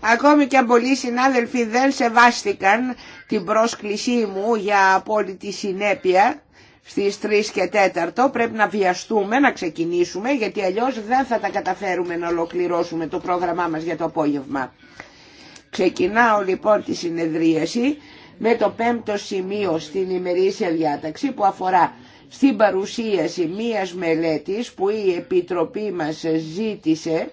Ακόμη και αν πολλοί συνάδελφοι δεν σεβάστηκαν την πρόσκλησή μου για απόλυτη συνέπεια στις 3 και 4 πρέπει να βιαστούμε να ξεκινήσουμε γιατί αλλιώς δεν θα τα καταφέρουμε να ολοκληρώσουμε το πρόγραμμά μας για το απόγευμα. Ξεκινάω λοιπόν τη συνεδρίαση με το πέμπτο σημείο στην ημερήσια διάταξη που αφορά στην παρουσίαση μίας μελέτης που η Επιτροπή μας ζήτησε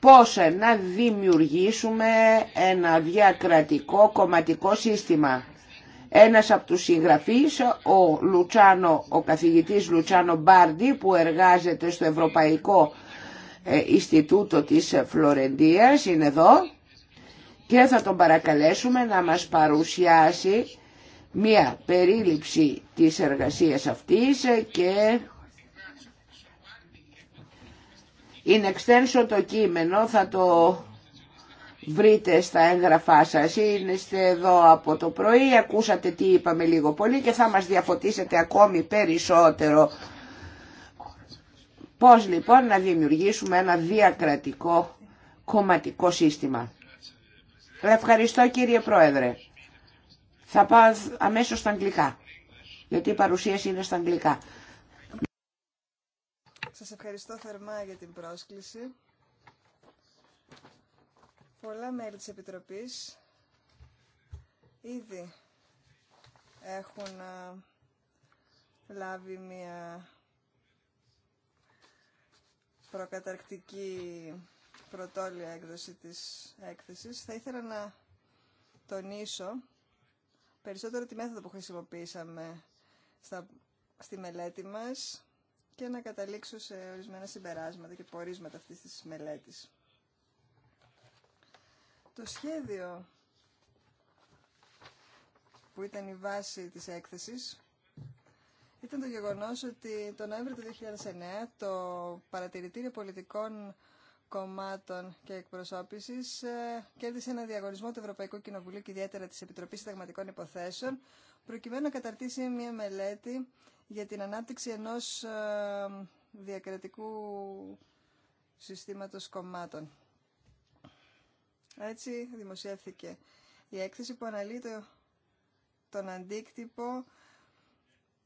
πώς να δημιουργήσουμε ένα διακρατικό κομματικό σύστημα. Ένας από τους συγγραφείς, ο, Λουτσάνο, ο καθηγητής Λουτσάνο Μπάρντι που εργάζεται στο Ευρωπαϊκό ε, Ινστιτούτο της Φλωρεντίας, είναι εδώ και θα τον παρακαλέσουμε να μας παρουσιάσει μία περίληψη της εργασίας αυτής και in extenso το κείμενο θα το βρείτε στα έγγραφά σας. Είστε εδώ από το πρωί, ακούσατε τι είπαμε λίγο πολύ και θα μας διαφωτίσετε ακόμη περισσότερο πώς λοιπόν να δημιουργήσουμε ένα διακρατικό κομματικό σύστημα. Ευχαριστώ κύριε Πρόεδρε. Θα πάω αμέσως στα αγγλικά, γιατί η παρουσίαση είναι στα αγγλικά. Σας ευχαριστώ θερμά για την πρόσκληση. Πολλά μέλη της Επιτροπής ήδη έχουν λάβει μια προκαταρκτική πρωτόλια έκδοση της έκθεσης. Θα ήθελα να τονίσω περισσότερο τη μέθοδο που χρησιμοποίησαμε στα, στη μελέτη μας και να καταλήξω σε ορισμένα συμπεράσματα και πορίσματα αυτής της μελέτης. Το σχέδιο που ήταν η βάση της έκθεσης ήταν το γεγονός ότι το Νοέμβριο του 2009 το Παρατηρητήριο Πολιτικών κομμάτων και εκπροσώπηση ε, κέρδισε ένα διαγωνισμό του Ευρωπαϊκού Κοινοβουλίου και ιδιαίτερα τη Επιτροπή Συνταγματικών Υποθέσεων, προκειμένου να καταρτήσει μια μελέτη για την ανάπτυξη ενό ε, διακρατικού συστήματος κομμάτων. Έτσι δημοσιεύθηκε η έκθεση που αναλύει τον αντίκτυπο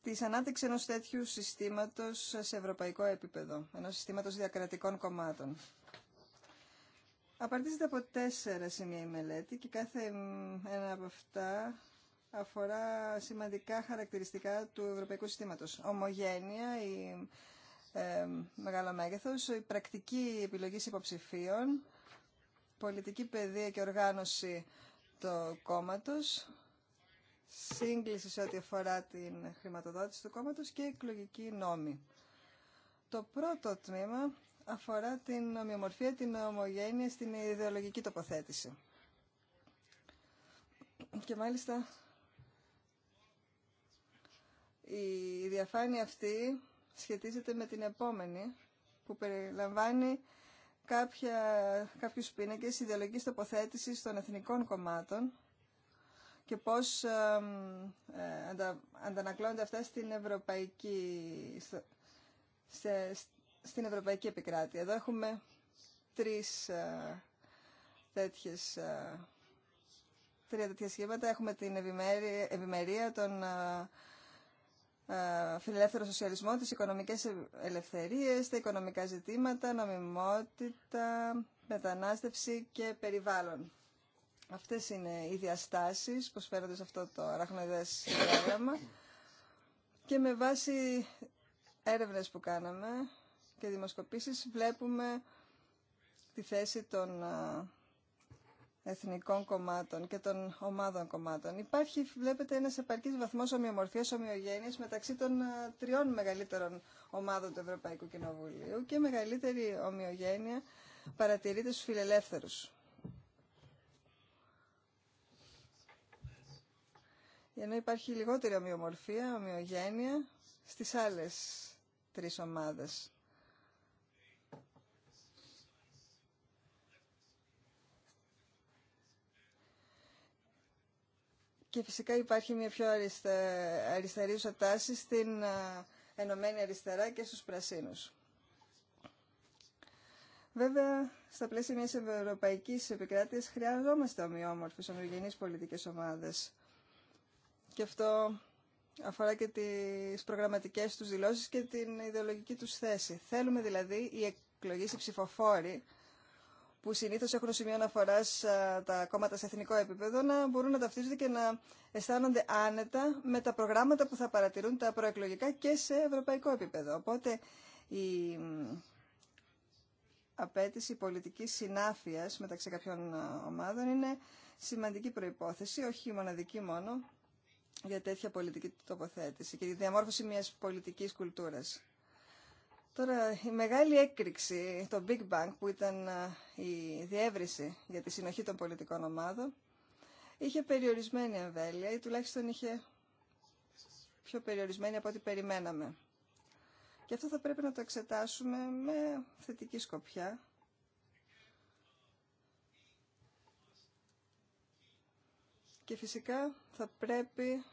της ανάπτυξης ενός τέτοιου συστήματος σε ευρωπαϊκό επίπεδο, ενός συστήματος διακρατικών κομμάτων. Απαρτίζεται από τέσσερα σημεία η μελέτη και κάθε ένα από αυτά αφορά σημαντικά χαρακτηριστικά του ευρωπαϊκού συστήματος. Ομογένεια, η ε, μεγάλο μέγεθος, η πρακτική επιλογή υποψηφίων, πολιτική παιδεία και οργάνωση του κόμματος, σύγκληση σε ό,τι αφορά την χρηματοδότηση του κόμματος και εκλογική νόμη. Το πρώτο τμήμα αφορά την ομοιομορφία, την ομογένεια στην ιδεολογική τοποθέτηση. Και μάλιστα η διαφάνεια αυτή σχετίζεται με την επόμενη που περιλαμβάνει κάποια, κάποιους πίνακες ιδεολογικής τοποθέτησης των εθνικών κομμάτων και πώς ε, αντα, αντανακλώνται αυτά στην ευρωπαϊκή, σε, στην Ευρωπαϊκή Επικράτεια. Εδώ έχουμε τρεις ε, τέτοιες, ε, τρία τέτοια σχήματα. Έχουμε την ευημερία, των τον α, ε, φιλελεύθερο σοσιαλισμό, τις οικονομικές ελευθερίες, τα οικονομικά ζητήματα, νομιμότητα, μετανάστευση και περιβάλλον. Αυτές είναι οι διαστάσεις που φέρονται σε αυτό το ραχνοειδές διάγραμμα και με βάση έρευνες που κάναμε και δημοσκοπήσεις βλέπουμε τη θέση των εθνικών κομμάτων και των ομάδων κομμάτων. Υπάρχει, βλέπετε, ένας επαρκής βαθμός ομοιομορφίας, ομοιογένειας μεταξύ των τριών μεγαλύτερων ομάδων του Ευρωπαϊκού Κοινοβουλίου και μεγαλύτερη ομοιογένεια παρατηρείται στους φιλελεύθερους. Ενώ υπάρχει λιγότερη ομοιομορφία, ομοιογένεια στις άλλες τρεις ομάδες. Και φυσικά υπάρχει μια πιο αριστερή τάση στην ε, Ενωμένη Αριστερά και στους Πρασίνους. Βέβαια, στα πλαίσια μιας ευρωπαϊκής επικράτειας χρειαζόμαστε ομοιόμορφες, ομοιογενείς πολιτικές ομάδες. Και αυτό αφορά και τις προγραμματικές τους δηλώσεις και την ιδεολογική τους θέση. Θέλουμε δηλαδή οι εκλογές οι ψηφοφόροι που συνήθω έχουν σημείο αναφορά τα κόμματα σε εθνικό επίπεδο, να μπορούν να ταυτίζονται και να αισθάνονται άνετα με τα προγράμματα που θα παρατηρούν τα προεκλογικά και σε ευρωπαϊκό επίπεδο. Οπότε η απέτηση πολιτική συνάφεια μεταξύ κάποιων ομάδων είναι σημαντική προϋπόθεση, όχι μοναδική μόνο, για τέτοια πολιτική τοποθέτηση και τη διαμόρφωση μιας πολιτικής κουλτούρας. Τώρα, η μεγάλη έκρηξη, το Big Bang, που ήταν η διεύρυνση για τη συνοχή των πολιτικών ομάδων, είχε περιορισμένη εμβέλεια ή τουλάχιστον είχε πιο περιορισμένη από ό,τι περιμέναμε. Και αυτό θα πρέπει να το εξετάσουμε με θετική σκοπιά. Και φυσικά θα πρέπει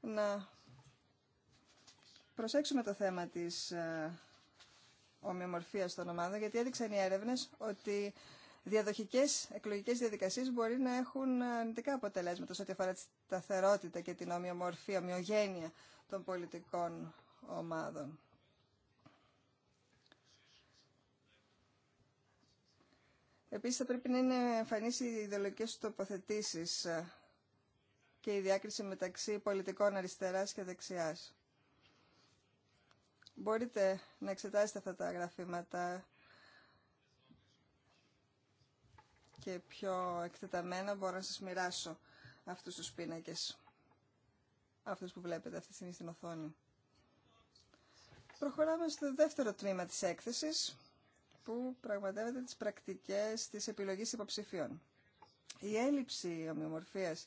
να προσέξουμε το θέμα της ε, ομοιομορφίας των ομάδων, γιατί έδειξαν οι έρευνες ότι διαδοχικές εκλογικές διαδικασίες μπορεί να έχουν αρνητικά αποτελέσματα σε ό,τι αφορά τη σταθερότητα και την ομοιομορφία, ομοιογένεια των πολιτικών ομάδων. Επίσης θα πρέπει να είναι εμφανείς οι ιδεολογικές τοποθετήσεις ε, και η διάκριση μεταξύ πολιτικών αριστεράς και δεξιάς. Μπορείτε να εξετάσετε αυτά τα γραφήματα και πιο εκτεταμένα μπορώ να σας μοιράσω αυτούς τους πίνακες, αυτούς που βλέπετε αυτή τη στιγμή στην οθόνη. Προχωράμε στο δεύτερο τμήμα της έκθεσης που πραγματεύεται τις πρακτικές της επιλογής υποψηφίων. Η έλλειψη ομοιομορφίας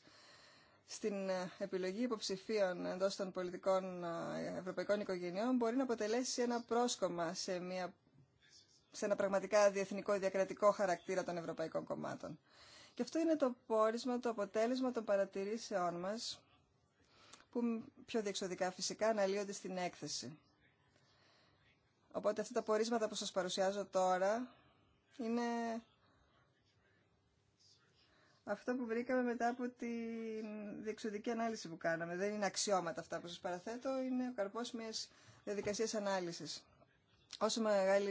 στην ε, επιλογή υποψηφίων εντό των πολιτικών ε, ευρωπαϊκών οικογενειών μπορεί να αποτελέσει ένα πρόσκομα σε, μια, σε ένα πραγματικά διεθνικό διακρατικό χαρακτήρα των ευρωπαϊκών κομμάτων. Και αυτό είναι το πόρισμα, το αποτέλεσμα των παρατηρήσεών μας, που πιο διεξοδικά φυσικά αναλύονται στην έκθεση. Οπότε αυτά τα πορίσματα που σας παρουσιάζω τώρα είναι αυτό που βρήκαμε μετά από τη διεξοδική ανάλυση που κάναμε. Δεν είναι αξιώματα αυτά που σας παραθέτω, είναι ο καρπός μιας διαδικασίας ανάλυσης. Όσο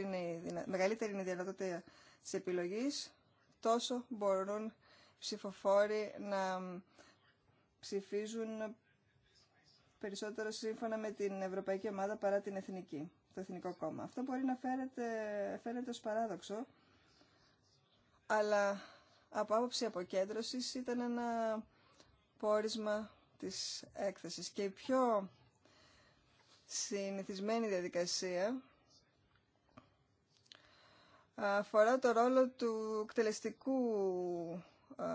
είναι μεγαλύτερη είναι η δυνατότητα της επιλογής, τόσο μπορούν ψηφοφόροι να ψηφίζουν περισσότερο σύμφωνα με την Ευρωπαϊκή Ομάδα παρά την Εθνική, το Εθνικό Κόμμα. Αυτό μπορεί να φαίνεται, φαίνεται ως παράδοξο, αλλά από άποψη αποκέντρωσης ήταν ένα πόρισμα της έκθεσης. Και η πιο συνηθισμένη διαδικασία αφορά το ρόλο του εκτελεστικού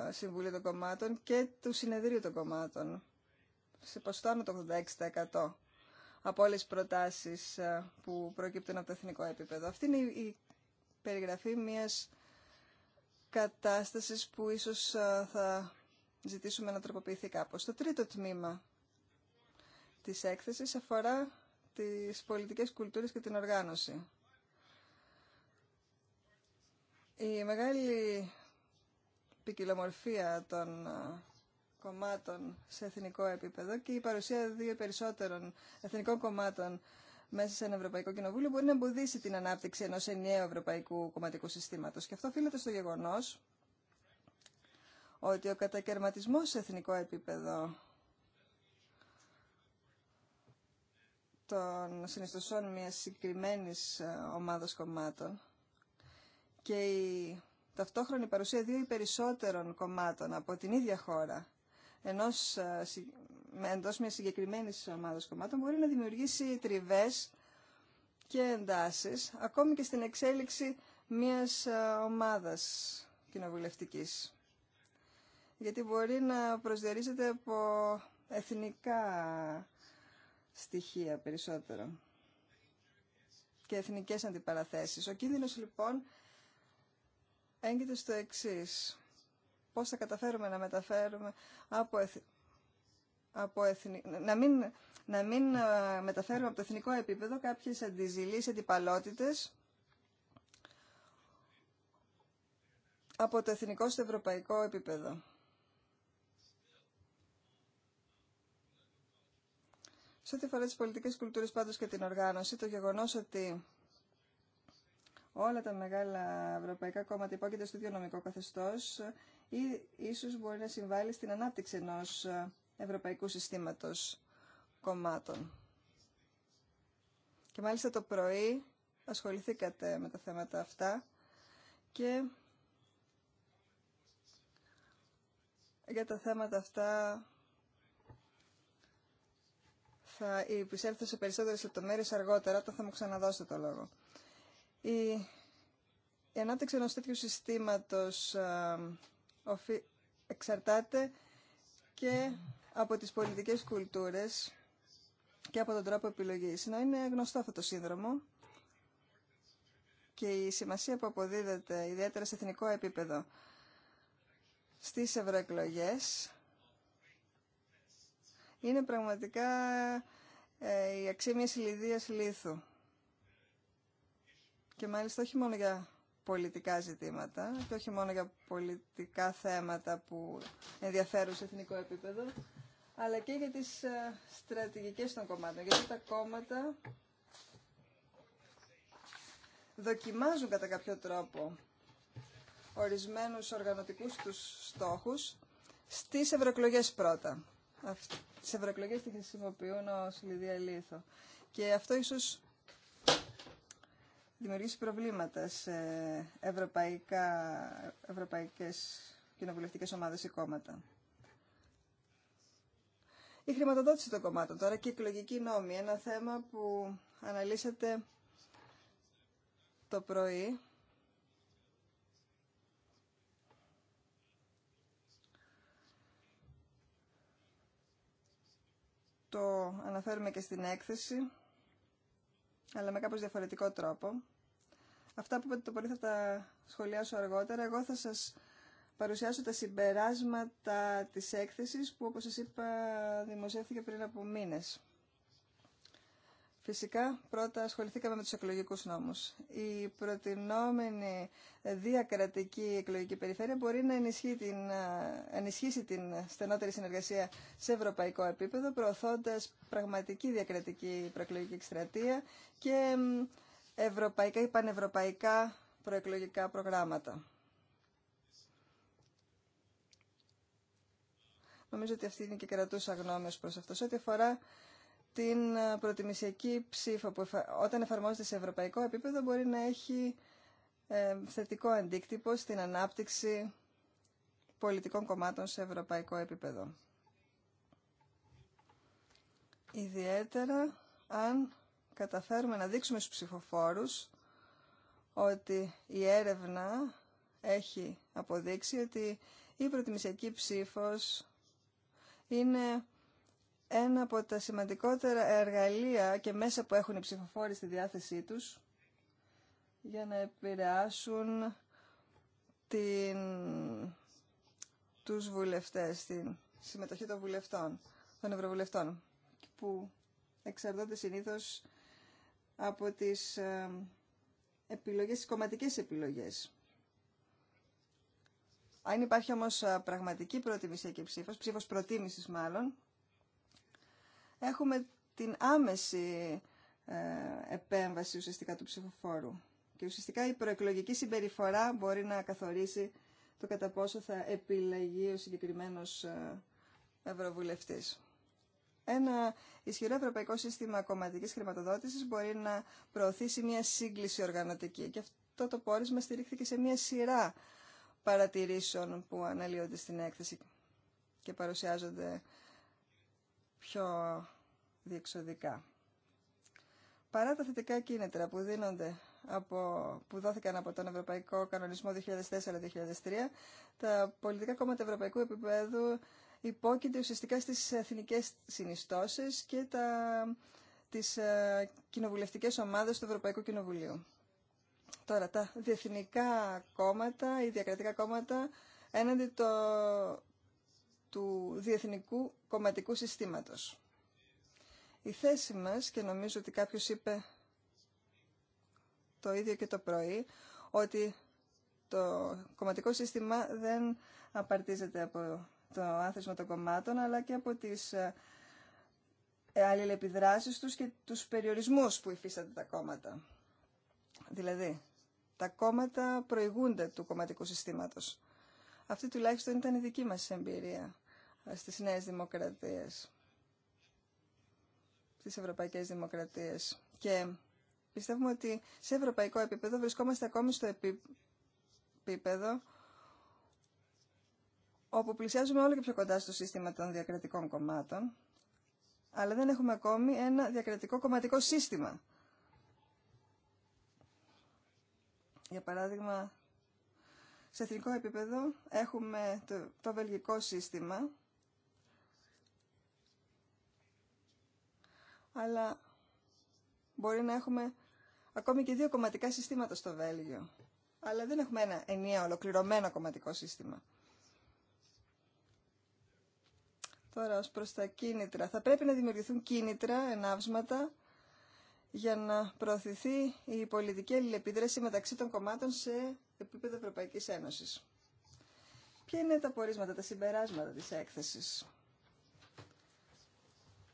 Συμβουλίου των Κομμάτων και του Συνεδρίου των Κομμάτων. Σε με το 86% από όλες τις προτάσεις που προκύπτουν από το εθνικό επίπεδο. Αυτή είναι η περιγραφή μιας κατάστασης που ίσως θα ζητήσουμε να τροποποιηθεί κάπως. Το τρίτο τμήμα της έκθεσης αφορά τις πολιτικές κουλτούρες και την οργάνωση. Η μεγάλη ποικιλομορφία των κομμάτων σε εθνικό επίπεδο και η παρουσία δύο περισσότερων εθνικών κομμάτων μέσα σε ένα Ευρωπαϊκό Κοινοβούλιο μπορεί να εμποδίσει την ανάπτυξη ενός ενιαίου Ευρωπαϊκού Κομματικού Συστήματος. Και αυτό οφείλεται στο γεγονός ότι ο κατακαιρματισμός σε εθνικό επίπεδο των συνιστοσών μιας συγκεκριμένη ε, ομάδα κομμάτων και η ταυτόχρονη παρουσία δύο ή περισσότερων κομμάτων από την ίδια χώρα ενός ε, εντός μιας συγκεκριμένης ομάδας κομμάτων μπορεί να δημιουργήσει τριβές και εντάσεις, ακόμη και στην εξέλιξη μιας ε, ομάδας κοινοβουλευτικής. Γιατί μπορεί να προσδιορίζεται από εθνικά στοιχεία περισσότερο και εθνικές αντιπαραθέσεις. Ο κίνδυνος λοιπόν έγκυται στο εξής. Πώς θα καταφέρουμε να μεταφέρουμε από από να μην, να μην ε, μεταφέρουμε από το εθνικό επίπεδο κάποιες αντιζηλείς αντιπαλότητες από το εθνικό στο ευρωπαϊκό επίπεδο. Σε ό,τι αφορά τις πολιτικές κουλτούρες πάντως και την οργάνωση, το γεγονός ότι όλα τα μεγάλα ευρωπαϊκά κόμματα υπόκειται στο ίδιο νομικό καθεστώς ε, ή ίσως μπορεί να συμβάλλει στην ανάπτυξη ενός ε, Ευρωπαϊκού Συστήματος Κομμάτων. Και μάλιστα το πρωί ασχοληθήκατε με τα θέματα αυτά και για τα θέματα αυτά θα επισέλθω σε περισσότερες λεπτομέρειες αργότερα όταν θα μου ξαναδώσετε το λόγο. Η, η ανάπτυξη ενός τέτοιου συστήματος α, εξαρτάται και από τις πολιτικές κουλτούρες και από τον τρόπο επιλογής. Να είναι γνωστό αυτό το σύνδρομο και η σημασία που αποδίδεται ιδιαίτερα σε εθνικό επίπεδο στις ευρωεκλογέ είναι πραγματικά ε, η αξία συλληδία λιδίας λίθου. Και μάλιστα όχι μόνο για πολιτικά ζητήματα και όχι μόνο για πολιτικά θέματα που ενδιαφέρουν σε εθνικό επίπεδο, αλλά και για τις ε, στρατηγικές των κομμάτων. Γιατί τα κόμματα δοκιμάζουν κατά κάποιο τρόπο ορισμένους οργανωτικούς τους στόχους στις ευρωεκλογές πρώτα. Τις ευρωεκλογές τη χρησιμοποιούν ως λιθο. Και αυτό ίσως δημιουργήσει προβλήματα σε ευρωπαϊκά, ευρωπαϊκές κοινοβουλευτικές ομάδες ή κόμματα. Η χρηματοδότηση των κομμάτων τώρα και η εκλογική νόμη, ένα θέμα που αναλύσατε το πρωί. Το αναφέρουμε και στην έκθεση, αλλά με κάπως διαφορετικό τρόπο. Αυτά που είπατε το πρωί θα τα σχολιάσω αργότερα. Εγώ θα σας παρουσιάσω τα συμπεράσματα της έκθεσης που όπως σας είπα δημοσιεύθηκε πριν από μήνες. Φυσικά, πρώτα ασχοληθήκαμε με τους εκλογικούς νόμους. Η προτινόμενη διακρατική εκλογική περιφέρεια μπορεί να ενισχύσει την, την στενότερη συνεργασία σε ευρωπαϊκό επίπεδο, προωθώντας πραγματική διακρατική προεκλογική εκστρατεία και ευρωπαϊκά ή πανευρωπαϊκά προεκλογικά προγράμματα. Νομίζω ότι αυτή είναι και κρατούσα γνώμη προς αυτό. Σε ό,τι αφορά την ε, προτιμησιακή ψήφο που όταν εφαρμόζεται σε ευρωπαϊκό επίπεδο μπορεί να έχει ε, θετικό αντίκτυπο στην ανάπτυξη πολιτικών κομμάτων σε ευρωπαϊκό επίπεδο. Ιδιαίτερα αν καταφέρουμε να δείξουμε στους ψηφοφόρους ότι η έρευνα έχει αποδείξει ότι η προτιμησιακή ψήφος είναι ένα από τα σημαντικότερα εργαλεία και μέσα που έχουν οι ψηφοφόροι στη διάθεσή τους για να επηρεάσουν την... τους βουλευτές, την συμμετοχή των βουλευτών, των ευρωβουλευτών, που εξαρτώνται συνήθως από τις ε, επιλογές, τις κομματικές επιλογές. Αν υπάρχει όμως ε, πραγματική και ψήφος, ψήφος προτίμησης μάλλον, έχουμε την άμεση ε, επέμβαση ουσιαστικά του ψηφοφόρου. Και ουσιαστικά η προεκλογική συμπεριφορά μπορεί να καθορίσει το κατά πόσο θα επιλεγεί ο συγκεκριμένος ε, ευρωβουλευτής. Ένα ισχυρό ευρωπαϊκό σύστημα κομματικής χρηματοδότησης μπορεί να προωθήσει μια σύγκληση οργανωτική. Και αυτό το πόρισμα στηρίχθηκε σε μια σειρά παρατηρήσεων που αναλύονται στην έκθεση και παρουσιάζονται πιο διεξοδικά. Παρά τα θετικά κίνητρα που δίνονται από, που δόθηκαν από τον Ευρωπαϊκό Κανονισμό 2004-2003, τα πολιτικά κόμματα ευρωπαϊκού επίπεδου υπόκεινται ουσιαστικά στις εθνικές συνιστώσεις και τα, τις ε, κοινοβουλευτικές ομάδες του Ευρωπαϊκού Κοινοβουλίου. Τώρα τα διεθνικά κόμματα ή διακρατικά κόμματα έναντι του διεθνικού κομματικού συστήματος. Η θέση μας, και νομίζω ότι κάποιος είπε το ίδιο και το πρωί, ότι το κομματικό σύστημα δεν απαρτίζεται από το άθροισμα των κομμάτων, αλλά και από τις ε, ε, αλληλεπιδράσεις τους και τους περιορισμούς που υφίστανται τα κόμματα. Δηλαδή, τα κόμματα προηγούνται του κομματικού συστήματος. Αυτή τουλάχιστον ήταν η δική μας εμπειρία ε, στις νέες δημοκρατίες, στις ευρωπαϊκές δημοκρατίες. Και πιστεύουμε ότι σε ευρωπαϊκό επίπεδο βρισκόμαστε ακόμη στο επίπεδο όπου πλησιάζουμε όλο και πιο κοντά στο σύστημα των διακρατικών κομμάτων, αλλά δεν έχουμε ακόμη ένα διακρατικό κομματικό σύστημα. Για παράδειγμα, σε εθνικό επίπεδο έχουμε το, το βελγικό σύστημα, αλλά μπορεί να έχουμε ακόμη και δύο κομματικά συστήματα στο Βέλγιο. Αλλά δεν έχουμε ένα ενιαίο, ολοκληρωμένο κομματικό σύστημα. Τώρα, ως προς τα κίνητρα. Θα πρέπει να δημιουργηθούν κίνητρα, ενάυσματα, για να προωθηθεί η πολιτική αλληλεπίδραση μεταξύ των κομμάτων σε επίπεδο Ευρωπαϊκής Ένωσης. Ποια είναι τα πορίσματα, τα συμπεράσματα της έκθεσης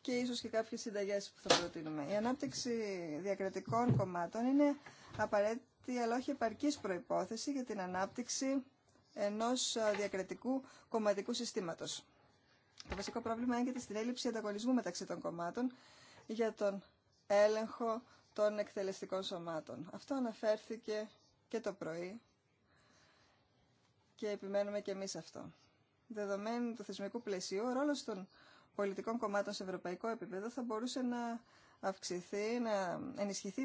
και ίσως και κάποιες συνταγές που θα προτείνουμε. Η ανάπτυξη διακρατικών κομμάτων είναι απαραίτητη αλλά όχι επαρκής προϋπόθεση για την ανάπτυξη ενός διακρατικού κομματικού συστήματος. Το βασικό πρόβλημα έγκαιται στην έλλειψη ανταγωνισμού μεταξύ των κομμάτων για τον έλεγχο των εκτελεστικών σωμάτων. Αυτό αναφέρθηκε και το πρωί και επιμένουμε και εμείς αυτό. Δεδομένου του θεσμικού πλαισίου, ο ρόλος των πολιτικών κομμάτων σε ευρωπαϊκό επίπεδο θα μπορούσε να αυξηθεί, να ενισχυθεί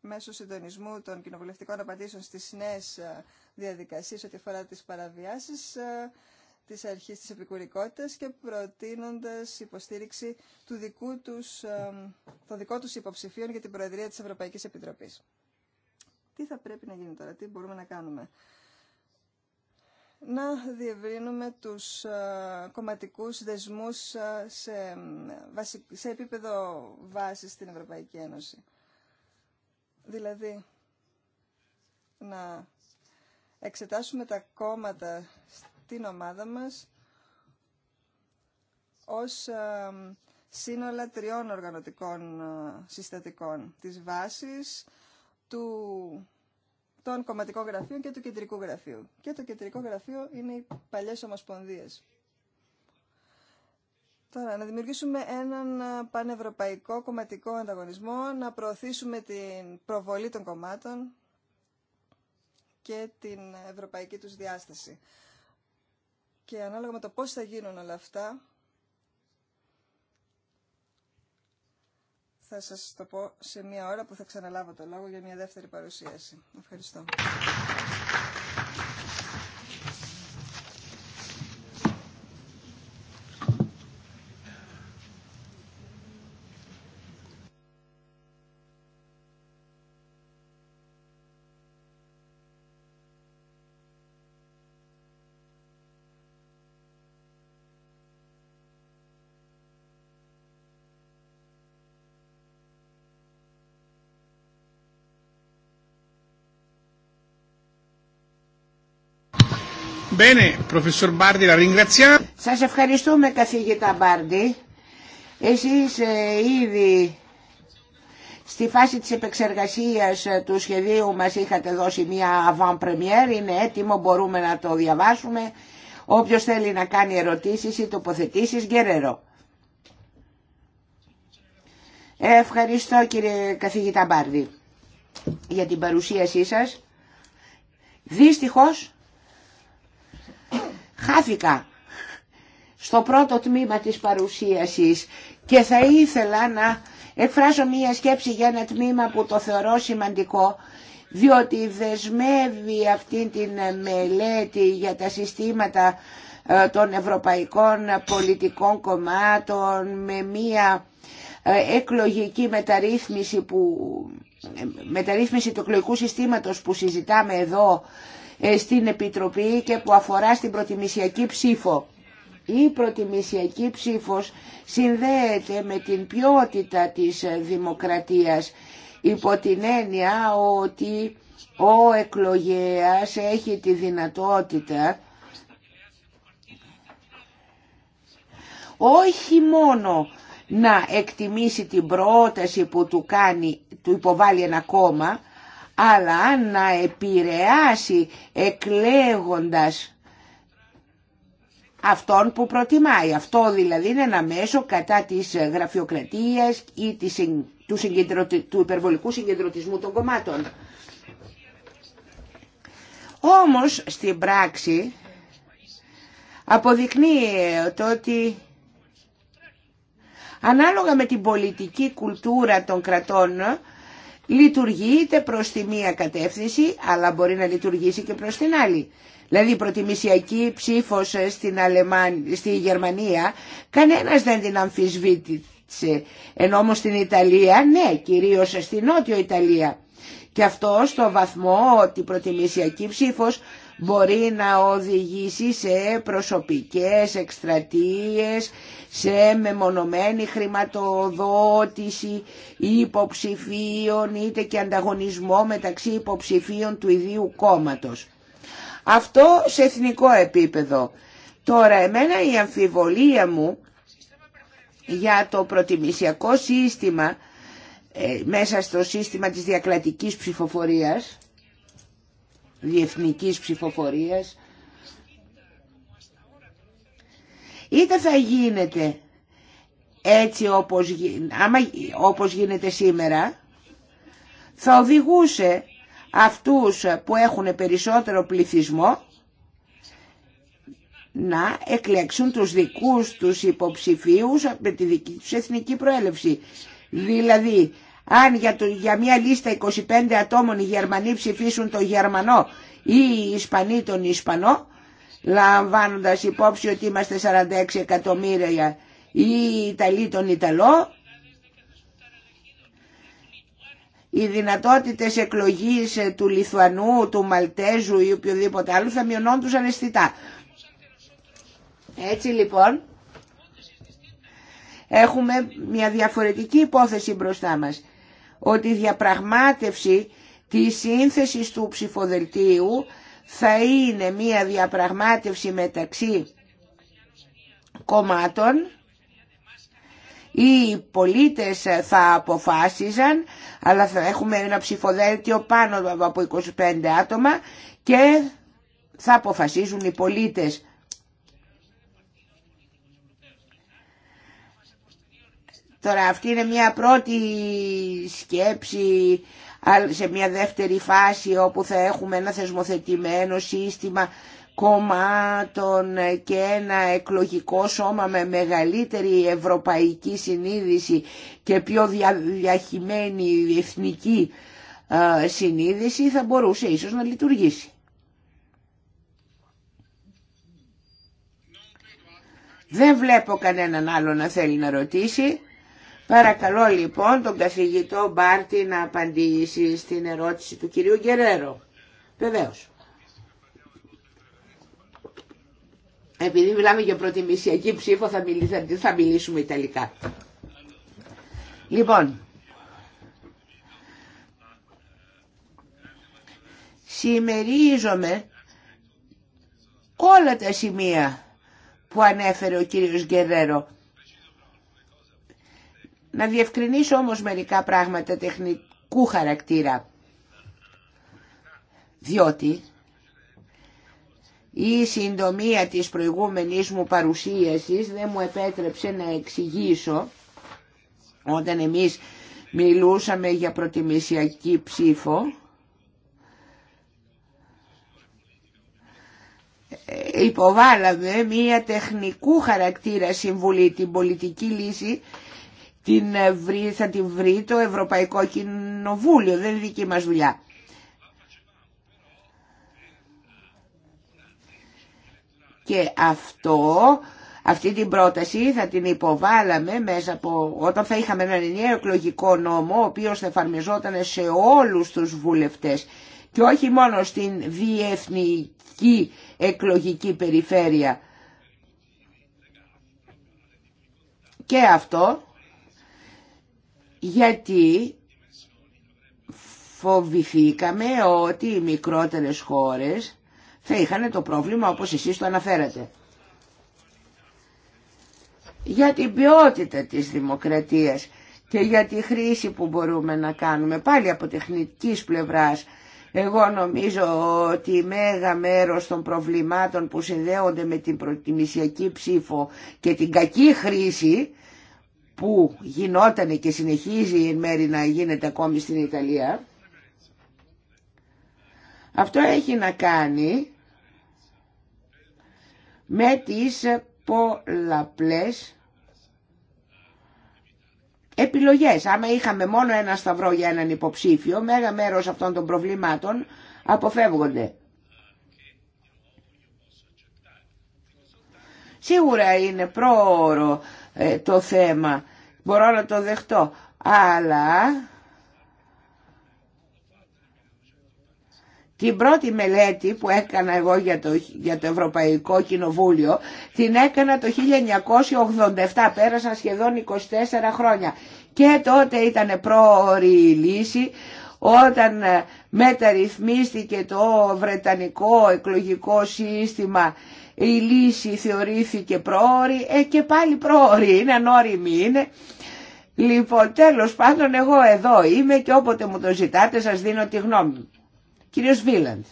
μέσω συντονισμού των κοινοβουλευτικών απαντήσεων στις νέες ε, διαδικασίες ό,τι αφορά τις παραβιάσεις ε, της αρχής της επικουρικότητας και προτείνοντας υποστήριξη του δικού τους, των δικών τους υποψηφίων για την Προεδρία της Ευρωπαϊκής Επιτροπής. Τι θα πρέπει να γίνει τώρα, τι μπορούμε να κάνουμε. Να διευρύνουμε τους ε, κομματικούς δεσμούς ε, σε, σε επίπεδο βάσης στην Ευρωπαϊκή Ένωση. Δηλαδή, να εξετάσουμε τα κόμματα την ομάδα μας ως ε, σύνολα τριών οργανωτικών ε, συστατικών της βάσης, του, των κομματικών γραφείων και του κεντρικού γραφείου. Και το κεντρικό γραφείο είναι οι παλιές ομοσπονδίες. Τώρα, να δημιουργήσουμε έναν ε, πανευρωπαϊκό κομματικό ανταγωνισμό, να προωθήσουμε την προβολή των κομμάτων και την ευρωπαϊκή τους διάσταση και ανάλογα με το πώς θα γίνουν όλα αυτά, θα σας το πω σε μια ώρα που θα ξαναλάβω το λόγο για μια δεύτερη παρουσίαση. Ευχαριστώ. Bene, professor Bardi, la ringraziamo. Σας ευχαριστούμε καθηγητά Μπάρντι. Εσείς ε, ήδη στη φάση της επεξεργασίας ε, του σχεδίου μας είχατε δώσει μια avant première, είναι έτοιμο, μπορούμε να το διαβάσουμε. Όποιος θέλει να κάνει ερωτήσεις ή τοποθετήσεις, Γκερέρο. Ευχαριστώ κύριε καθηγητά Μπάρδη για την παρουσίασή σας. Δυστυχώς χάθηκα στο πρώτο τμήμα της παρουσίασης και θα ήθελα να εκφράσω μία σκέψη για ένα τμήμα που το θεωρώ σημαντικό διότι δεσμεύει αυτή την μελέτη για τα συστήματα ε, των ευρωπαϊκών πολιτικών κομμάτων με μία ε, εκλογική μεταρρύθμιση, που, ε, μεταρρύθμιση του εκλογικού συστήματος που συζητάμε εδώ ε, στην Επιτροπή και που αφορά στην προτιμησιακή ψήφο. Η προτιμησιακή ψήφος συνδέεται με την ποιότητα της ε, δημοκρατίας υπό την έννοια ότι ο εκλογέας έχει τη δυνατότητα όχι μόνο να εκτιμήσει την πρόταση που του, κάνει, του υποβάλλει ένα κόμμα, αλλά να επηρεάσει εκλέγοντας αυτόν που προτιμάει. Αυτό δηλαδή είναι ένα μέσο κατά της γραφειοκρατίας ή του, του υπερβολικού συγκεντρωτισμού των κομμάτων. Όμως στην πράξη αποδεικνύεται ότι ανάλογα με την πολιτική κουλτούρα των κρατών λειτουργεί είτε προς τη μία κατεύθυνση αλλά μπορεί να λειτουργήσει και προς την άλλη. Δηλαδή η προτιμησιακή ψήφος στην στη Γερμανία κανένας δεν την αμφισβήτησε. Ενώ όμως στην Ιταλία, ναι, κυρίως στην Νότιο Ιταλία. Και αυτό στο βαθμό ότι η προτιμησιακή ψήφος μπορεί να οδηγήσει σε προσωπικές εκστρατείες, σε μεμονωμένη χρηματοδότηση υποψηφίων είτε και ανταγωνισμό μεταξύ υποψηφίων του ιδίου κόμματος. Αυτό σε εθνικό επίπεδο. Τώρα εμένα η αμφιβολία μου για το προτιμησιακό σύστημα ε, μέσα στο σύστημα της διακλατικής ψηφοφορίας διεθνικής ψηφοφορίας. Είτε θα γίνεται έτσι όπως, άμα, όπως γίνεται σήμερα, θα οδηγούσε αυτούς που έχουν περισσότερο πληθυσμό να εκλέξουν τους δικούς τους υποψηφίους με τη δική τους εθνική προέλευση. Δηλαδή αν για, για μια λίστα 25 ατόμων οι Γερμανοί ψηφίσουν τον Γερμανό ή οι Ισπανοί τον Ισπανό, λαμβάνοντας υπόψη ότι είμαστε 46 εκατομμύρια ή οι Ιταλοί τον Ιταλό, οι δυνατότητες εκλογής του Λιθουανού, του Μαλτέζου ή οποιοδήποτε άλλου θα μειωνόντουσαν αισθητά. Έτσι λοιπόν έχουμε μια διαφορετική υπόθεση μπροστά μας ότι η διαπραγμάτευση της σύνθεση του ψηφοδελτίου θα είναι μία διαπραγμάτευση μεταξύ κομμάτων οι πολίτες θα αποφάσιζαν αλλά θα έχουμε ένα ψηφοδέλτιο πάνω από 25 άτομα και θα αποφασίζουν οι πολίτες Τώρα αυτή είναι μια πρώτη σκέψη σε μια δεύτερη φάση όπου θα έχουμε ένα θεσμοθετημένο σύστημα κομμάτων και ένα εκλογικό σώμα με μεγαλύτερη ευρωπαϊκή συνείδηση και πιο διαχειμένη εθνική συνείδηση θα μπορούσε ίσως να λειτουργήσει. Δεν βλέπω κανέναν άλλο να θέλει να ρωτήσει. Παρακαλώ λοιπόν τον καθηγητό Μπάρτι να απαντήσει στην ερώτηση του κυρίου Γκερέρο. Βεβαίω. Επειδή μιλάμε για προτιμησιακή ψήφο θα, μιλήσουμε, θα μιλήσουμε ιταλικά. Λοιπόν, συμμερίζομαι όλα τα σημεία που ανέφερε ο κύριος Γκερέρο να διευκρινίσω όμως μερικά πράγματα τεχνικού χαρακτήρα. Διότι η συντομία της προηγούμενης μου παρουσίασης δεν μου επέτρεψε να εξηγήσω όταν εμείς μιλούσαμε για προτιμησιακή ψήφο ε, υποβάλαμε μία τεχνικού χαρακτήρα συμβουλή την πολιτική λύση την ε, βρει, θα την βρει το Ευρωπαϊκό Κοινοβούλιο, δεν είναι δική μας δουλειά. Και αυτό, αυτή την πρόταση θα την υποβάλαμε μέσα από, όταν θα είχαμε έναν νέο εκλογικό νόμο, ο οποίος θα εφαρμιζόταν σε όλους τους βουλευτές και όχι μόνο στην διεθνική εκλογική περιφέρεια. Και αυτό γιατί φοβηθήκαμε ότι οι μικρότερες χώρες θα είχαν το πρόβλημα όπως εσείς το αναφέρατε. Για την ποιότητα της δημοκρατίας και για τη χρήση που μπορούμε να κάνουμε πάλι από τεχνικής πλευράς. Εγώ νομίζω ότι μέγα μέρος των προβλημάτων που συνδέονται με την προτιμησιακή ψήφο και την κακή χρήση που γινόταν και συνεχίζει η μέρη να γίνεται ακόμη στην Ιταλία, αυτό έχει να κάνει με τις πολλαπλές επιλογές. Άμα είχαμε μόνο ένα σταυρό για έναν υποψήφιο, μέγα μέρος αυτών των προβλημάτων αποφεύγονται. Σίγουρα είναι πρόωρο ε, το θέμα. Μπορώ να το δεχτώ. Αλλά την πρώτη μελέτη που έκανα εγώ για το, για Ευρωπαϊκό Κοινοβούλιο την έκανα το 1987, πέρασαν σχεδόν 24 χρόνια. Και τότε ήταν πρόορη η λύση όταν ε, μεταρρυθμίστηκε το Βρετανικό εκλογικό σύστημα η λύση θεωρήθηκε πρόορη ε και πάλι πρόορη είναι, ανώριμη είναι. Λοιπόν, τέλος πάντων εγώ εδώ είμαι και όποτε μου το ζητάτε σας δίνω τη γνώμη μου. Κύριος Βίλαντ.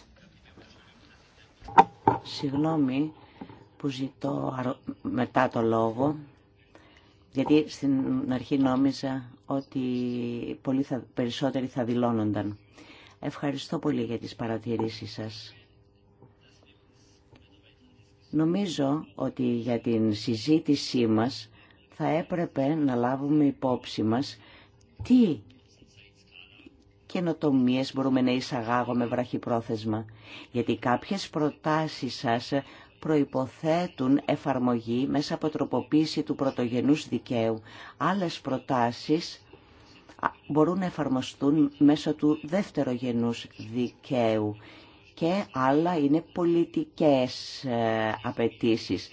Συγγνώμη που ζητώ μετά το λόγο, γιατί στην αρχή νόμιζα ότι πολύ περισσότεροι θα δηλώνονταν. Ευχαριστώ πολύ για τις παρατηρήσεις σας. Νομίζω ότι για την συζήτησή μας θα έπρεπε να λάβουμε υπόψη μας τι καινοτομίε μπορούμε να εισαγάγουμε βραχυπρόθεσμα. Γιατί κάποιες προτάσεις σας προϋποθέτουν εφαρμογή μέσα από τροποποίηση του πρωτογενούς δικαίου. Άλλες προτάσεις μπορούν να εφαρμοστούν μέσω του δευτερογενούς δικαίου και άλλα είναι πολιτικές ε, απαιτήσεις.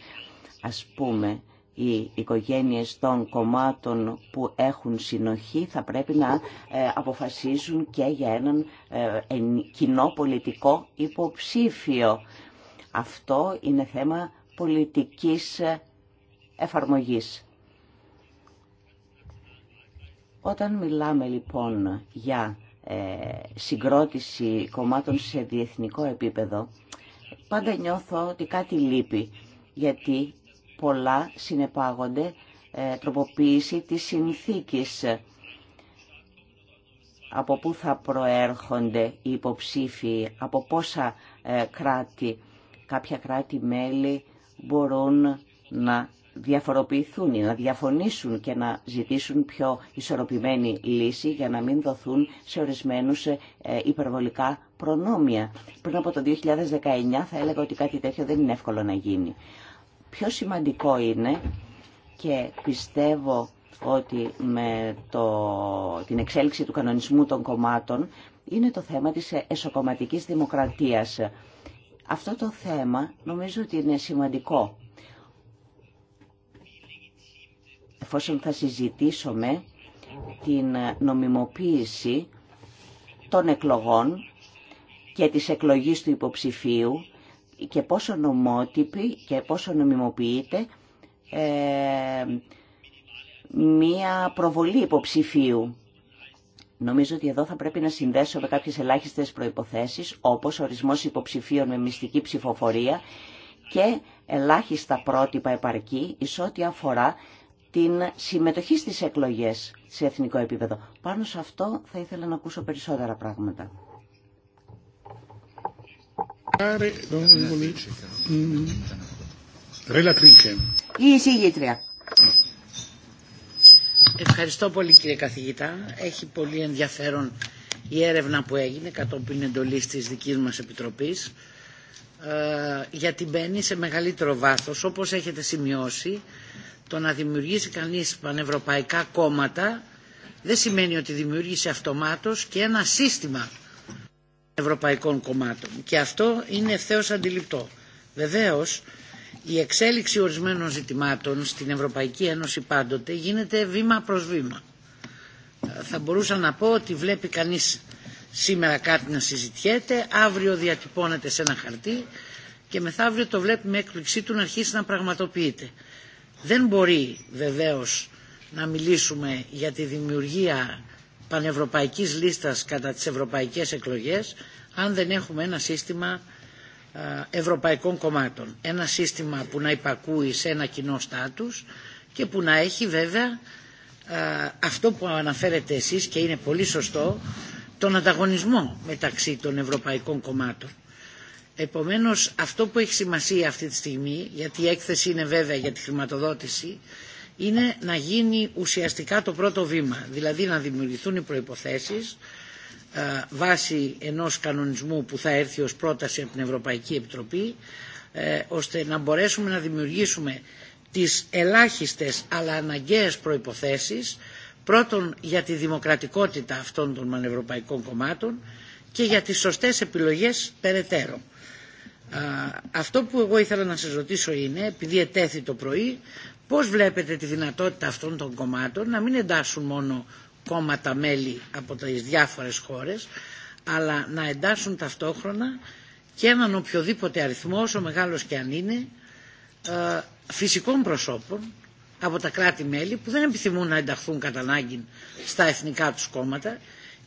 Ας πούμε, οι οικογένειες των κομμάτων που έχουν συνοχή θα πρέπει να ε, αποφασίζουν και για έναν ε, κοινό πολιτικό υποψήφιο. Αυτό είναι θέμα πολιτικής εφαρμογής. Όταν μιλάμε λοιπόν για ε, συγκρότηση κομμάτων σε διεθνικό επίπεδο, πάντα νιώθω ότι κάτι λείπει, γιατί πολλά συνεπάγονται ε, τροποποίηση της συνθήκης ε, από πού θα προέρχονται οι υποψήφοι, από πόσα κράτη, κάποια κράτη-μέλη μπορούν να διαφοροποιηθούν ή να διαφωνήσουν και να ζητήσουν πιο ισορροπημένη λύση για να μην δοθούν σε ορισμένους ε, υπερβολικά προνόμια. Πριν από το 2019 θα έλεγα ότι κάτι τέτοιο δεν είναι εύκολο να γίνει. Πιο σημαντικό είναι και πιστεύω ότι με το, την εξέλιξη του κανονισμού των κομμάτων είναι το θέμα της εσωκομματικής δημοκρατίας. Αυτό το θέμα νομίζω ότι είναι σημαντικό εφόσον θα συζητήσουμε την νομιμοποίηση των εκλογών και της εκλογής του υποψηφίου και πόσο νομότυπη και πόσο νομιμοποιείται ε, μία προβολή υποψηφίου. Νομίζω ότι εδώ θα πρέπει να συνδέσω με κάποιες ελάχιστες προϋποθέσεις, όπως ορισμός υποψηφίων με μυστική ψηφοφορία και ελάχιστα πρότυπα επαρκή, εις ό,τι αφορά την συμμετοχή στις εκλογές σε εθνικό επίπεδο. Πάνω σε αυτό θα ήθελα να ακούσω περισσότερα πράγματα. Η εισηγήτρια. Ευχαριστώ πολύ κύριε καθηγητά. Έχει πολύ ενδιαφέρον η έρευνα που έγινε κατόπιν εντολής της δικής μας Επιτροπής ε, γιατί μπαίνει σε μεγαλύτερο βάθος όπως έχετε σημειώσει το να δημιουργήσει κανείς πανευρωπαϊκά κόμματα δεν σημαίνει ότι δημιούργησε αυτομάτως και ένα σύστημα ευρωπαϊκών κομμάτων. Και αυτό είναι ευθέως αντιληπτό. Βεβαίως, η εξέλιξη ορισμένων ζητημάτων στην Ευρωπαϊκή Ένωση πάντοτε γίνεται βήμα προς βήμα. Θα μπορούσα να πω ότι βλέπει κανείς σήμερα κάτι να συζητιέται, αύριο διατυπώνεται σε ένα χαρτί και μεθαύριο το βλέπει με έκπληξή του να αρχίσει να πραγματοποιείται. Δεν μπορεί βεβαίως να μιλήσουμε για τη δημιουργία πανευρωπαϊκής λίστας κατά τις ευρωπαϊκές εκλογές αν δεν έχουμε ένα σύστημα ευρωπαϊκών κομμάτων. Ένα σύστημα που να υπακούει σε ένα κοινό στάτους και που να έχει βέβαια αυτό που αναφέρετε εσείς και είναι πολύ σωστό τον ανταγωνισμό μεταξύ των ευρωπαϊκών κομμάτων. Επομένως αυτό που έχει σημασία αυτή τη στιγμή, γιατί η έκθεση είναι βέβαια για τη χρηματοδότηση, είναι να γίνει ουσιαστικά το πρώτο βήμα, δηλαδή να δημιουργηθούν οι προϋποθέσεις ε, βάσει ενός κανονισμού που θα έρθει ως πρόταση από την Ευρωπαϊκή Επιτροπή, ε, ώστε να μπορέσουμε να δημιουργήσουμε τις ελάχιστες αλλά αναγκαίες προϋποθέσεις πρώτον για τη δημοκρατικότητα αυτών των πανευρωπαϊκών κομμάτων και για τις σωστές επιλογές περαιτέρω αυτό που εγώ ήθελα να σας ρωτήσω είναι, επειδή ετέθη το πρωί, πώς βλέπετε τη δυνατότητα αυτών των κομμάτων να μην εντάσσουν μόνο κόμματα μέλη από τις διάφορες χώρες, αλλά να εντάσσουν ταυτόχρονα και έναν οποιοδήποτε αριθμό, όσο μεγάλος και αν είναι, φυσικών προσώπων από τα κράτη-μέλη που δεν επιθυμούν να ενταχθούν κατά ανάγκη στα εθνικά τους κόμματα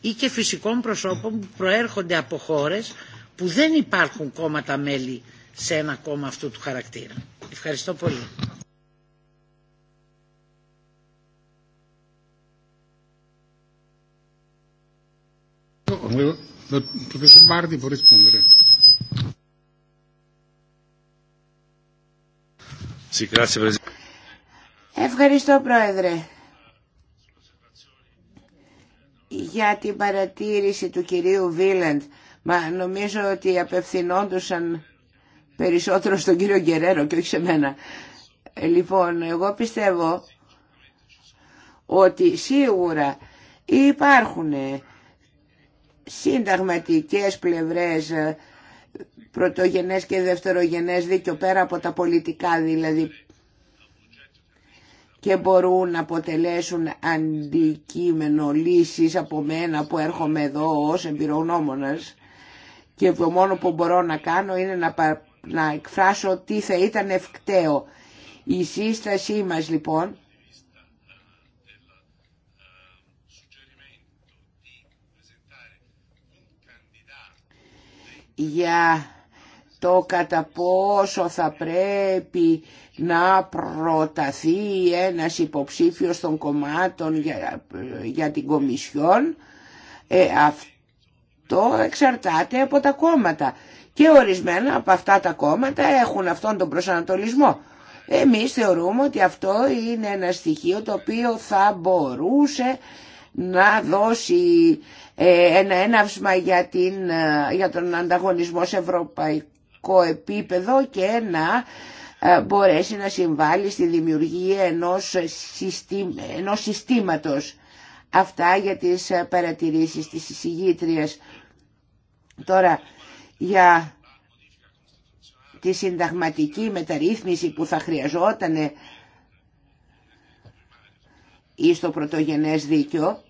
ή και φυσικών προσώπων που προέρχονται από χώρες που δεν υπάρχουν κόμματα μέλη σε ένα κόμμα αυτού του χαρακτήρα. Ευχαριστώ πολύ. Ευχαριστώ Πρόεδρε για την παρατήρηση του κυρίου Βίλαντ Μα νομίζω ότι απευθυνόντουσαν περισσότερο στον κύριο Γκερέρο και όχι σε μένα. Ε, λοιπόν, εγώ πιστεύω ότι σίγουρα υπάρχουν συνταγματικές πλευρές ε, πρωτογενές και δευτερογενές δίκιο πέρα από τα πολιτικά δηλαδή και μπορούν να αποτελέσουν αντικείμενο λύσεις από μένα που έρχομαι εδώ ως εμπειρογνώμονας και το μόνο που μπορώ να κάνω είναι να, εκφράσω τι θα ήταν ευκταίο. Η σύστασή μας λοιπόν για το κατά πόσο θα πρέπει να προταθεί ένας υποψήφιος των κομμάτων για, την Κομισιόν. Ε, αυτό το εξαρτάται από τα κόμματα. Και ορισμένα από αυτά τα κόμματα έχουν αυτόν τον προσανατολισμό. Εμείς θεωρούμε ότι αυτό είναι ένα στοιχείο το οποίο θα μπορούσε να δώσει ε, ένα έναυσμα για, την, ε, για τον ανταγωνισμό σε ευρωπαϊκό επίπεδο και να ε, μπορέσει να συμβάλλει στη δημιουργία ενός, ενός συστήματος. Αυτά για τις παρατηρήσεις της εισηγήτριας. Τώρα, για τη συνταγματική μεταρρύθμιση που θα χρειαζόταν ή στο πρωτογενές δίκαιο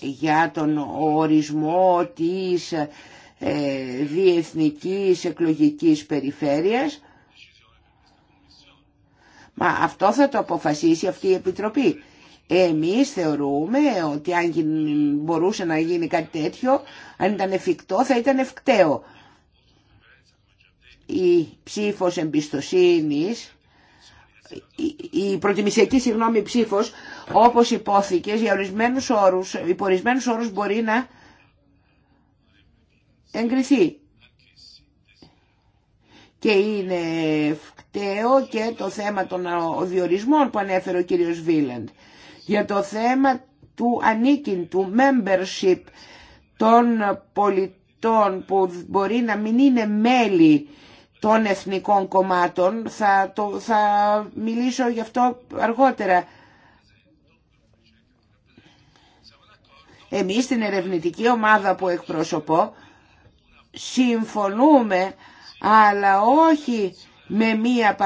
για τον ορισμό της ε, διεθνικής εκλογικής περιφέρειας Μα αυτό θα το αποφασίσει αυτή η Επιτροπή. Εμείς θεωρούμε ότι αν μπορούσε να γίνει κάτι τέτοιο, αν ήταν εφικτό θα ήταν ευκταίο. Η ψήφος εμπιστοσύνης, η προτιμησιακή συγγνώμη ψήφος, όπως υπόθηκε, για ορισμένους όρους, υπό όρους μπορεί να εγκριθεί. Και είναι ευκταίο και το θέμα των διορισμών που ανέφερε ο κύριος Βίλαντ για το θέμα του ανήκειν, του membership των πολιτών που μπορεί να μην είναι μέλη των εθνικών κομμάτων. Θα, το, θα μιλήσω γι' αυτό αργότερα. Εμείς στην ερευνητική ομάδα που εκπροσωπώ συμφωνούμε αλλά όχι με μία,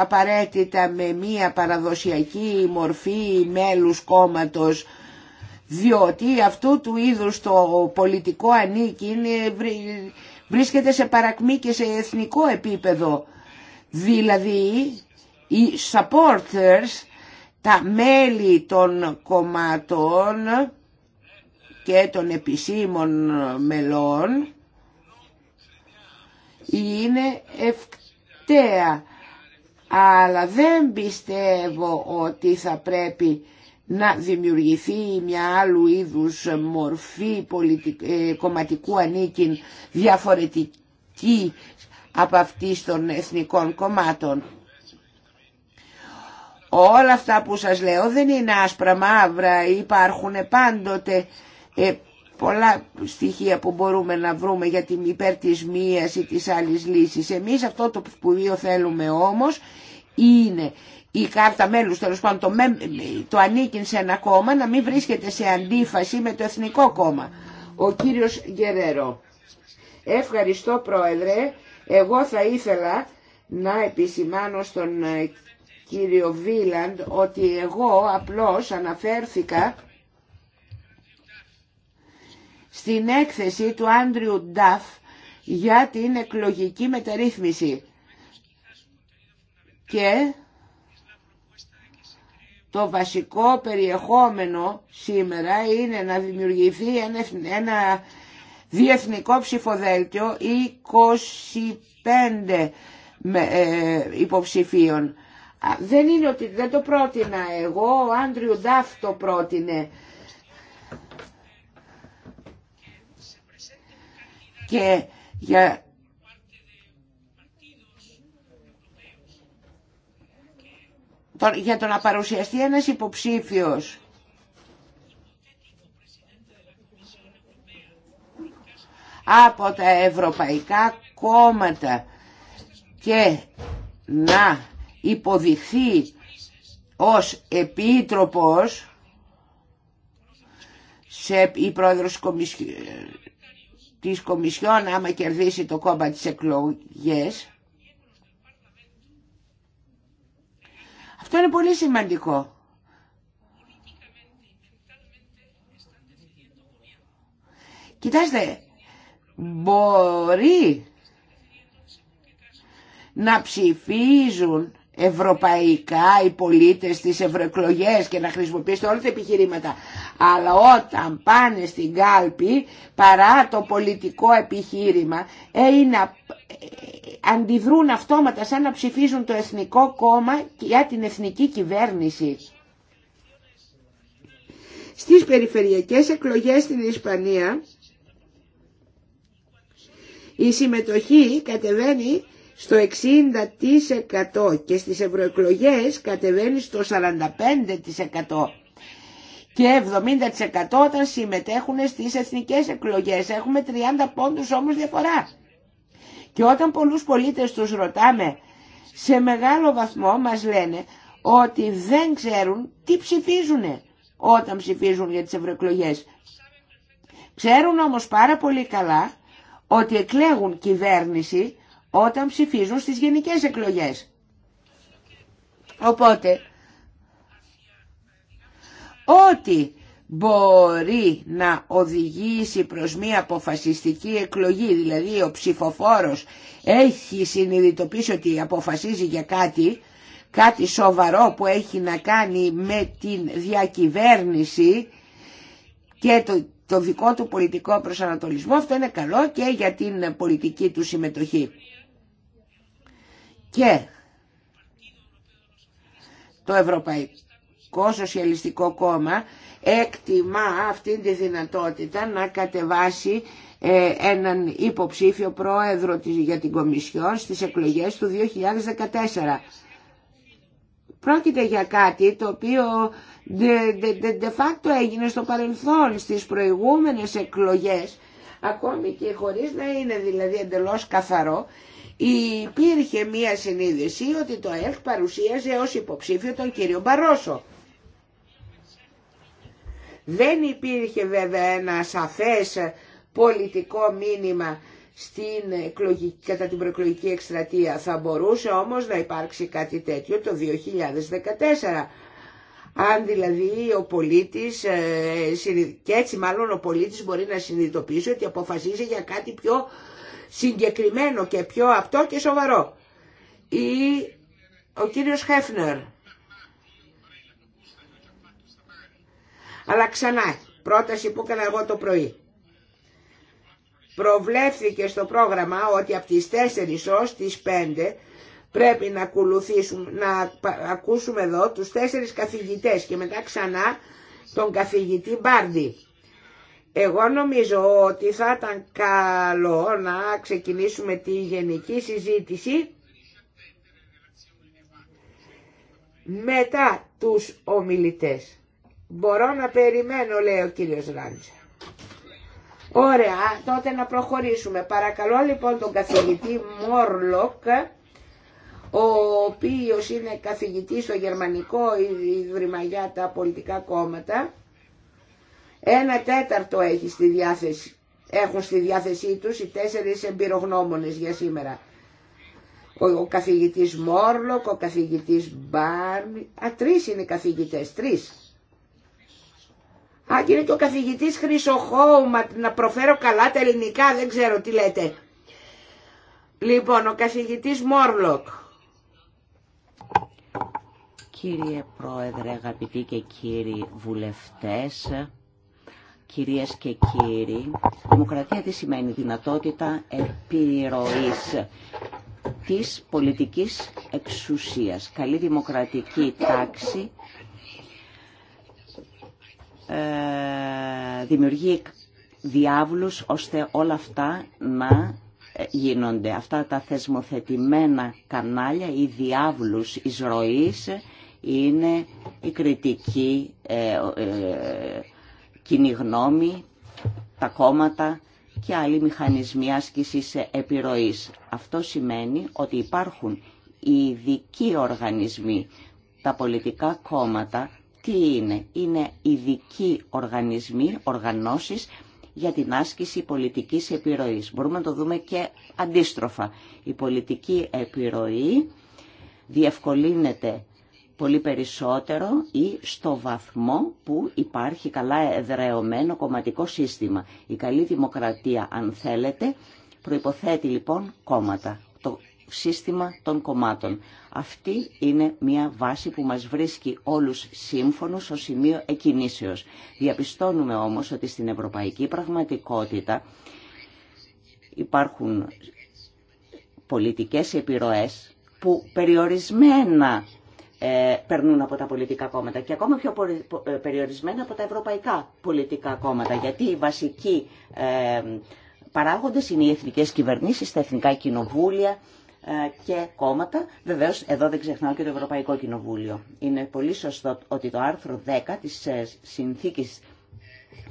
απαραίτητα με μία παραδοσιακή μορφή μέλους κόμματος διότι αυτού του είδους το πολιτικό ανήκει βρίσκεται σε παρακμή και σε εθνικό επίπεδο. Δηλαδή οι supporters, τα μέλη των κομμάτων και των επισήμων μελών είναι ευκαιρία αλλά δεν πιστεύω ότι θα πρέπει να δημιουργηθεί μια άλλου είδους μορφή ε, κομματικού ανήκειν διαφορετική από αυτή των εθνικών κομμάτων. Όλα αυτά που σας λέω δεν είναι άσπρα μαύρα, υπάρχουν πάντοτε ε, πολλά στοιχεία που μπορούμε να βρούμε για την υπέρ της μίας ή της άλλης λύσης. Εμείς αυτό το οποίο θέλουμε όμως είναι η αλλης λυσης εμεις αυτο το σπουδειο θελουμε τέλο πάντων το, το ανήκει σε ένα κόμμα, να μην βρίσκεται σε αντίφαση με το Εθνικό Κόμμα. Ο κύριος Γερερό. Ευχαριστώ πρόεδρε. Εγώ θα ήθελα να επισημάνω στον ε, κύριο Βίλαντ ότι εγώ απλώς αναφέρθηκα στην έκθεση του Άντριου Νταφ για την εκλογική μεταρρύθμιση και το βασικό περιεχόμενο σήμερα είναι να δημιουργηθεί ένα, διεθνικό ψηφοδέλτιο 25 ε, υποψηφίων. Δεν είναι ότι δεν το πρότεινα εγώ, ο Άντριου Ντάφ το πρότεινε. και για για το να παρουσιαστεί ένας υποψήφιος από τα ευρωπαϊκά κόμματα και να υποδειχθεί ως επίτροπος σε η πρόεδρος της Κομισιόν άμα κερδίσει το κόμμα της εκλογές. Αυτό είναι πολύ σημαντικό. Κοιτάξτε, μπορεί να ψηφίζουν ευρωπαϊκά οι πολίτες στις ευρωεκλογέ και να χρησιμοποιήσετε όλα τα επιχειρήματα. Αλλά όταν πάνε στην κάλπη παρά το πολιτικό επιχείρημα ε, είναι, ε, αντιδρούν αυτόματα σαν να ψηφίζουν το Εθνικό Κόμμα για την Εθνική Κυβέρνηση. Στις περιφερειακές εκλογές στην Ισπανία η συμμετοχή κατεβαίνει στο 60% και στις ευρωεκλογές κατεβαίνει στο 45% και 70% όταν συμμετέχουν στις εθνικές εκλογές. Έχουμε 30 πόντους όμως διαφορά. Και όταν πολλούς πολίτες τους ρωτάμε, σε μεγάλο βαθμό μας λένε ότι δεν ξέρουν τι ψηφίζουν όταν ψηφίζουν για τις ευρωεκλογέ. Ξέρουν όμως πάρα πολύ καλά ότι εκλέγουν κυβέρνηση όταν ψηφίζουν στις γενικές εκλογές. Οπότε, ότι μπορεί να οδηγήσει προς μία αποφασιστική εκλογή, δηλαδή ο ψηφοφόρος έχει συνειδητοποιήσει ότι αποφασίζει για κάτι, κάτι σοβαρό που έχει να κάνει με την διακυβέρνηση και το, το δικό του πολιτικό προσανατολισμό, αυτό είναι καλό και για την πολιτική του συμμετοχή. Και το Ευρωπαϊκό Κομμουνιστικό Σοσιαλιστικό Κόμμα εκτιμά αυτή τη δυνατότητα να κατεβάσει ε, έναν υποψήφιο πρόεδρο για την Κομισιόν στις εκλογές του 2014. Πρόκειται για κάτι το οποίο de facto έγινε στο παρελθόν στις προηγούμενες εκλογές ακόμη και χωρίς να είναι δηλαδή εντελώς καθαρό υπήρχε μία συνείδηση ότι το ΕΛΚ παρουσίαζε ως υποψήφιο τον κύριο Μπαρόσο. Δεν υπήρχε βέβαια ένα σαφές πολιτικό μήνυμα στην κατά την προεκλογική εκστρατεία. Θα μπορούσε όμως να υπάρξει κάτι τέτοιο το 2014. Αν δηλαδή ο πολίτης, ε, και έτσι μάλλον ο πολίτης μπορεί να συνειδητοποιήσει ότι αποφασίζει για κάτι πιο συγκεκριμένο και πιο απτό και σοβαρό. Ή ο κύριος Χέφνερ. Αλλά ξανά, πρόταση που έκανα εγώ το πρωί. Προβλέφθηκε στο πρόγραμμα ότι από τις 4 ως τις 5 πρέπει να ακολουθήσουμε, να ακούσουμε εδώ τους τέσσερις καθηγητές και μετά ξανά τον καθηγητή Μπάρντι. Εγώ νομίζω ότι θα ήταν καλό να ξεκινήσουμε τη γενική συζήτηση μετά τους ομιλητές. Μπορώ να περιμένω, λέει ο κύριος Ράντζα. Ωραία, τότε να προχωρήσουμε. Παρακαλώ λοιπόν τον καθηγητή Μόρλοκ, ο οποίος είναι καθηγητής στο Γερμανικό Ίδρυμα για τα πολιτικά κόμματα. Ένα τέταρτο έχει στη διάθεση, έχουν στη διάθεσή τους οι τέσσερις εμπειρογνώμονες για σήμερα. Ο, ο καθηγητής Μόρλοκ, ο καθηγητής Μπάρν, α τρεις είναι οι καθηγητές, Α, και είναι και ο καθηγητής Χρυσοχώμα, να προφέρω καλά τα ελληνικά, δεν ξέρω τι λέτε. Λοιπόν, ο καθηγητής Μόρλοκ. Κύριε Πρόεδρε, αγαπητοί και κύριοι βουλευτές, κυρίες και κύριοι, δημοκρατία τι σημαίνει δυνατότητα επιρροής της πολιτικής εξουσίας. Καλή δημοκρατική τάξη ε, δημιουργεί διάβλους ώστε όλα αυτά να ε, γίνονται. Αυτά τα θεσμοθετημένα κανάλια ή διάβλους εισρωής είναι η διαβλους ροης ειναι η κριτικη ε, ε, κοινή γνώμη, τα κόμματα και άλλοι μηχανισμοί άσκησης επιρροής. Αυτό σημαίνει ότι υπάρχουν οι ειδικοί οργανισμοί, τα πολιτικά κόμματα τι είναι. Είναι ειδικοί οργανισμοί, οργανώσεις για την άσκηση πολιτικής επιρροής. Μπορούμε να το δούμε και αντίστροφα. Η πολιτική επιρροή διευκολύνεται πολύ περισσότερο ή στο βαθμό που υπάρχει καλά εδρεωμένο κομματικό σύστημα. Η καλή δημοκρατία, αν θέλετε, προϋποθέτει λοιπόν κόμματα σύστημα των κομμάτων. Αυτή είναι μια βάση που μας βρίσκει όλους σύμφωνους ως σημείο εκκινήσεως. Διαπιστώνουμε όμως ότι στην ευρωπαϊκή πραγματικότητα υπάρχουν πολιτικές επιρροές που περιορισμένα ε, περνούν από τα πολιτικά κόμματα και ακόμα πιο ε, περιορισμένα από τα ευρωπαϊκά πολιτικά κόμματα γιατί οι βασικοί ε, είναι οι εθνικές κυβερνήσεις, τα εθνικά κοινοβούλια, ε, και κόμματα. Βεβαίως, εδώ δεν ξεχνάω και το Ευρωπαϊκό Κοινοβούλιο. Είναι πολύ σωστό ότι το άρθρο 10 της ε, συνθήκης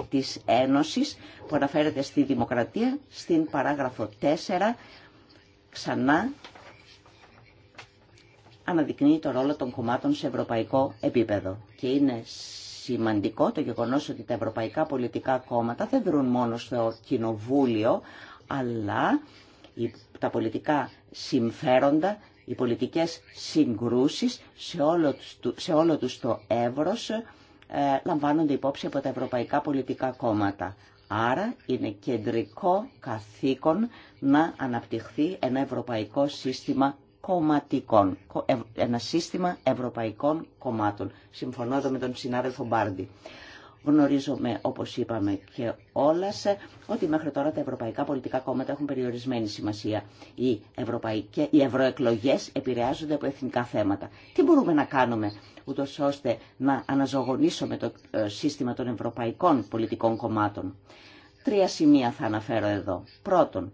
της Ένωσης που αναφέρεται στη Δημοκρατία, στην παράγραφο 4, ξανά αναδεικνύει το ρόλο των κομμάτων σε ευρωπαϊκό επίπεδο. Και είναι σημαντικό το γεγονός ότι τα ευρωπαϊκά πολιτικά κόμματα δεν δρούν μόνο στο κοινοβούλιο, αλλά τα πολιτικά συμφέροντα, οι πολιτικές συγκρούσεις σε όλο, σε όλο τους το εύρος ε, λαμβάνονται υπόψη από τα ευρωπαϊκά πολιτικά κόμματα. Άρα είναι κεντρικό καθήκον να αναπτυχθεί ένα ευρωπαϊκό σύστημα κομματικών, ένα σύστημα ευρωπαϊκών κομμάτων. Συμφωνώ εδώ με τον συνάδελφο Μπάρντι. Γνωρίζουμε, όπως είπαμε και όλας, ότι μέχρι τώρα τα ευρωπαϊκά πολιτικά κόμματα έχουν περιορισμένη σημασία. Οι, ευρωπαϊκές, οι ευρωεκλογές επηρεάζονται από εθνικά θέματα. Τι μπορούμε να κάνουμε ούτως ώστε να αναζωογονήσουμε το ε, σύστημα των ευρωπαϊκών πολιτικών κομμάτων. Τρία σημεία θα αναφέρω εδώ. Πρώτον,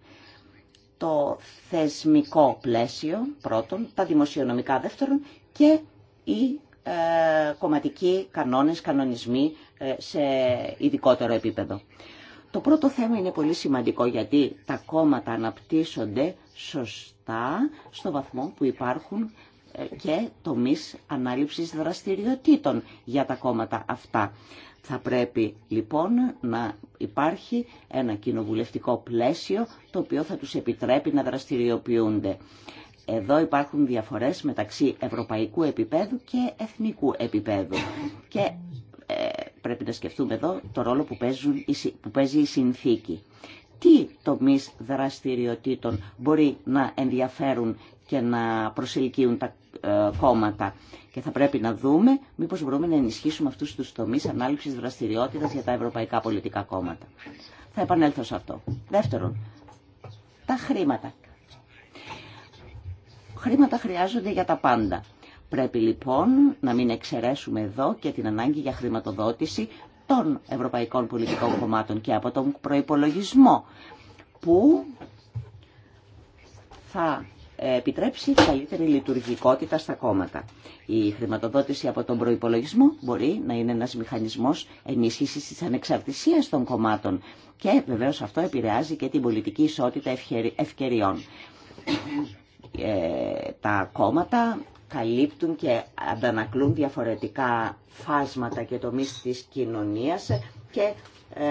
το θεσμικό πλαίσιο, πρώτον, τα δημοσιονομικά δεύτερον και οι ε, κομματικοί κανόνες, κανονισμοί ε, σε ειδικότερο επίπεδο. Το πρώτο θέμα είναι πολύ σημαντικό γιατί τα κόμματα αναπτύσσονται σωστά στο βαθμό που υπάρχουν ε, και τομείς ανάληψης δραστηριοτήτων για τα κόμματα αυτά. Θα πρέπει λοιπόν να υπάρχει ένα κοινοβουλευτικό πλαίσιο το οποίο θα τους επιτρέπει να δραστηριοποιούνται. Εδώ υπάρχουν διαφορές μεταξύ ευρωπαϊκού επίπεδου και εθνικού επίπεδου. Και ε, πρέπει να σκεφτούμε εδώ το ρόλο που, παίζουν, που παίζει η συνθήκη. Τι τομείς δραστηριοτήτων μπορεί να ενδιαφέρουν και να προσελκύουν τα ε, κόμματα. Και θα πρέπει να δούμε μήπως μπορούμε να ενισχύσουμε αυτούς τους τομείς ανάληψης δραστηριότητας για τα ευρωπαϊκά πολιτικά κόμματα. Θα επανέλθω σε αυτό. Δεύτερον, τα χρήματα. Χρήματα χρειάζονται για τα πάντα. Πρέπει λοιπόν να μην εξαιρέσουμε εδώ και την ανάγκη για χρηματοδότηση των Ευρωπαϊκών Πολιτικών Κομμάτων και από τον προϋπολογισμό που θα επιτρέψει καλύτερη λειτουργικότητα στα κόμματα. Η χρηματοδότηση από τον προϋπολογισμό μπορεί να είναι ένας μηχανισμός ενίσχυσης της ανεξαρτησίας των κομμάτων και βεβαίως αυτό επηρεάζει και την πολιτική ισότητα ευκαιριών. Ε, τα κόμματα καλύπτουν και αντανακλούν διαφορετικά φάσματα και τομείς της κοινωνίας και ε,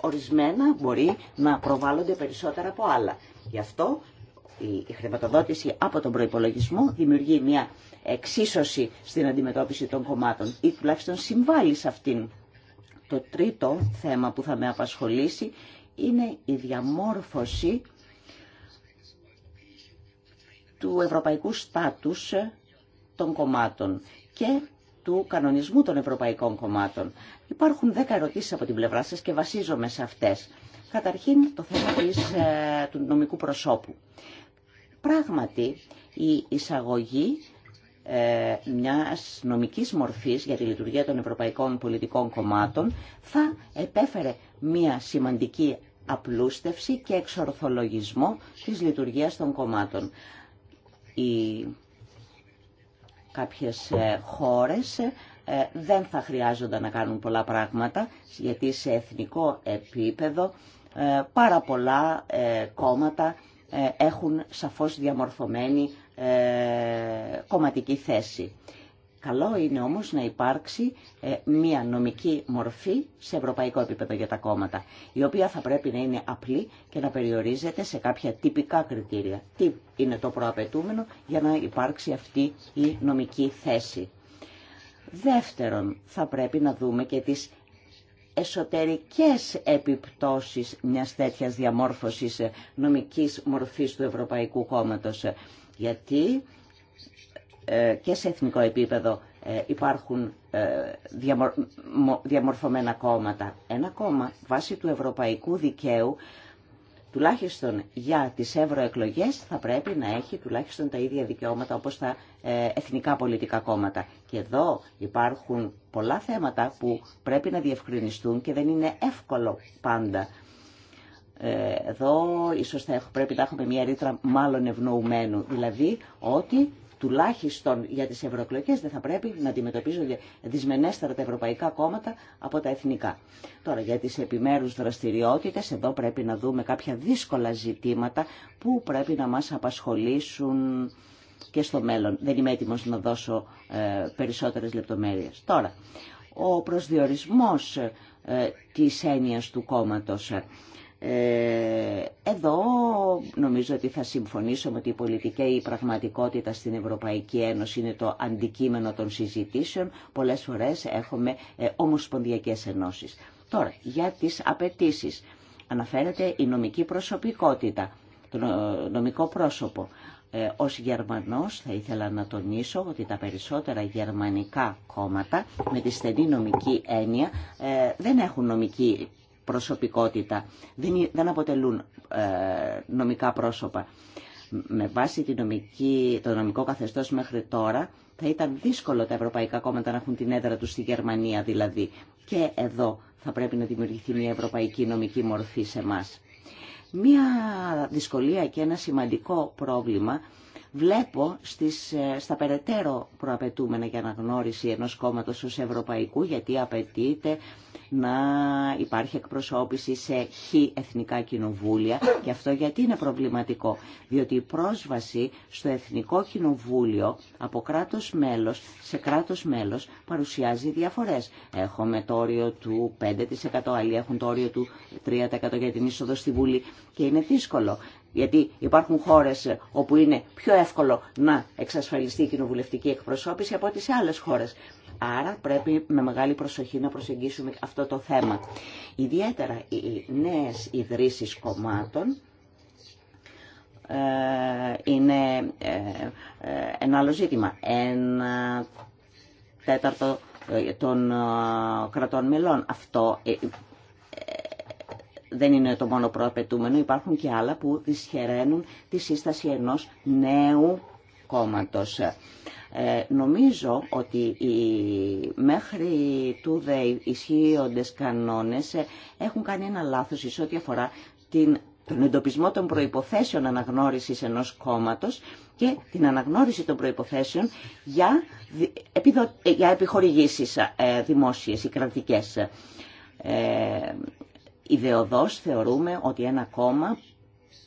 ορισμένα μπορεί να προβάλλονται περισσότερα από άλλα. Γι' αυτό η χρηματοδότηση από τον προϋπολογισμό δημιουργεί μια εξίσωση στην αντιμετώπιση των κομμάτων ή τουλάχιστον συμβάλλει σε αυτήν. Το τρίτο θέμα που θα με απασχολήσει είναι η διαμόρφωση του ευρωπαϊκού στάτους των κομμάτων και του κανονισμού των ευρωπαϊκών κομμάτων. Υπάρχουν δέκα ερωτήσεις από την πλευρά σας και βασίζομαι σε αυτές. Καταρχήν το θέμα της, ε, του νομικού προσώπου. Πράγματι, η εισαγωγή ε, μιας νομικής μορφής για τη λειτουργία των ευρωπαϊκών πολιτικών κομμάτων θα επέφερε μια σημαντική απλούστευση και εξορθολογισμό της λειτουργίας των κομμάτων οι κάποιες ε, χώρες ε, δεν θα χρειάζονταν να κάνουν πολλά πράγματα γιατί σε εθνικό επίπεδο ε, πάρα πολλά κόμματα έχουν σαφώς διαμορφωμένη κομματική θέση. Καλό είναι όμως να υπάρξει ε, μία νομική μορφή σε ευρωπαϊκό επίπεδο για τα κόμματα, η οποία θα πρέπει να είναι απλή και να περιορίζεται σε κάποια τυπικά κριτήρια. Τι είναι το προαπαιτούμενο για να υπάρξει αυτή η νομική θέση. Δεύτερον, θα πρέπει να δούμε και τις εσωτερικές επιπτώσεις μιας τέτοιας διαμόρφωσης ε, νομικής μορφής του Ευρωπαϊκού Κόμματος. Ε, γιατί ε, και σε εθνικό επίπεδο ε, υπάρχουν ε, διαμορφωμένα κόμματα. Ένα κόμμα βάσει του ευρωπαϊκού δικαίου τουλάχιστον για τις ευρωεκλογές θα πρέπει να έχει τουλάχιστον τα ίδια δικαιώματα όπως τα εθνικά πολιτικά κόμματα. Και εδώ υπάρχουν πολλά θέματα που πρέπει να διευκρινιστούν και δεν είναι εύκολο πάντα. Εδώ ίσως πρέπει να έχουμε μια ρήτρα μάλλον ευνοουμένου, δηλαδή ότι τουλάχιστον για τις ευρωεκλογέ δεν θα πρέπει να αντιμετωπίζονται δυσμενέστερα τα ευρωπαϊκά κόμματα από τα εθνικά. Τώρα για τις επιμέρους δραστηριότητες εδώ πρέπει να δούμε κάποια δύσκολα ζητήματα που πρέπει να μας απασχολήσουν και στο μέλλον. Δεν είμαι έτοιμος να δώσω ε, περισσότερες λεπτομέρειες. Τώρα, ο προσδιορισμός ε, της έννοιας του κόμματος ε, εδώ νομίζω ότι θα με ότι η πολιτική η πραγματικότητα στην Ευρωπαϊκή Ένωση είναι το αντικείμενο των συζητήσεων. Πολλές φορές έχουμε ε, ομοσπονδιακές ενώσεις. Τώρα, για τις απαιτήσει. Αναφέρεται η νομική προσωπικότητα, το νομικό πρόσωπο. Ε, ως Γερμανός θα ήθελα να τονίσω ότι τα περισσότερα γερμανικά κόμματα με τη στενή νομική έννοια ε, δεν έχουν νομική προσωπικότητα. Δεν αποτελούν ε, νομικά πρόσωπα. Με βάση τη νομική, το νομικό καθεστώς μέχρι τώρα θα ήταν δύσκολο τα ευρωπαϊκά κόμματα να έχουν την έδρα τους στη Γερμανία δηλαδή. Και εδώ θα πρέπει να δημιουργηθεί μια ευρωπαϊκή νομική μορφή σε εμά. Μια δυσκολία και ένα σημαντικό πρόβλημα βλέπω στις, ε, στα περαιτέρω προαπαιτούμενα για αναγνώριση ενός κόμματος ως ευρωπαϊκού, γιατί απαιτείται να υπάρχει εκπροσώπηση σε χι εθνικά κοινοβούλια και αυτό γιατί είναι προβληματικό. Διότι η πρόσβαση στο εθνικό κοινοβούλιο από κράτος μέλος σε κράτος μέλος παρουσιάζει διαφορές. Έχουμε το όριο του 5%, άλλοι έχουν το όριο του 3% για την είσοδο στη Βουλή και είναι δύσκολο γιατί υπάρχουν χώρες όπου είναι πιο εύκολο να εξασφαλιστεί η κοινοβουλευτική εκπροσώπηση από ό,τι σε άλλες χώρες. Άρα πρέπει με μεγάλη προσοχή να προσεγγίσουμε αυτό το θέμα. Ιδιαίτερα οι νέες ιδρύσεις κομμάτων ε, είναι ε, ε, ένα άλλο ζήτημα. Ένα τέταρτο των κρατών μελών. Αυτό δεν είναι το μόνο προαπαιτούμενο, υπάρχουν και άλλα που δυσχεραίνουν τη σύσταση ενός νέου κόμματος. Ε, νομίζω ότι οι μέχρι τούδε ισχύοντες κανόνες ε, έχουν κάνει ένα λάθος σε ό,τι αφορά την, τον εντοπισμό των προϋποθέσεων αναγνώρισης ενός κόμματος και την αναγνώριση των προϋποθέσεων για, επιδο, ε, για επιχορηγήσεις δημόσιες ή κρατικές ιδεοδός θεωρούμε ότι ένα κόμμα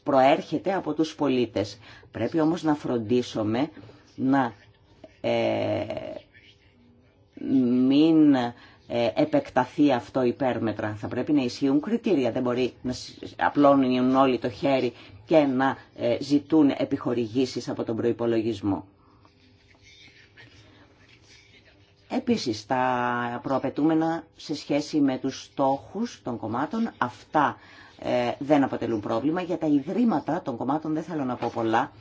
προέρχεται από τους πολίτες. Πρέπει όμως να φροντίσουμε να ε, μην ε, επεκταθεί αυτό υπέρμετρα. Θα πρέπει να ισχύουν κριτήρια. Δεν μπορεί να απλώνουν όλοι το χέρι και να ε, ζητούν επιχορηγήσεις από τον προϋπολογισμό. Επίσης, τα προαπαιτούμενα σε σχέση με τους στόχους των κομμάτων, αυτά ε, δεν αποτελούν πρόβλημα. Για τα ιδρύματα των κομμάτων δεν θέλω να πω πολλά.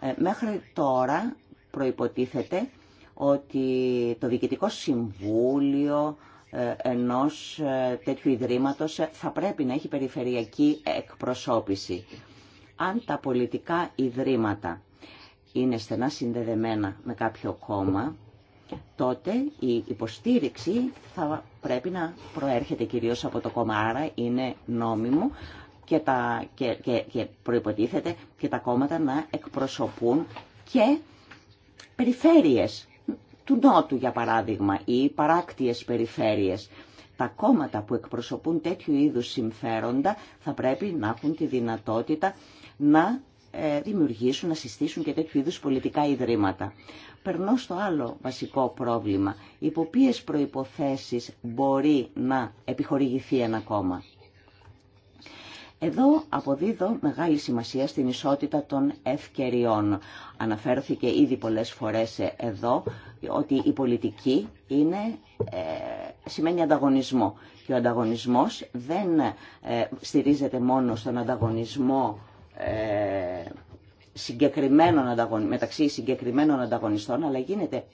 Ε, μέχρι τώρα προϋποτίθεται ότι το Διοικητικό Συμβούλιο ε, ενός ε, τέτοιου ιδρύματος θα πρέπει να έχει περιφερειακή εκπροσώπηση. Αν τα πολιτικά ιδρύματα είναι στενά συνδεδεμένα με κάποιο κόμμα, τότε η υποστήριξη θα πρέπει να προέρχεται κυρίως από το κόμμα, άρα είναι νόμιμο και, τα, και, και, και προϋποτίθεται και τα κόμματα να εκπροσωπούν και περιφέρειες του Νότου για παράδειγμα ή παράκτιες περιφέρειες. Τα κόμματα που εκπροσωπούν τέτοιου είδους συμφέροντα θα πρέπει να έχουν τη δυνατότητα να ε, δημιουργήσουν, να συστήσουν και τέτοιου είδους πολιτικά ιδρύματα. Περνώ στο άλλο βασικό πρόβλημα. Υπό ποιε προϋποθέσεις μπορεί να επιχορηγηθεί ένα κόμμα. Εδώ αποδίδω μεγάλη σημασία στην ισότητα των ευκαιριών. Αναφέρθηκε ήδη πολλές φορές εδώ ότι η πολιτική είναι, ε, σημαίνει ανταγωνισμό. Και ο ανταγωνισμός δεν ε, στηρίζεται μόνο στον ανταγωνισμό ε, συγκεκριμένων μεταξύ συγκεκριμένων ανταγωνιστών, αλλά γίνεται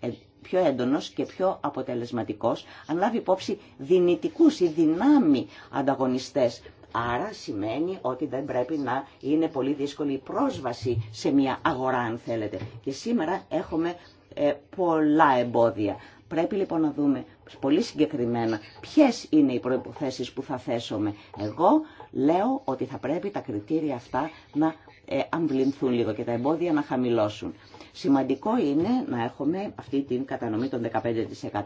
πιο έντονος και πιο αποτελεσματικός, αν λάβει υπόψη δυνητικούς ή δυνάμει ανταγωνιστές. Άρα σημαίνει ότι δεν πρέπει να είναι πολύ δύσκολη η πρόσβαση σε μια αγορά, αν θέλετε. Και σήμερα έχουμε ε, πολλά εμπόδια. Πρέπει λοιπόν να δούμε πολύ συγκεκριμένα ποιες είναι οι προϋποθέσεις που θα θέσουμε. Εγώ λέω ότι θα πρέπει τα κριτήρια αυτά να ε, αμβλυνθούν λίγο και τα εμπόδια να χαμηλώσουν. Σημαντικό είναι να έχουμε αυτή την κατανομή των 15%.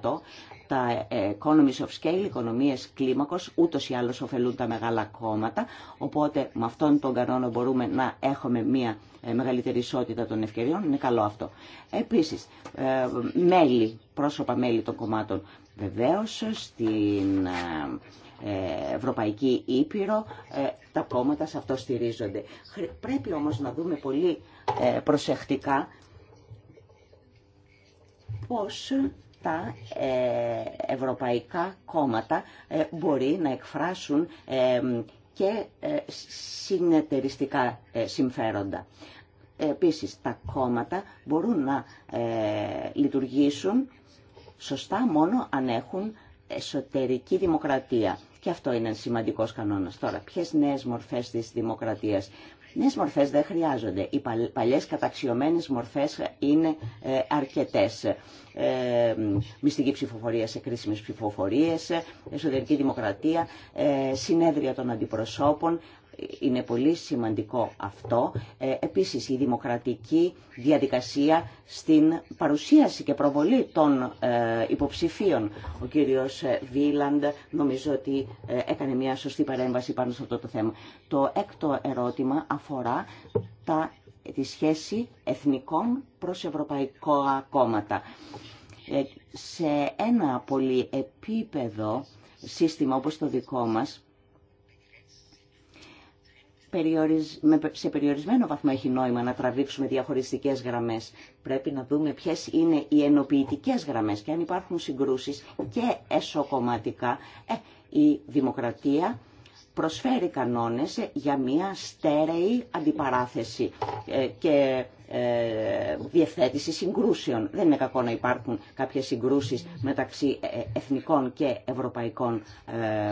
Τα ε, economies of scale, οικονομίες κλίμακος, ούτως ή άλλως ωφελούν τα μεγάλα κόμματα, οπότε με αυτόν τον κανόνα μπορούμε να έχουμε μια ε, μεγαλύτερη ισότητα των ευκαιριών, είναι καλό αυτό. Επίσης, μέλη, πρόσωπα μέλη των κομμάτων. Βεβαίως, στην ε, Ευρωπαϊκή Ήπειρο, ε, τα κόμματα σε αυτό στηρίζονται. Πρέπει όμως να δούμε πολύ ε, προσεκτικά πώς τα ευρωπαϊκά κόμματα μπορεί να εκφράσουν και συνεταιριστικά συμφέροντα. Επίσης, τα κόμματα μπορούν να λειτουργήσουν σωστά μόνο αν έχουν εσωτερική δημοκρατία. Και αυτό είναι σημαντικό κανόνας. Τώρα, Ποιε νέε μορφές της δημοκρατίας. νέε μορφές δεν χρειάζονται. Οι παλιές καταξιωμένες μορφές είναι ε, αρκετέ. Ε, μυστική ψηφοφορία σε κρίσιμε ψηφοφορίε, εσωτερική δημοκρατία, ε, συνέδρια των αντιπροσώπων, είναι πολύ σημαντικό αυτό. Ε, επίσης η δημοκρατική διαδικασία στην παρουσίαση και προβολή των ε, υποψηφίων. Ο κύριος Βίλαντ νομίζω ότι ε, έκανε μια σωστή παρέμβαση πάνω σε αυτό το θέμα. Το έκτο ερώτημα αφορά τα, τη σχέση εθνικών προς ευρωπαϊκό κόμματα. Σε ένα πολύ επίπεδο σύστημα όπως το δικό μας, σε περιορισμένο βαθμό έχει νόημα να τραβήξουμε διαχωριστικές γραμμές. Πρέπει να δούμε ποιες είναι οι ενοποιητικές γραμμές και αν υπάρχουν συγκρούσεις και εσωκομματικά, ε, η δημοκρατία προσφέρει κανόνες ε, για μια στέρεη αντιπαράθεση ε, και διευθέτηση συγκρούσεων. Δεν είναι κακό να υπάρχουν κάποιες συγκρούσεις μεταξύ εθνικών και ευρωπαϊκών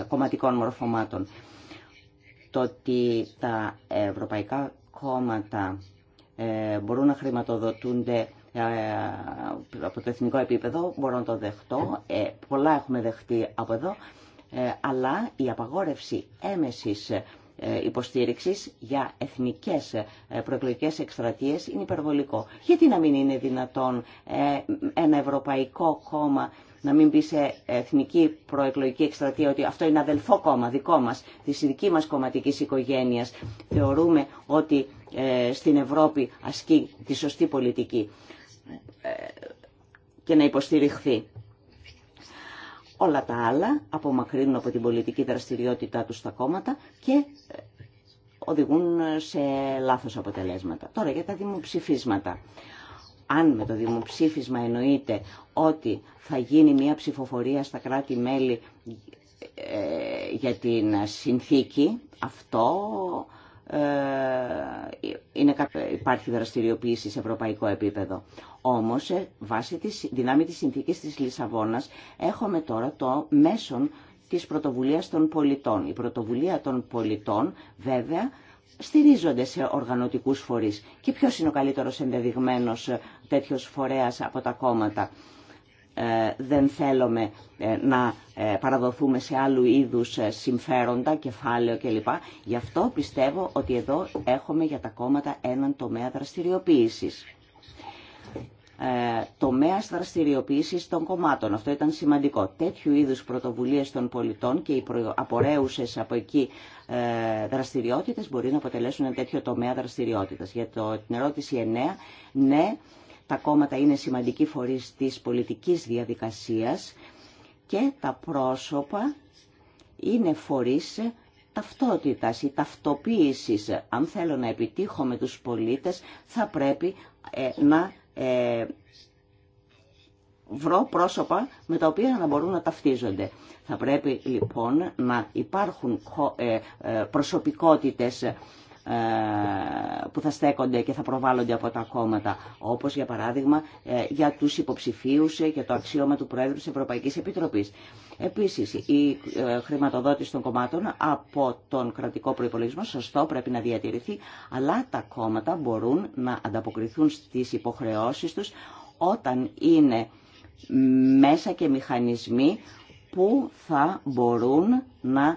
κομματικών μορφωμάτων το ότι τα ευρωπαϊκά κόμματα ε, μπορούν να χρηματοδοτούνται ε, από το εθνικό επίπεδο, μπορώ να το δεχτώ, ε, πολλά έχουμε δεχτεί από εδώ, αλλά η απαγόρευση έμεσης υποστήριξης για εθνικές προεκλογικές εκστρατείες είναι υπερβολικό. Γιατί να μην είναι δυνατόν ένα ευρωπαϊκό κόμμα να μην πει σε εθνική προεκλογική εκστρατεία ότι αυτό είναι αδελφό κόμμα δικό μας, τη δική μας κομματική οικογένεια. Θεωρούμε ότι ε, στην Ευρώπη ασκεί τη σωστή πολιτική ε, και να υποστηριχθεί. Όλα τα άλλα απομακρύνουν από την πολιτική δραστηριότητά τους τα κόμματα και ε, οδηγούν σε λάθος αποτελέσματα. Τώρα για τα δημοψηφίσματα αν με το δημοψήφισμα εννοείται ότι θα γίνει μια ψηφοφορία στα κράτη-μέλη ε, για την συνθήκη, αυτό ε, είναι, υπάρχει δραστηριοποίηση σε ευρωπαϊκό επίπεδο. Όμως, ε, βάσει της δυνάμει της συνθήκης της Λισαβόνας, έχουμε τώρα το μέσον της πρωτοβουλίας των πολιτών. Η πρωτοβουλία των πολιτών, βέβαια, στηρίζονται σε οργανωτικούς φορείς. Και ποιος είναι ο καλύτερος ενδεδειγμένος ε, τέτοιος φορέας από τα κόμματα. Ε, δεν θέλουμε ε, να παραδοθούμε σε άλλου είδους συμφέροντα, κεφάλαιο κλπ. Γι' αυτό πιστεύω ότι εδώ έχουμε για τα κόμματα έναν τομέα δραστηριοποίησης. Ε, τομέα δραστηριοποίηση των κομμάτων. Αυτό ήταν σημαντικό. Τέτοιου είδου πρωτοβουλίε των πολιτών και οι απορρέουσε από εκεί ε, δραστηριότητε μπορεί να αποτελέσουν ένα τέτοιο τομέα δραστηριότητα. Για το, την ερώτηση 9, ναι, τα κόμματα είναι σημαντική φορείς τη πολιτική διαδικασία και τα πρόσωπα είναι φορείς ταυτότητας ή ταυτοποίησης. Αν θέλω να επιτύχω με τους πολίτες θα πρέπει ε, να ε, βρω πρόσωπα με τα οποία να μπορούν να ταυτίζονται. Θα πρέπει λοιπόν να υπάρχουν ε, ε, προσωπικότητες ε, που θα στέκονται και θα προβάλλονται από τα κόμματα, όπως για παράδειγμα ε, για τους υποψηφίους και το αξίωμα του Πρόεδρου της Ευρωπαϊκής Επιτροπής. Επίσης, η ε, χρηματοδότηση των κομμάτων από τον κρατικό προϋπολογισμό, σωστό, πρέπει να διατηρηθεί, αλλά τα κόμματα μπορούν να ανταποκριθούν στις υποχρεώσεις τους όταν είναι μέσα και μηχανισμοί που θα μπορούν να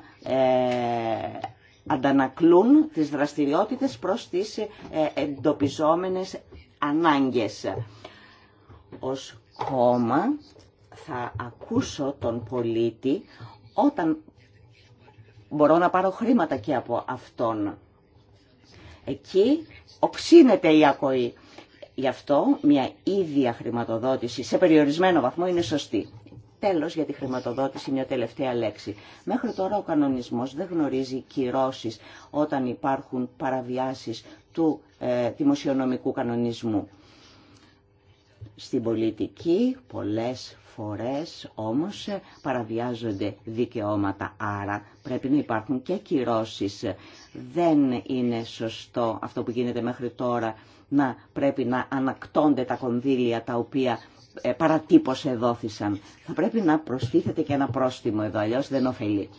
αντανακλούν τις δραστηριότητες προς τις ε, εντοπιζόμενες ανάγκες. Ως κόμμα θα ακούσω τον πολίτη όταν μπορώ να πάρω χρήματα και από αυτόν. Εκεί οξύνεται η ακοή. Γι' αυτό μια ίδια χρηματοδότηση σε περιορισμένο βαθμό είναι σωστή. Τέλο για τη χρηματοδότηση μια τελευταία λέξη. Μέχρι τώρα ο κανονισμός δεν γνωρίζει κυρώσει όταν υπάρχουν παραβιάσεις του ε, δημοσιονομικού κανονισμού. Στην πολιτική πολλές φορές όμως ε, παραβιάζονται δικαιώματα, άρα πρέπει να υπάρχουν και κυρώσεις. Δεν είναι σωστό αυτό που γίνεται μέχρι τώρα να πρέπει να ανακτώνται τα κονδύλια τα οποία ε, παρατύπωσε δόθησαν. Θα πρέπει να προστίθεται και ένα πρόστιμο εδώ, αλλιώς δεν ωφελεί.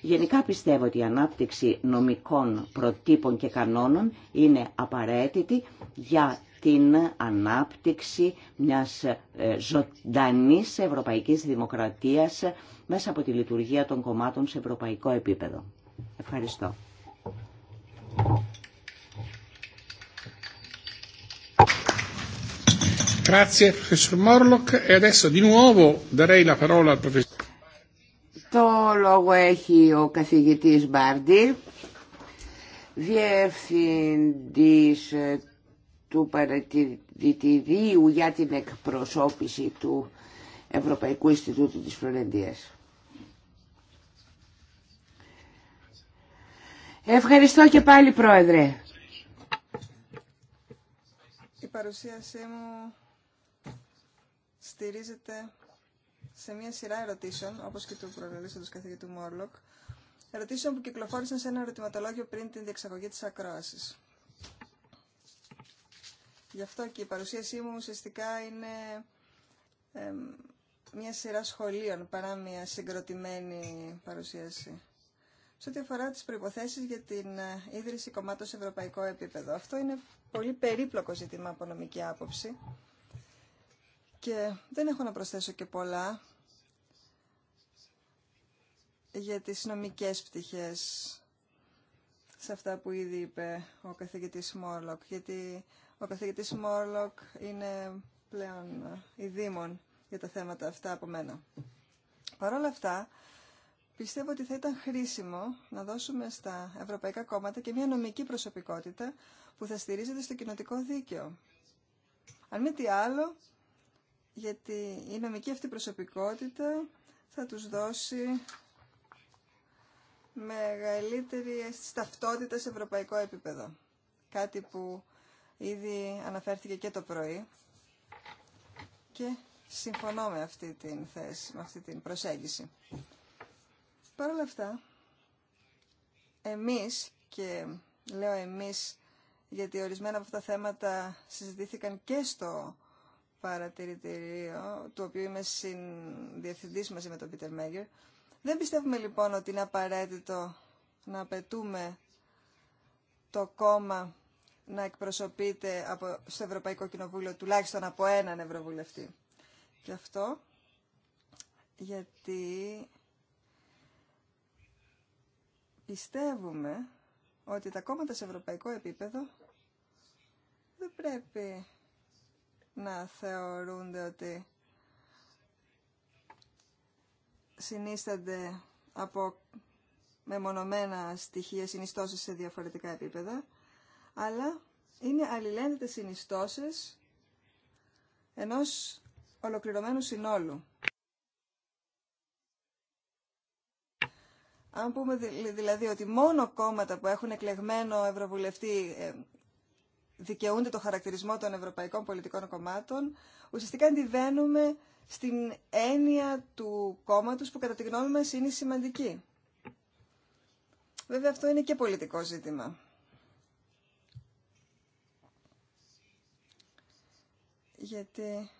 Γενικά πιστεύω ότι η ανάπτυξη νομικών προτύπων και κανόνων είναι απαραίτητη για την ανάπτυξη μιας ε, ζωντανής ευρωπαϊκής δημοκρατίας μέσα από τη λειτουργία των κομμάτων σε ευρωπαϊκό επίπεδο. Ευχαριστώ. Το λόγο έχει ο καθηγητής Μπάρντι, διευθυντής ε, του παρατηρητηρίου για την εκπροσώπηση του Ευρωπαϊκού Ινστιτούτου της Φλωρεντίας. Ευχαριστώ και πάλι, Πρόεδρε. Η παρουσίασή μου στηρίζεται σε μια σειρά ερωτήσεων, όπω και του καθηγητή καθηγητού Μόρλοκ, ερωτήσεων που κυκλοφόρησαν σε ένα ερωτηματολόγιο πριν την διεξαγωγή τη ακρόαση. Γι' αυτό και η παρουσίασή μου ουσιαστικά είναι μια σειρά σχολείων παρά μια συγκροτημένη παρουσίαση. Σε ό,τι αφορά τις προϋποθέσεις για την ε, ίδρυση κομμάτων σε ευρωπαϊκό επίπεδο. Αυτό είναι πολύ περίπλοκο ζήτημα από νομική άποψη και δεν έχω να προσθέσω και πολλά για τις νομικές πτυχές σε αυτά που ήδη είπε ο καθηγητής Μόρλοκ, γιατί ο καθηγητής Μόρλοκ είναι πλέον η δήμον για τα θέματα αυτά από μένα. Παρ' όλα αυτά, πιστεύω ότι θα ήταν χρήσιμο να δώσουμε στα ευρωπαϊκά κόμματα και μια νομική προσωπικότητα που θα στηρίζεται στο κοινοτικό δίκαιο. Αν μη τι άλλο, γιατί η νομική αυτή προσωπικότητα θα τους δώσει μεγαλύτερη αίσθηση ταυτότητα σε ευρωπαϊκό επίπεδο. Κάτι που ήδη αναφέρθηκε και το πρωί και συμφωνώ με αυτή την θέση, με αυτή την προσέγγιση. Παρ' όλα αυτά, εμείς και λέω εμείς γιατί ορισμένα από αυτά τα θέματα συζητήθηκαν και στο παρατηρητηρίο, του οποίου είμαι συνδιευθυντής μαζί με τον Πίτερ Μέγερ. Δεν πιστεύουμε λοιπόν ότι είναι απαραίτητο να απαιτούμε το κόμμα να εκπροσωπείται από, στο Ευρωπαϊκό Κοινοβούλιο τουλάχιστον από έναν Ευρωβουλευτή. Και αυτό γιατί πιστεύουμε ότι τα κόμματα σε ευρωπαϊκό επίπεδο δεν πρέπει να θεωρούνται ότι συνίστανται από μεμονωμένα στοιχεία συνιστώσεις σε διαφορετικά επίπεδα, αλλά είναι αλληλένδετες συνιστώσεις ενός ολοκληρωμένου συνόλου. Αν πούμε δηλαδή ότι μόνο κόμματα που έχουν εκλεγμένο ευρωβουλευτή ε, δικαιούνται το χαρακτηρισμό των ευρωπαϊκών πολιτικών κομμάτων, ουσιαστικά αντιβαίνουμε στην έννοια του κόμματος που κατά τη γνώμη μας είναι σημαντική. Βέβαια αυτό είναι και πολιτικό ζήτημα. Γιατί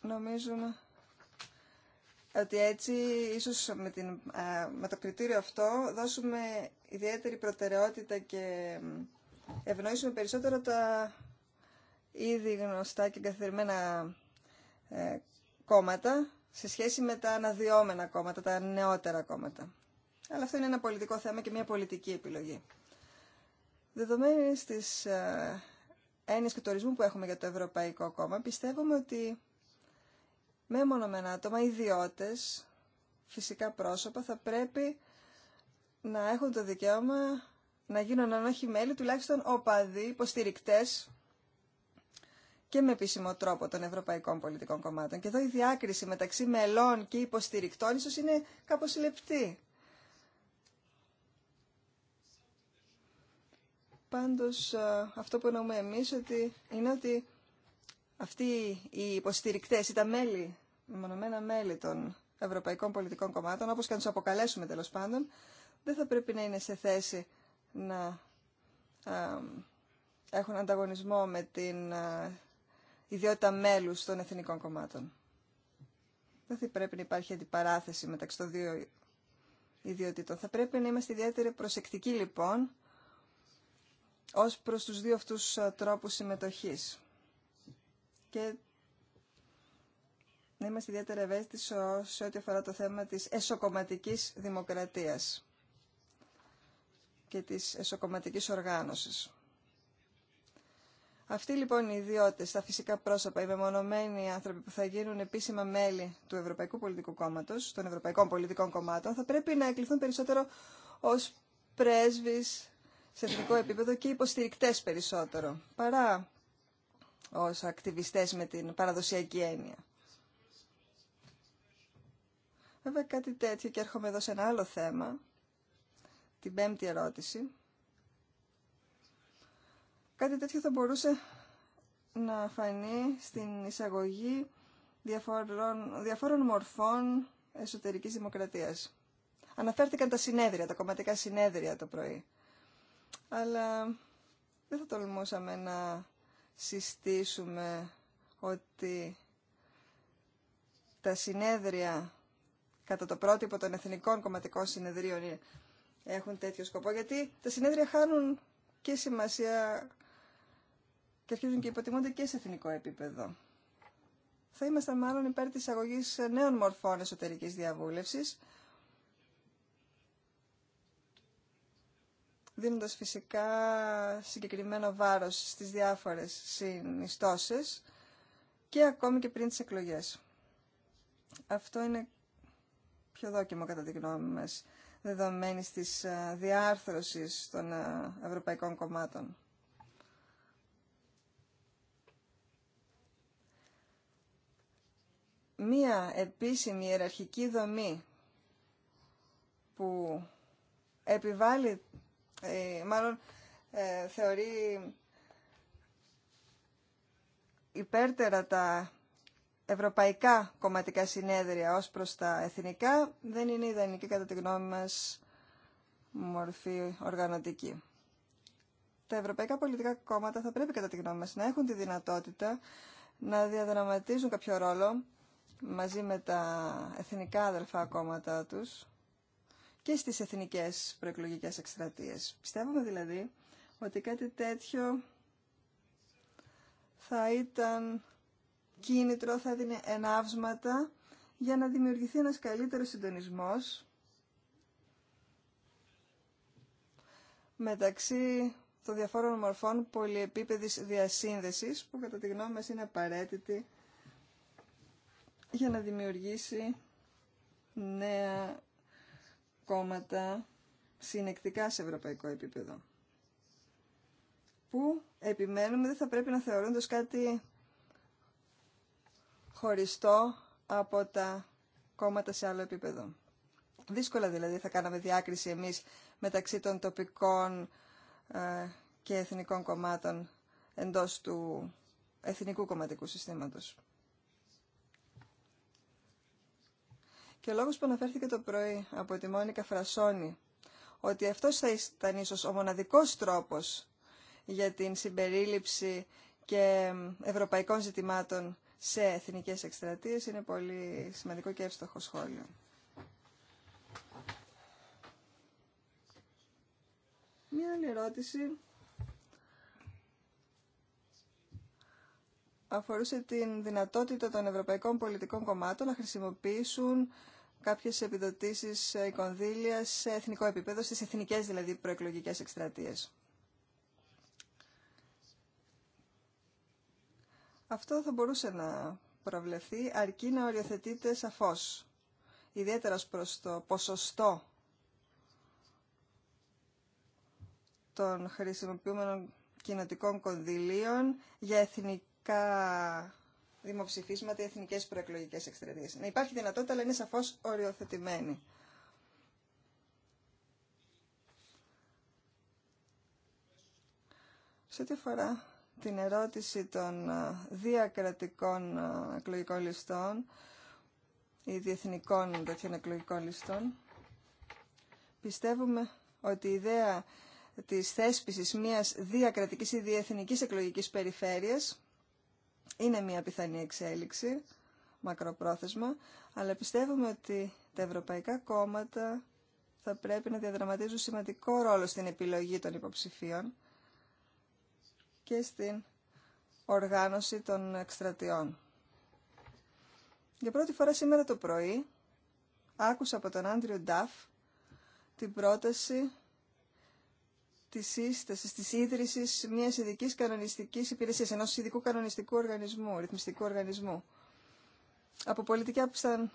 νομίζουμε ότι έτσι ίσως με, την, ε, το κριτήριο αυτό δώσουμε ιδιαίτερη προτεραιότητα και ευνοήσουμε περισσότερο τα ήδη γνωστά και καθημερινά ε, κόμματα σε σχέση με τα αναδυόμενα κόμματα, τα νεότερα κόμματα. Αλλά αυτό είναι ένα πολιτικό θέμα και μια πολιτική επιλογή. Δεδομένης της ε, έννοιας και του ορισμού που έχουμε για το Ευρωπαϊκό Κόμμα, πιστεύουμε ότι με μονομένα άτομα, ιδιώτες, φυσικά πρόσωπα, θα πρέπει να έχουν το δικαίωμα να γίνουν αν όχι μέλη, τουλάχιστον οπαδοί, υποστηρικτέ και με επίσημο τρόπο των ευρωπαϊκών πολιτικών κομμάτων. Και εδώ η διάκριση μεταξύ μελών και υποστηρικτών ίσως είναι κάπως λεπτή. Πάντως ε, αυτό που εννοούμε εμείς ότι είναι ότι αυτοί οι υποστηρικτές ή τα μέλη, μονομένα μέλη των ευρωπαϊκών πολιτικών κομμάτων, όπως και να τους αποκαλέσουμε τέλος πάντων, δεν θα πρέπει να είναι σε θέση να έχουν ανταγωνισμό με την ιδιότητα μέλους των εθνικών κομμάτων. Δεν θα πρέπει να υπάρχει αντιπαράθεση μεταξύ των δύο ιδιότητων. Θα πρέπει να είμαστε ιδιαίτερα προσεκτικοί λοιπόν ως προς τους δύο αυτούς τρόπους συμμετοχής και να είμαστε ιδιαίτερα ευαίσθητοι σε ό,τι αφορά το θέμα της εσωκομματικής δημοκρατίας και της εσωκομματικής οργάνωσης. Αυτοί λοιπόν οι ιδιώτε, τα φυσικά πρόσωπα, οι μεμονωμένοι άνθρωποι που θα γίνουν επίσημα μέλη του Ευρωπαϊκού Πολιτικού Κόμματο, των Ευρωπαϊκών Πολιτικών Κομμάτων, θα πρέπει να εκλειθούν περισσότερο ω πρέσβει σε εθνικό επίπεδο και υποστηρικτέ περισσότερο, παρά ως ακτιβιστές με την παραδοσιακή έννοια. Βέβαια κάτι τέτοιο και έρχομαι εδώ σε ένα άλλο θέμα, την πέμπτη ερώτηση. Κάτι τέτοιο θα μπορούσε να φανεί στην εισαγωγή διαφόρων, διαφόρων μορφών εσωτερικής δημοκρατίας. Αναφέρθηκαν τα συνέδρια, τα κομματικά συνέδρια το πρωί. Αλλά δεν θα τολμούσαμε να συστήσουμε ότι τα συνέδρια κατά το πρότυπο των εθνικών κομματικών συνεδρίων έχουν τέτοιο σκοπό, γιατί τα συνέδρια χάνουν και σημασία και αρχίζουν και υποτιμούνται και σε εθνικό επίπεδο. Θα είμαστε μάλλον υπέρ της αγωγής νέων μορφών εσωτερικής διαβούλευσης, δίνοντας φυσικά συγκεκριμένο βάρος στις διάφορες συνιστώσεις και ακόμη και πριν τις εκλογές. Αυτό είναι πιο δόκιμο κατά τη γνώμη μας, δεδομένη της ε, διάρθρωσης των ε, ευρωπαϊκών κομμάτων. Μία επίσημη ιεραρχική δομή που επιβάλλει ε, μάλλον ε, θεωρεί υπέρτερα τα ευρωπαϊκά κομματικά συνέδρια ως προς τα εθνικά δεν είναι ιδανική κατά τη γνώμη μας μορφή οργανωτική. Τα ευρωπαϊκά πολιτικά κόμματα θα πρέπει κατά τη γνώμη μας να έχουν τη δυνατότητα να διαδραματίζουν κάποιο ρόλο μαζί με τα εθνικά αδελφά κόμματα τους και στις εθνικές προεκλογικές εκστρατείες. Πιστεύουμε δηλαδή ότι κάτι τέτοιο θα ήταν κίνητρο, θα έδινε ενάυσματα για να δημιουργηθεί ένας καλύτερος συντονισμός μεταξύ των διαφόρων μορφών πολυεπίπεδης διασύνδεσης που κατά τη γνώμη μας είναι απαραίτητη για να δημιουργήσει νέα κόμματα συνεκτικά σε ευρωπαϊκό επίπεδο που επιμένουμε δεν θα πρέπει να θεωρούνται κάτι χωριστό από τα κόμματα σε άλλο επίπεδο. Δύσκολα δηλαδή θα κάναμε διάκριση εμείς μεταξύ των τοπικών ε, και εθνικών κομμάτων εντός του εθνικού κομματικού συστήματος. Και ο λόγος που αναφέρθηκε το πρωί από τη Μόνικα Φρασόνη, ότι αυτός θα ήταν ίσως ο μοναδικός τρόπος για την συμπερίληψη και ευρωπαϊκών ζητημάτων σε εθνικές εκστρατείε είναι πολύ σημαντικό και εύστοχο σχόλιο. Μία άλλη ερώτηση αφορούσε την δυνατότητα των ευρωπαϊκών πολιτικών κομμάτων να χρησιμοποιήσουν κάποιες επιδοτήσεις ή ε, κονδύλια σε εθνικό επίπεδο, στις εθνικές δηλαδή προεκλογικές εκστρατείες. Αυτό θα μπορούσε να προβλεφθεί αρκεί να οριοθετείται σαφώς, ιδιαίτερα προς το ποσοστό των χρησιμοποιούμενων κοινοτικών κονδυλίων για εθνική ό,τι αφορά την ερώτηση των ε, διακρατικών ε, εκλογικών ληστών ή διεθνικών τέτοιων εκλογικών ληστών, πιστεύουμε ότι η ιδέα της θέσπισης μιας διακρατικής ή διεθνικής εκλογικής περιφέρειας είναι μια πιθανή εξέλιξη, μακροπρόθεσμα, αλλά πιστεύουμε ότι τα ευρωπαϊκά κόμματα θα πρέπει να διαδραματίζουν σημαντικό ρόλο στην επιλογή των υποψηφίων και στην οργάνωση των εκστρατιών. Για πρώτη φορά σήμερα το πρωί άκουσα από τον Άντριου Νταφ την πρόταση τη σύσταση, τη ίδρυση μια ειδική κανονιστική υπηρεσία, ενό ειδικού κανονιστικού οργανισμού, ρυθμιστικού οργανισμού. Από πολιτική άποψη ήταν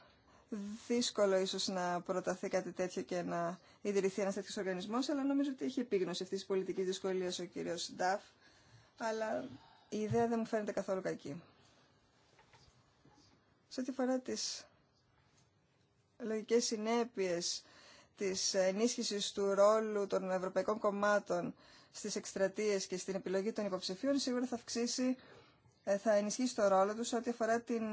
δύσκολο ίσω να προταθεί κάτι τέτοιο και να ιδρυθεί ένα τέτοιο οργανισμό, αλλά νομίζω ότι έχει επίγνωση αυτή τη πολιτική δυσκολία ο κύριο Νταφ. Αλλά η ιδέα δεν μου φαίνεται καθόλου κακή. Σε ό,τι αφορά τι λογικέ συνέπειε της ενίσχυσης του ρόλου των ευρωπαϊκών κομμάτων στις εκστρατείες και στην επιλογή των υποψηφίων σίγουρα θα αυξήσει, ε, θα ενισχύσει το ρόλο τους ό,τι αφορά την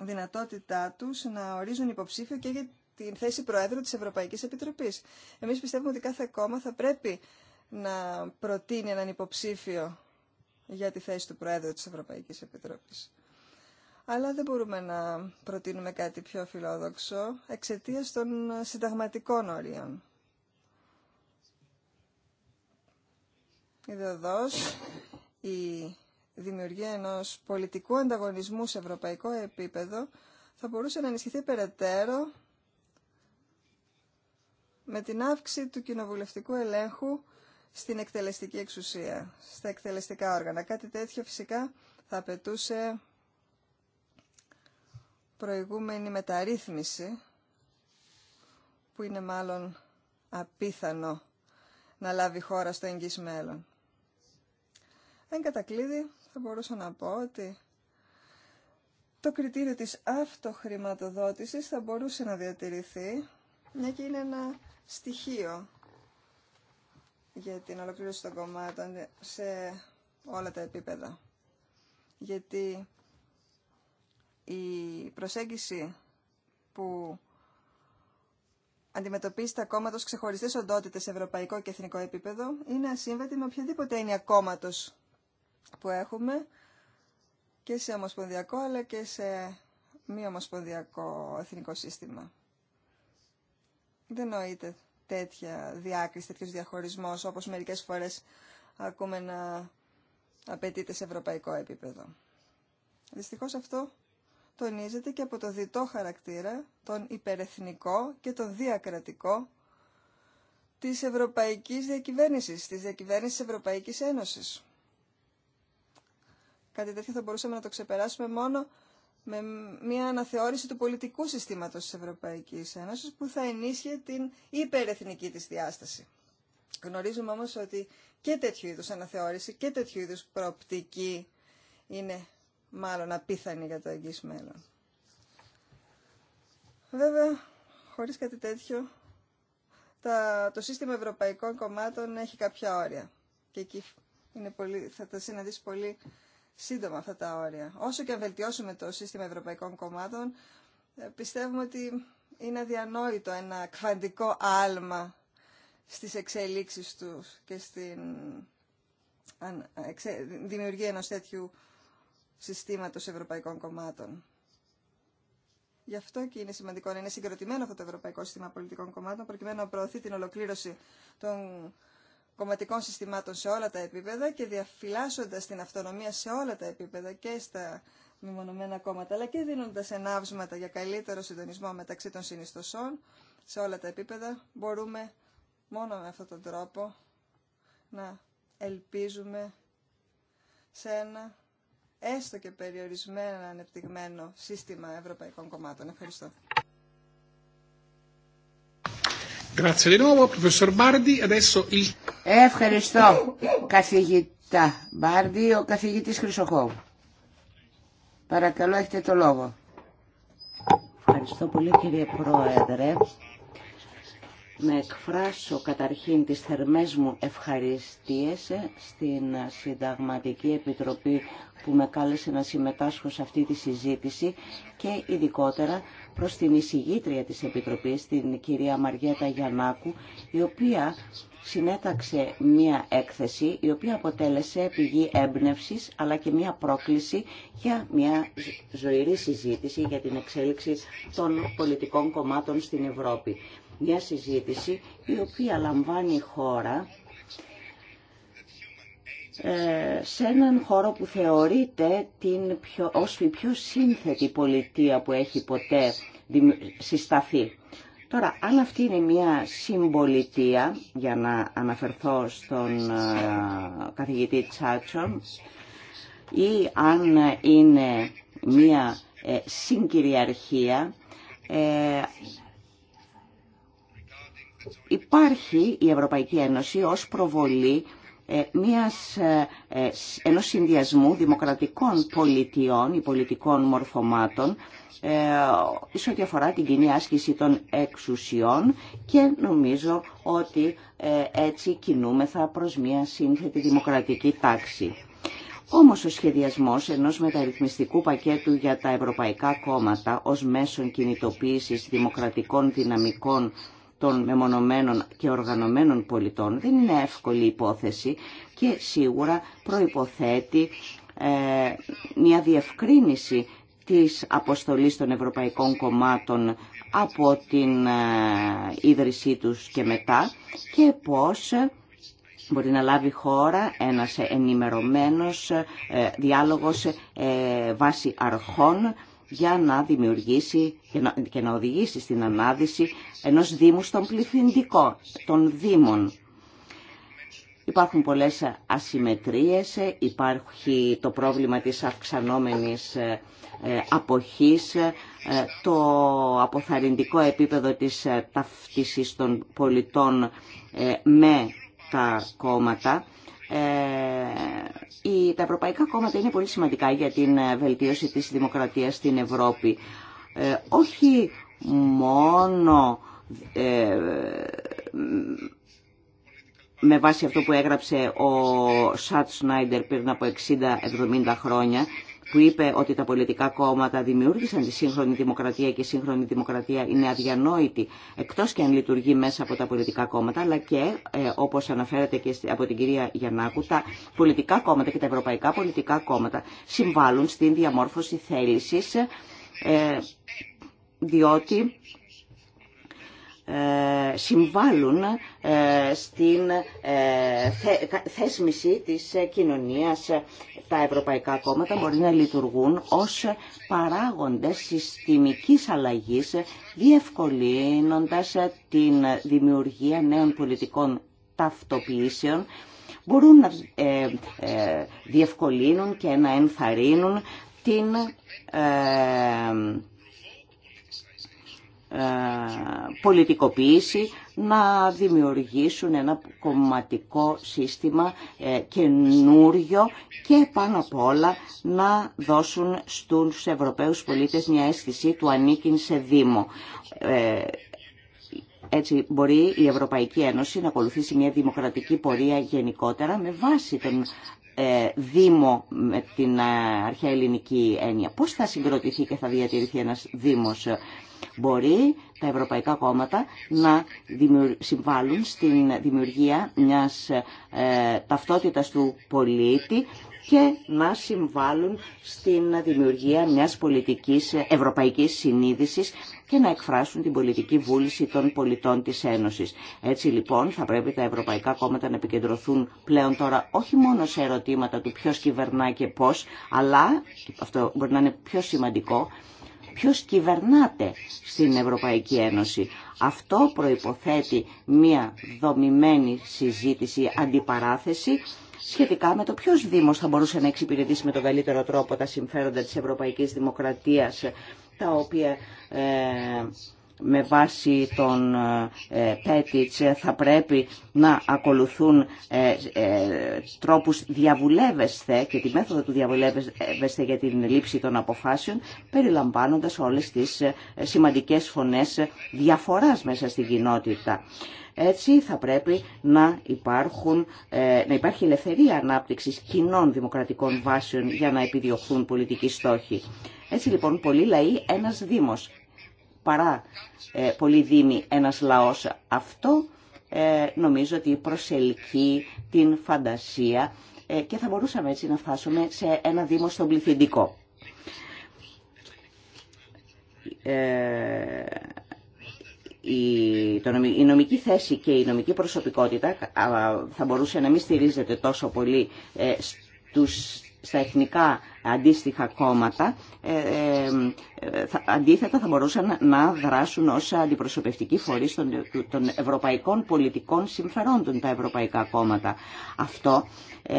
δυνατότητά τους να ορίζουν υποψήφιο και για την θέση Προέδρου της Ευρωπαϊκής Επιτροπής. Εμείς πιστεύουμε ότι κάθε κόμμα θα πρέπει να προτείνει έναν υποψήφιο για τη θέση του Προέδρου της Ευρωπαϊκής Επιτροπής αλλά δεν μπορούμε να προτείνουμε κάτι πιο φιλόδοξο εξαιτία των συνταγματικών όριων. εδώ η δημιουργία ενός πολιτικού ανταγωνισμού σε ευρωπαϊκό επίπεδο θα μπορούσε να ενισχυθεί περαιτέρω με την αύξηση του κοινοβουλευτικού ελέγχου στην εκτελεστική εξουσία, στα εκτελεστικά όργανα. Κάτι τέτοιο φυσικά θα απαιτούσε προηγούμενη μεταρρύθμιση που είναι μάλλον απίθανο να λάβει χώρα στο εγγύς μέλλον. Εν κατακλείδη θα μπορούσα να πω ότι το κριτήριο της αυτοχρηματοδότησης θα μπορούσε να διατηρηθεί, μια και είναι ένα στοιχείο για την ολοκλήρωση των κομμάτων σε όλα τα επίπεδα. Γιατί η προσέγγιση που αντιμετωπίζει τα ως ξεχωριστές οντότητες σε ευρωπαϊκό και εθνικό επίπεδο είναι ασύμβατη με οποιαδήποτε έννοια κόμματο που έχουμε και σε ομοσπονδιακό αλλά και σε μη ομοσπονδιακό εθνικό σύστημα. Δεν νοείται τέτοια διάκριση, τέτοιος διαχωρισμός όπως μερικές φορές ακούμε να απαιτείται σε ευρωπαϊκό επίπεδο. Δυστυχώς αυτό τονίζεται και από το διτό χαρακτήρα, τον υπερεθνικό και τον διακρατικό της ευρωπαϊκής διακυβέρνησης, της διακυβέρνησης Ευρωπαϊκής Ένωσης. Κάτι τέτοιο θα μπορούσαμε να το ξεπεράσουμε μόνο με μια αναθεώρηση του πολιτικού συστήματος της Ευρωπαϊκής Ένωσης που θα ενίσχυε την υπερεθνική της διάσταση. Γνωρίζουμε όμως ότι και τέτοιου είδους αναθεώρηση και τέτοιου είδους προοπτική είναι μάλλον απίθανη για το εγγύς μέλλον. Βέβαια, χωρίς κάτι τέτοιο, τα, το σύστημα ευρωπαϊκών κομμάτων έχει κάποια όρια. Και εκεί είναι πολύ, θα τα συναντήσει πολύ σύντομα αυτά τα όρια. Όσο και αν βελτιώσουμε το σύστημα ευρωπαϊκών κομμάτων, ε, πιστεύουμε ότι είναι αδιανόητο ένα κβαντικό άλμα στις εξελίξεις του και στην δημιουργία ενός τέτοιου συστήματος ευρωπαϊκών κομμάτων. Γι' αυτό και είναι σημαντικό να είναι συγκροτημένο αυτό το Ευρωπαϊκό Σύστημα Πολιτικών Κομμάτων, προκειμένου να προωθεί την ολοκλήρωση των κομματικών συστημάτων σε όλα τα επίπεδα και διαφυλάσσοντας την αυτονομία σε όλα τα επίπεδα και στα μεμονωμένα κόμματα, αλλά και δίνοντας ενάυσματα για καλύτερο συντονισμό μεταξύ των συνιστοσών σε όλα τα επίπεδα, μπορούμε μόνο με αυτόν τον τρόπο να ελπίζουμε σε ένα έστω και περιορισμένα ανεπτυγμένο σύστημα ευρωπαϊκών κομμάτων. Ευχαριστώ. Ευχαριστώ καθηγητά Μπάρντι, ο καθηγητής Χρυσοχώου. Παρακαλώ έχετε το λόγο. Ευχαριστώ πολύ κύριε Πρόεδρε να εκφράσω καταρχήν τις θερμές μου ευχαριστίες ε, στην Συνταγματική Επιτροπή που με κάλεσε να συμμετάσχω σε αυτή τη συζήτηση και ειδικότερα προς την εισηγήτρια της Επιτροπής, την κυρία Μαριέτα Γιαννάκου, η οποία συνέταξε μία έκθεση η οποία αποτέλεσε πηγή έμπνευσης αλλά και μία πρόκληση για μία ζωηρή συζήτηση για την εξέλιξη των πολιτικών κομμάτων στην Ευρώπη μια συζήτηση η οποία λαμβάνει χώρα ε, σε έναν χώρο που θεωρείται την πιο, ως η πιο σύνθετη πολιτεία που έχει ποτέ συσταθεί. Τώρα, αν αυτή είναι μια συμπολιτεία, για να αναφερθώ στον ε, καθηγητή Τσάτσον, ή αν είναι μια ε, συγκυριαρχία, Υπάρχει η Ευρωπαϊκή Ένωση ως προβολή ε, μιας, ε, ε, ενός συνδυασμού δημοκρατικών πολιτιών ή πολιτικών μορφωμάτων σε ό,τι αφορά την κοινή άσκηση των εξουσιών και νομίζω ότι έτσι κινούμεθα προς μια σύνθετη δημοκρατική τάξη. Όμως ο σχεδιασμός ενός μεταρρυθμιστικού πακέτου για τα ευρωπαϊκά κόμματα ως μέσον κινητοποίησης δημοκρατικών δυναμικών των μεμονωμένων και οργανωμένων πολιτών δεν είναι εύκολη υπόθεση και σίγουρα προϋποθέτει ε, μια διευκρίνηση της αποστολής των ευρωπαϊκών κομμάτων από την ε, ίδρυσή τους και μετά και πώς μπορεί να λάβει χώρα ένας ενημερωμένος ε, διάλογος βάσει αρχών για να δημιουργήσει και να οδηγήσει στην ανάδυση ενός Δήμου στον πληθυντικό των Δήμων. Υπάρχουν πολλές ασυμμετρίες, ε, υπάρχει το πρόβλημα της αυξανόμενης ε, ε, αποχής, το αποθαρρυντικό επίπεδο της ταύτισης των πολιτών με τα κόμματα. Τα ευρωπαϊκά κόμματα είναι πολύ σημαντικά για την βελτίωση της δημοκρατίας στην Ευρώπη. Όχι μόνο ε, με βάση αυτό που έγραψε ο Σατ Σνάιντερ πριν από 60-70 χρόνια, που είπε ότι τα πολιτικά κόμματα δημιούργησαν τη σύγχρονη δημοκρατία και η σύγχρονη δημοκρατία είναι αδιανόητη, εκτός και αν λειτουργεί μέσα από τα πολιτικά κόμματα, αλλά και, ε, όπως αναφέρεται και από την κυρία Γιαννάκου, τα πολιτικά κόμματα και τα ευρωπαϊκά πολιτικά κόμματα συμβάλλουν στην διαμόρφωση θέλησης, ε, διότι συμβάλλουν ε, στην ε, θέσμιση της ε, κοινωνίας. Τα ευρωπαϊκά κόμματα μπορεί να λειτουργούν ως παράγοντες συστημικής αλλαγής, διευκολύνοντας την δημιουργία νέων πολιτικών ταυτοποιήσεων, μπορούν να διευκολύνουν και να ενθαρρύνουν την ε, πολιτικοποίηση να δημιουργήσουν ένα κομματικό σύστημα ε, καινούριο και πάνω απ' όλα να δώσουν στους Ευρωπαίους πολίτες μια αίσθηση του ανήκειν σε Δήμο. Ε, έτσι μπορεί η Ευρωπαϊκή Ένωση να ακολουθήσει μια δημοκρατική πορεία γενικότερα με βάση τον Δήμο με την αρχαία ελληνική έννοια. Πώς θα συγκροτηθεί και θα διατηρηθεί ένας Δήμος Μπορεί τα ευρωπαϊκά κόμματα να συμβάλλουν στην δημιουργία μιας ε, ταυτότητας του πολίτη και να συμβάλλουν στην δημιουργία μιας πολιτικής ευρωπαϊκής συνείδησης και να εκφράσουν την πολιτική βούληση των πολιτών της Ένωσης. Έτσι λοιπόν θα πρέπει τα ευρωπαϊκά κόμματα να επικεντρωθούν πλέον τώρα όχι μόνο σε ερωτήματα του ποιος κυβερνά και πώς, αλλά, αυτό μπορεί να είναι πιο σημαντικό, ποιος κυβερνάται στην Ευρωπαϊκή Ένωση. Αυτό προϋποθέτει μία δομημένη συζήτηση, αντιπαράθεση, σχετικά με το ποιο Δήμο θα μπορούσε να εξυπηρετήσει με τον καλύτερο τρόπο τα συμφέροντα της Ευρωπαϊκής Δημοκρατίας, τα οποία ε, με βάση τον Πέτιτς ε, ε, θα πρέπει να ακολουθούν ε, τρόπους διαβουλεύεσθε και τη μέθοδο του διαβουλεύεσθε για την λήψη των αποφάσεων περιλαμβάνοντας όλες τις σημαντικές φωνές διαφοράς μέσα στην κοινότητα. Έτσι θα πρέπει να, υπάρχουν, να υπάρχει ελευθερία ανάπτυξης κοινών δημοκρατικών βάσεων για να επιδιωχθούν πολιτικοί στόχοι. Έτσι λοιπόν πολλοί λαοί ένας δήμος παρά ε, δίνει ένας λαός αυτό ε, νομίζω ότι προσελκύει την φαντασία ε, και θα μπορούσαμε έτσι να φτάσουμε σε ένα δήμο στον πληθυντικό. Ε, η νομική θέση και η νομική προσωπικότητα θα μπορούσε να μην στηρίζεται τόσο πολύ στους στα εθνικά αντίστοιχα κόμματα, ε, ε, αντίθετα θα μπορούσαν να δράσουν ως αντιπροσωπευτικοί φορείς των, ευρωπαϊκών πολιτικών συμφερόντων τα ευρωπαϊκά κόμματα. Αυτό ε,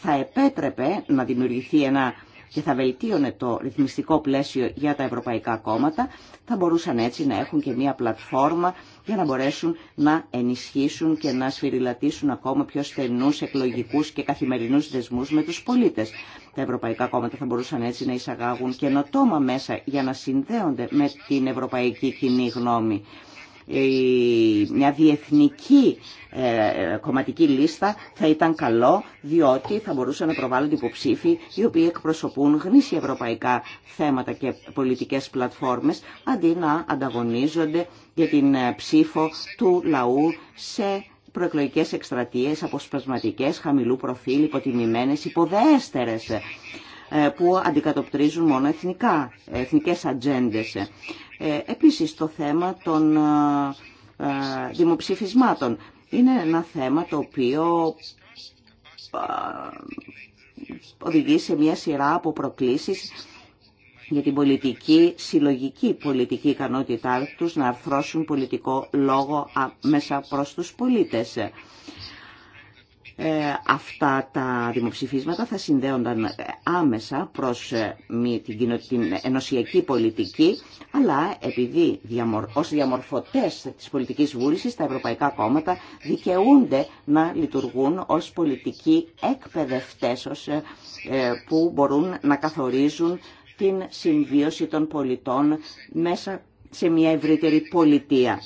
θα επέτρεπε να δημιουργηθεί ένα και θα βελτίωνε το ρυθμιστικό πλαίσιο για τα ευρωπαϊκά κόμματα, θα μπορούσαν έτσι να έχουν και μια πλατφόρμα για να μπορέσουν να ενισχύσουν και να σφυριλατήσουν ακόμα πιο στενούς εκλογικούς και καθημερινούς δεσμούς με τους πολίτες. Τα ευρωπαϊκά κόμματα θα μπορούσαν έτσι να εισαγάγουν καινοτόμα μέσα για να συνδέονται με την ευρωπαϊκή κοινή γνώμη μια διεθνική ε, κομματική λίστα θα ήταν καλό διότι θα μπορούσαν να προβάλλονται υποψήφοι οι οποίοι εκπροσωπούν γνήσια ευρωπαϊκά θέματα και πολιτικές πλατφόρμες αντί να ανταγωνίζονται για την ε, ψήφο του λαού σε προεκλογικές εκστρατείες αποσπασματικές, χαμηλού προφίλ, υποτιμημένες, υποδέστερες ε, που αντικατοπτρίζουν μόνο εθνικά, εθνικές ατζέντες. Ε, επίσης το θέμα των ε, ε, δημοψηφισμάτων είναι ένα θέμα το οποίο οδηγεί σε μια σειρά από προκλήσεις για την πολιτική, συλλογική πολιτική ικανότητά τους να αρθρώσουν πολιτικό λόγο μέσα προς τους πολίτες. Ε, αυτά τα δημοψηφίσματα θα συνδέονταν άμεσα προς ε, την ενωσιακή πολιτική, αλλά επειδή ως διαμορφωτές της πολιτικής βούλησης τα ευρωπαϊκά κόμματα δικαιούνται να λειτουργούν ως πολιτικοί εκπαιδευτές ε, που μπορούν να καθορίζουν την συμβίωση των πολιτών μέσα σε μια ευρύτερη πολιτεία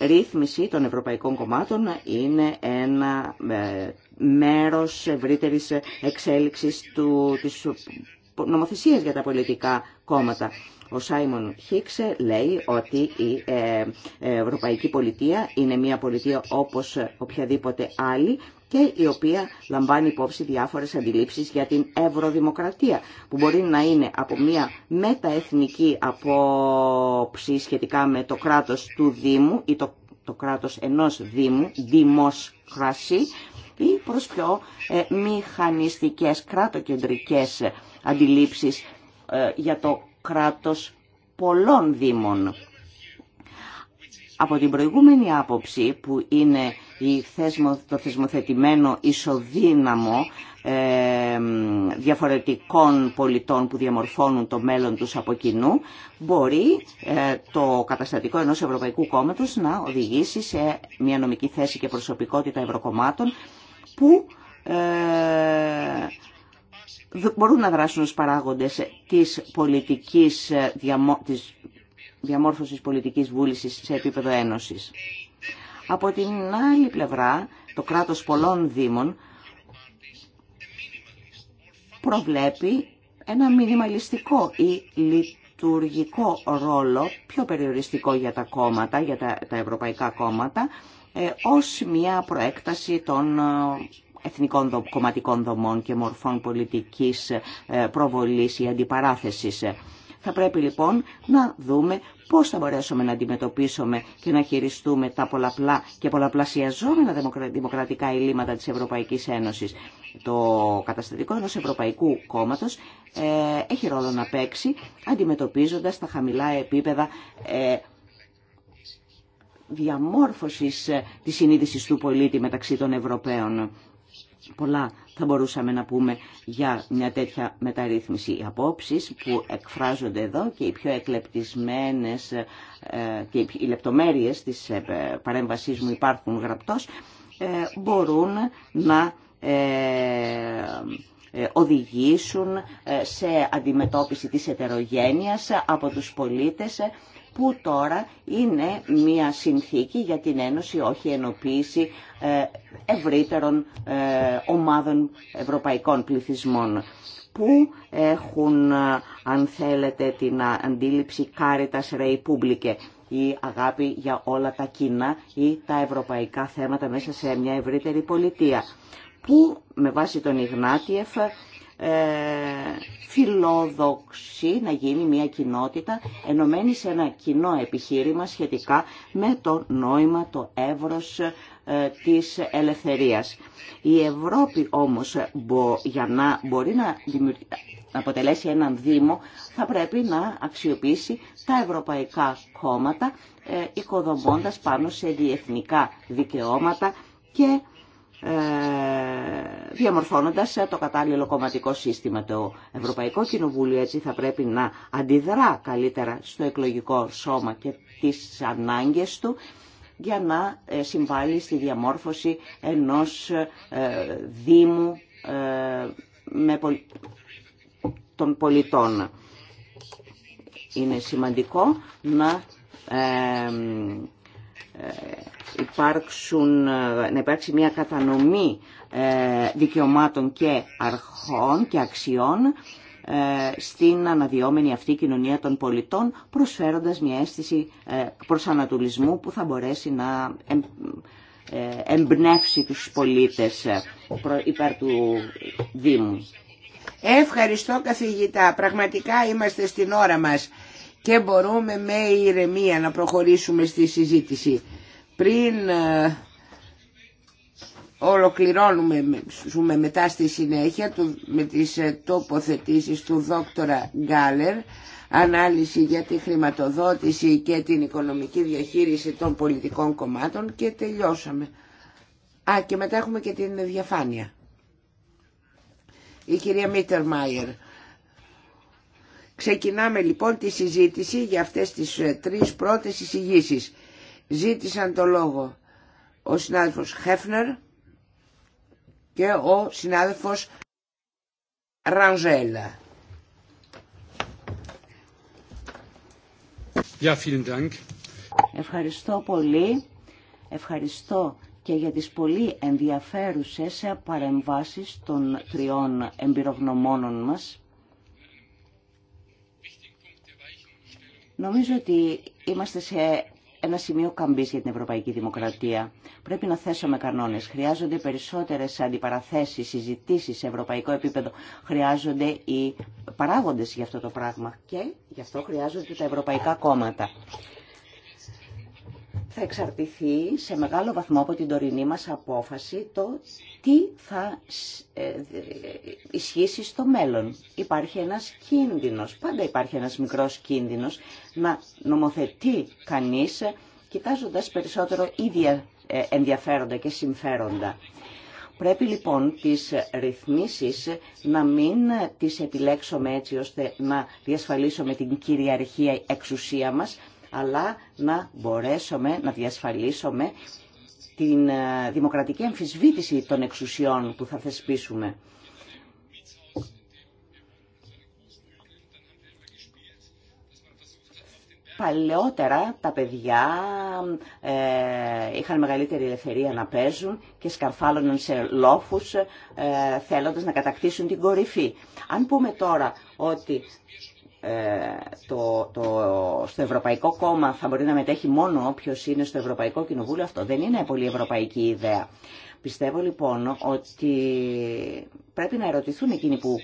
ρύθμιση των ευρωπαϊκών κομμάτων είναι ένα ε, μέρος ευρύτερης εξέλιξης του, της νομοθεσίας για τα πολιτικά κόμματα. Ο Σάιμον Χίξε λέει ότι η ε, ευρωπαϊκή πολιτεία είναι μια πολιτεία όπως οποιαδήποτε άλλη και η οποία λαμβάνει υπόψη διάφορες αντιλήψεις για την ευρωδημοκρατία που μπορεί να είναι από μια μεταεθνική απόψη σχετικά με το κράτος του Δήμου ή το, το κράτος ενός Δήμου, Δημοσκρασί ή προς πιο ε, μηχανιστικές, κράτοκεντρικές αντιλήψεις ε, για το κράτος πολλών Δήμων. Από την προηγούμενη άποψη που είναι το θεσμοθετημένο ισοδύναμο ε, διαφορετικών πολιτών που διαμορφώνουν το μέλλον τους από κοινού, μπορεί ε, το καταστατικό ενός Ευρωπαϊκού Κόμματος να οδηγήσει σε μια νομική θέση και προσωπικότητα ευρωκομμάτων που ε, μπορούν να δράσουν ως παράγοντες της, πολιτικής, της διαμόρφωσης πολιτικής βούλησης σε επίπεδο ένωσης. Από την άλλη πλευρά, το κράτος πολλών δήμων προβλέπει ένα μινιμαλιστικό ή λειτουργικό ρόλο, πιο περιοριστικό για τα κόμματα, για τα, τα ευρωπαϊκά κόμματα, ε, ως μια προέκταση των ε, εθνικών κομματικών δομών και μορφών πολιτικής ε, προβολής ή αντιπαράθεσης. Θα πρέπει λοιπόν να δούμε πώς θα μπορέσουμε να αντιμετωπίσουμε και να χειριστούμε τα πολλαπλά και πολλαπλασιαζόμενα δημοκρατικά ελλείμματα της Ευρωπαϊκής Ένωσης. Το καταστατικό ενός Ευρωπαϊκού Κόμματος ε, έχει ρόλο να παίξει αντιμετωπίζοντας τα χαμηλά επίπεδα ε, διαμόρφωσης ε, της συνείδησης του πολίτη μεταξύ των Ευρωπαίων. Πολλά θα μπορούσαμε να πούμε για μια τέτοια μεταρρύθμιση. Οι απόψεις που εκφράζονται εδώ και οι πιο εκλεπτισμένες ε, και οι λεπτομέρειες της ε, παρέμβασής μου υπάρχουν γραπτός, ε, μπορούν να οδηγήσουν σε αντιμετώπιση της ετερογένειας από τους πολίτες που τώρα είναι μια συνθήκη για την Ένωση, όχι ενοποίηση ε, ευρύτερων ε, ομάδων ευρωπαϊκών πληθυσμών που έχουν, ε, αν θέλετε, την αντίληψη Caritas Republicae, η αγάπη για όλα τα κοινά ή τα ευρωπαϊκά θέματα μέσα σε μια ευρύτερη πολιτεία, που με βάση τον Ιγνάτιεφ ε, φιλόδοξη να γίνει μια κοινότητα ενωμένη σε ένα κοινό επιχείρημα σχετικά με το νόημα, το εύρος ε, της ελευθερίας. Η Ευρώπη όμως για να μπορεί να, αποτελέσει έναν Δήμο θα πρέπει να αξιοποιήσει τα ευρωπαϊκά κόμματα ε, οικοδομώντας πάνω σε διεθνικά δικαιώματα και ε, διαμορφώνοντας το κατάλληλο κομματικό σύστημα. Το Ευρωπαϊκό Κοινοβούλιο έτσι θα πρέπει να αντιδρά καλύτερα στο εκλογικό σώμα και τις ανάγκες του για να ε, συμβάλλει στη διαμόρφωση ενός ε, Δήμου με των πολιτών. Είναι σημαντικό να ε, ε, να υπάρξει μια κατανομή ε, δικαιωμάτων και αρχών και αξιών στην αναδιόμενη αυτή κοινωνία των πολιτών προσφέροντας μια αίσθηση προσανατολισμού που θα μπορέσει να εμπνεύσει τους πολίτες υπέρ του Δήμου. Ευχαριστώ καθηγητά. Πραγματικά είμαστε στην ώρα μας και μπορούμε με ηρεμία να προχωρήσουμε στη συζήτηση. Πριν ε, ολοκληρώνουμε μετά στη συνέχεια με τις ε, τοποθετήσεις του δόκτωρα Γκάλερ ανάλυση για τη χρηματοδότηση και την οικονομική διαχείριση των πολιτικών κομμάτων και τελειώσαμε. Α, και μετά έχουμε και την διαφάνεια. Η κυρία Μίτερ Μάιερ. Ξεκινάμε λοιπόν τη συζήτηση για αυτές τις ε, τρεις πρώτες εισηγήσει. Ζήτησαν το λόγο ο συνάδελφος Χέφνερ και ο συνάδελφος Ρανζέλα. Ευχαριστώ πολύ. Ευχαριστώ και για τις πολύ ενδιαφέρουσες παρεμβάσεις των τριών εμπειρογνωμόνων μας. Νομίζω ότι είμαστε σε ένα σημείο καμπής για την ευρωπαϊκή δημοκρατία. Πρέπει να θέσουμε κανόνες. Χρειάζονται περισσότερες αντιπαραθέσει συζητήσει σε ευρωπαϊκό επίπεδο. Χρειάζονται οι παράγοντες για αυτό το πράγμα και γι' αυτό χρειάζονται τα ευρωπαϊκά κόμματα θα εξαρτηθεί σε μεγάλο βαθμό από την τωρινή μας απόφαση το τι θα ε, ισχύσει στο μέλλον. Υπάρχει ένας κίνδυνος, πάντα υπάρχει ένας μικρός κίνδυνος να νομοθετεί κανείς ε, κοιτάζοντας περισσότερο ίδια ε, ενδιαφέροντα και συμφέροντα. Πρέπει λοιπόν τις ρυθμίσεις να μην τις επιλέξουμε έτσι ώστε να διασφαλίσουμε την κυριαρχία εξουσία μας, αλλά να μπορέσουμε να διασφαλίσουμε την ε, δημοκρατική εμφισβήτηση των εξουσιών που θα θεσπίσουμε. Παλαιότερα τα παιδιά ε, είχαν μεγαλύτερη ελευθερία να παίζουν και σκαρφάλωναν σε λόφους ε, θέλοντας να κατακτήσουν την κορυφή. Αν πούμε τώρα ότι ε, το, το, στο Ευρωπαϊκό Κόμμα θα μπορεί να μετέχει μόνο όποιο είναι στο Ευρωπαϊκό Κοινοβούλιο, αυτό δεν είναι πολύ ευρωπαϊκή ιδέα. Πιστεύω λοιπόν ότι πρέπει να ερωτηθούν εκείνοι που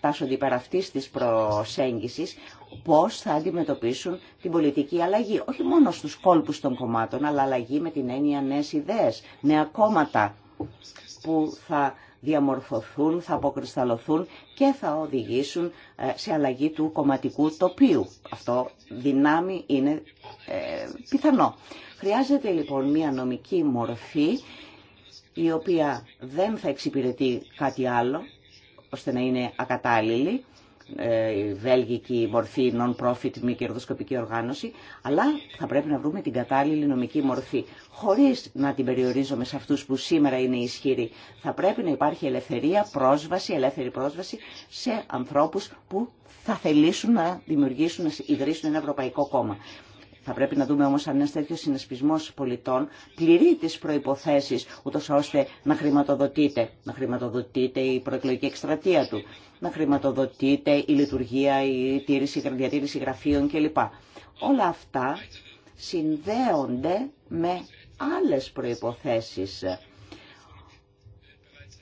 τάσσονται υπέρ αυτή τη προσέγγισης πώς θα αντιμετωπίσουν την πολιτική αλλαγή. Όχι μόνο στους κόλπους των κομμάτων, αλλά αλλαγή με την έννοια νέε ιδέε, νέα κόμματα που θα διαμορφωθούν, θα αποκρισταλωθούν και θα οδηγήσουν ε, σε αλλαγή του κομματικού τοπίου. Αυτό δυνάμει είναι ε, πιθανό. Χρειάζεται λοιπόν μια νομική μορφή η οποία δεν θα εξυπηρετεί κάτι άλλο ώστε να είναι ακατάλληλη ε, η βέλγικη μορφή non-profit μη κερδοσκοπική οργάνωση, αλλά θα πρέπει να βρούμε την κατάλληλη νομική μορφή, χωρίς να την περιορίζουμε σε αυτούς που σήμερα είναι ισχυροί. Θα πρέπει να υπάρχει ελευθερία, πρόσβαση, ελεύθερη πρόσβαση σε ανθρώπους που θα θελήσουν να δημιουργήσουν, να ιδρύσουν ένα ευρωπαϊκό κόμμα. Θα πρέπει να δούμε όμως αν ένα τέτοιο συνασπισμό πολιτών πληρεί τις προϋποθέσεις, ούτως ώστε να χρηματοδοτείται, να χρηματοδοτείται η προεκλογική εκστρατεία του να χρηματοδοτείται η λειτουργία, η τήρηση, η διατήρηση γραφείων κλπ. Όλα αυτά συνδέονται με άλλες προϋποθέσεις.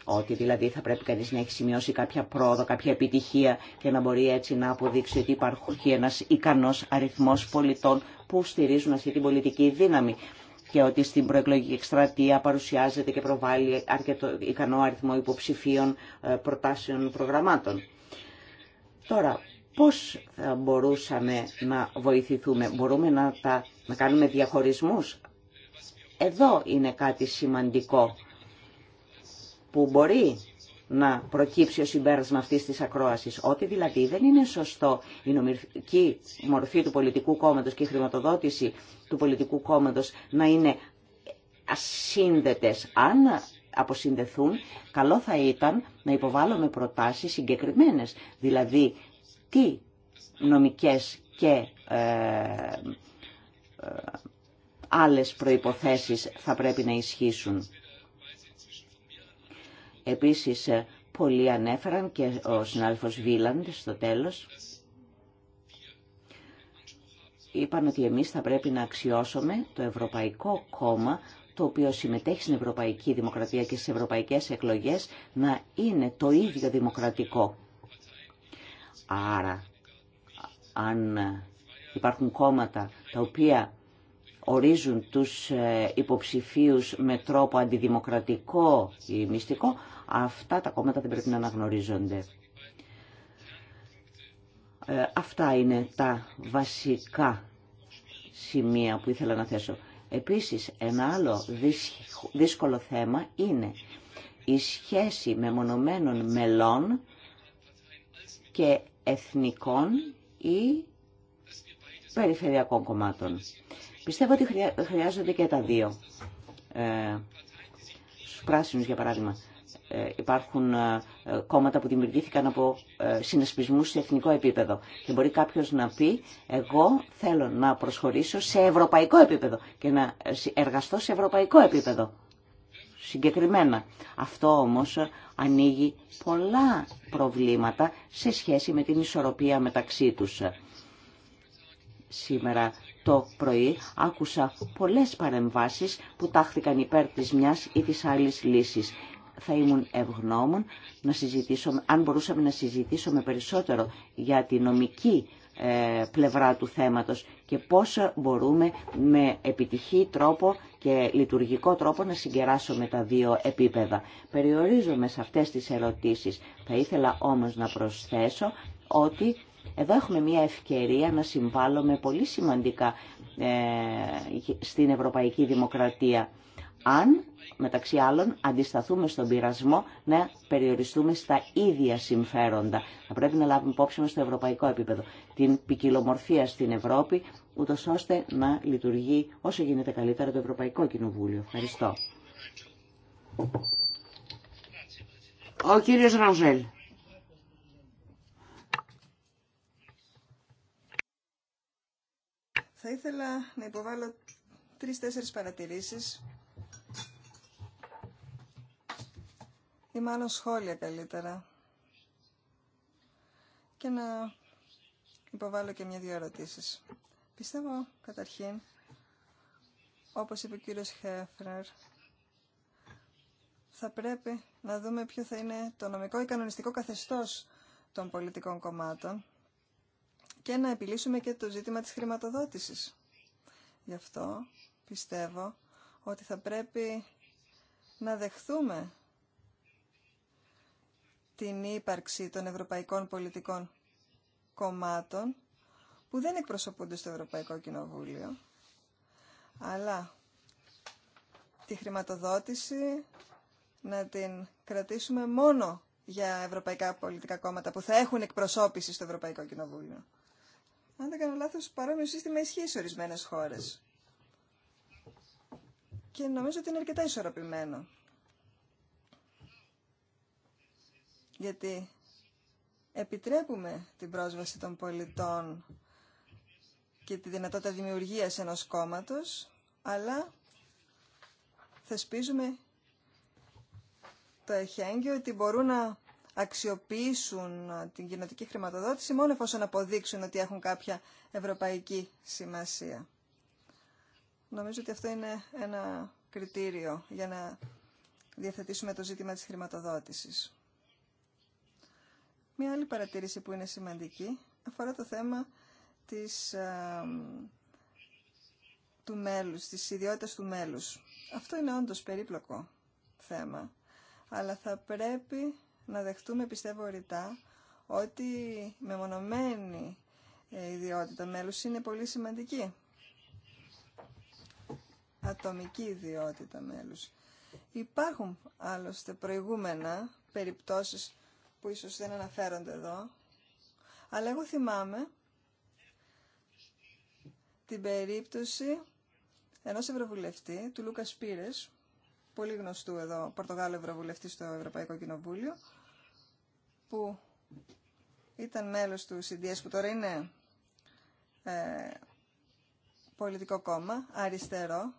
Ότι δηλαδή θα πρέπει κανείς να έχει σημειώσει κάποια πρόοδο, κάποια επιτυχία και να μπορεί έτσι να αποδείξει ότι υπάρχει ένας ικανός αριθμός πολιτών που στηρίζουν αυτή την πολιτική δύναμη και ότι στην προεκλογική εκστρατεία παρουσιάζεται και προβάλλει αρκετό ικανό αριθμό υποψηφίων ε, προτάσεων προγραμμάτων. Τώρα, πώς θα μπορούσαμε να βοηθηθούμε, μπορούμε να, τα, να κάνουμε διαχωρισμούς. Εδώ είναι κάτι σημαντικό που μπορεί να προκύψει ο συμπέρασμα αυτή τη ακρόαση, Ότι δηλαδή δεν είναι σωστό η νομική μορφή του πολιτικού κόμματος και η χρηματοδότηση του πολιτικού κόμματος να είναι ασύνδετες. Αν αποσυνδεθούν, καλό θα ήταν να υποβάλλουμε προτάσεις συγκεκριμένες. Δηλαδή, τι νομικές και ε, ε, άλλες προϋποθέσεις θα πρέπει να ισχύσουν. Επίσης, ε, πολλοί ανέφεραν και ο συνάδελφος Βίλαντ στο τέλος. Είπαν ότι εμείς θα πρέπει να αξιώσουμε το Ευρωπαϊκό Κόμμα το οποίο συμμετέχει στην Ευρωπαϊκή Δημοκρατία και στις ευρωπαϊκές εκλογές να είναι το ίδιο δημοκρατικό. Άρα, αν υπάρχουν κόμματα τα οποία ορίζουν τους ε, υποψηφίους με τρόπο αντιδημοκρατικό ή μυστικό, Αυτά τα κόμματα δεν πρέπει να αναγνωρίζονται. Ε, αυτά είναι τα βασικά σημεία που ήθελα να θέσω. Επίσης, ένα άλλο δύσκολο θέμα είναι η σχέση με μεμονωμένων μελών και εθνικών ή περιφερειακών κομμάτων. Πιστεύω ότι χρειάζονται και τα δύο. Ε, στους για παράδειγμα. Ε, υπάρχουν ε, κόμματα που δημιουργήθηκαν από ε, συνασπισμούς σε εθνικό επίπεδο. Και μπορεί κάποιος να πει, εγώ θέλω να προσχωρήσω σε ευρωπαϊκό επίπεδο και να εργαστώ σε ευρωπαϊκό επίπεδο. Συγκεκριμένα. Αυτό όμως ανοίγει πολλά προβλήματα σε σχέση με την ισορροπία μεταξύ τους. Σήμερα το πρωί άκουσα πολλές παρεμβάσεις που τάχθηκαν υπέρ της μιας ή της άλλης λύσης θα ήμουν ευγνώμων να συζητήσω, αν μπορούσαμε να συζητήσουμε περισσότερο για τη νομική ε, πλευρά του θέματος και πώς μπορούμε με επιτυχή τρόπο και λειτουργικό τρόπο να συγκεράσουμε τα δύο επίπεδα. Περιορίζομαι σε αυτές τις ερωτήσεις. Θα ήθελα όμως να προσθέσω ότι εδώ έχουμε μια ευκαιρία να συμβάλλουμε πολύ σημαντικά ε, στην ευρωπαϊκή δημοκρατία αν μεταξύ άλλων αντισταθούμε στον πειρασμό να περιοριστούμε στα ίδια συμφέροντα. Θα πρέπει να λάβουμε υπόψη μας στο ευρωπαϊκό επίπεδο την ποικιλομορφία στην Ευρώπη, ούτω ώστε να λειτουργεί όσο γίνεται καλύτερα το Ευρωπαϊκό Κοινοβούλιο. Ευχαριστώ. Ο κύριος Ραζέλ. Θα ήθελα να υποβάλω τρεις-τέσσερις παρατηρήσεις ή μάλλον σχόλια καλύτερα και να υποβάλω και μια-δυο ερωτήσεις. Πιστεύω καταρχήν, όπως είπε ο κύριος Χέφνερ, θα πρέπει να δούμε ποιο θα είναι το νομικό ή κανονιστικό καθεστώς των πολιτικών κομμάτων και να επιλύσουμε και το ζήτημα της χρηματοδότησης. Γι' αυτό πιστεύω ότι θα πρέπει να δεχθούμε την ύπαρξη των ευρωπαϊκών πολιτικών κομμάτων που δεν εκπροσωπούνται στο Ευρωπαϊκό Κοινοβούλιο, αλλά τη χρηματοδότηση να την κρατήσουμε μόνο για ευρωπαϊκά πολιτικά κόμματα που θα έχουν εκπροσώπηση στο Ευρωπαϊκό Κοινοβούλιο. Αν δεν κάνω λάθος, παρόμοιο σύστημα ισχύει σε ορισμένες χώρες. Και νομίζω ότι είναι αρκετά ισορροπημένο. γιατί επιτρέπουμε την πρόσβαση των πολιτών και τη δυνατότητα δημιουργίας ενός κόμματος, αλλά θεσπίζουμε το εχέγγυο ότι μπορούν να αξιοποιήσουν την κοινοτική χρηματοδότηση μόνο εφόσον αποδείξουν ότι έχουν κάποια ευρωπαϊκή σημασία. Νομίζω ότι αυτό είναι ένα κριτήριο για να διαθετήσουμε το ζήτημα της χρηματοδότησης. Μία άλλη παρατήρηση που είναι σημαντική αφορά το θέμα της, του μέλους, της ιδιότητας του μέλους. Αυτό είναι όντως περίπλοκο θέμα, αλλά θα πρέπει να δεχτούμε, πιστεύω ρητά, ότι με μεμονωμένη ε, ιδιότητα μέλους είναι πολύ σημαντική. Ατομική ιδιότητα μέλους. Υπάρχουν άλλωστε προηγούμενα περιπτώσεις που ίσως δεν αναφέρονται εδώ, αλλά εγώ θυμάμαι την περίπτωση ενός ευρωβουλευτή, του Λούκα Πύρες, πολύ γνωστού εδώ, Πορτογάλου ευρωβουλευτή στο Ευρωπαϊκό Κοινοβούλιο, που ήταν μέλος του CDS, που τώρα είναι ε, πολιτικό κόμμα, αριστερό,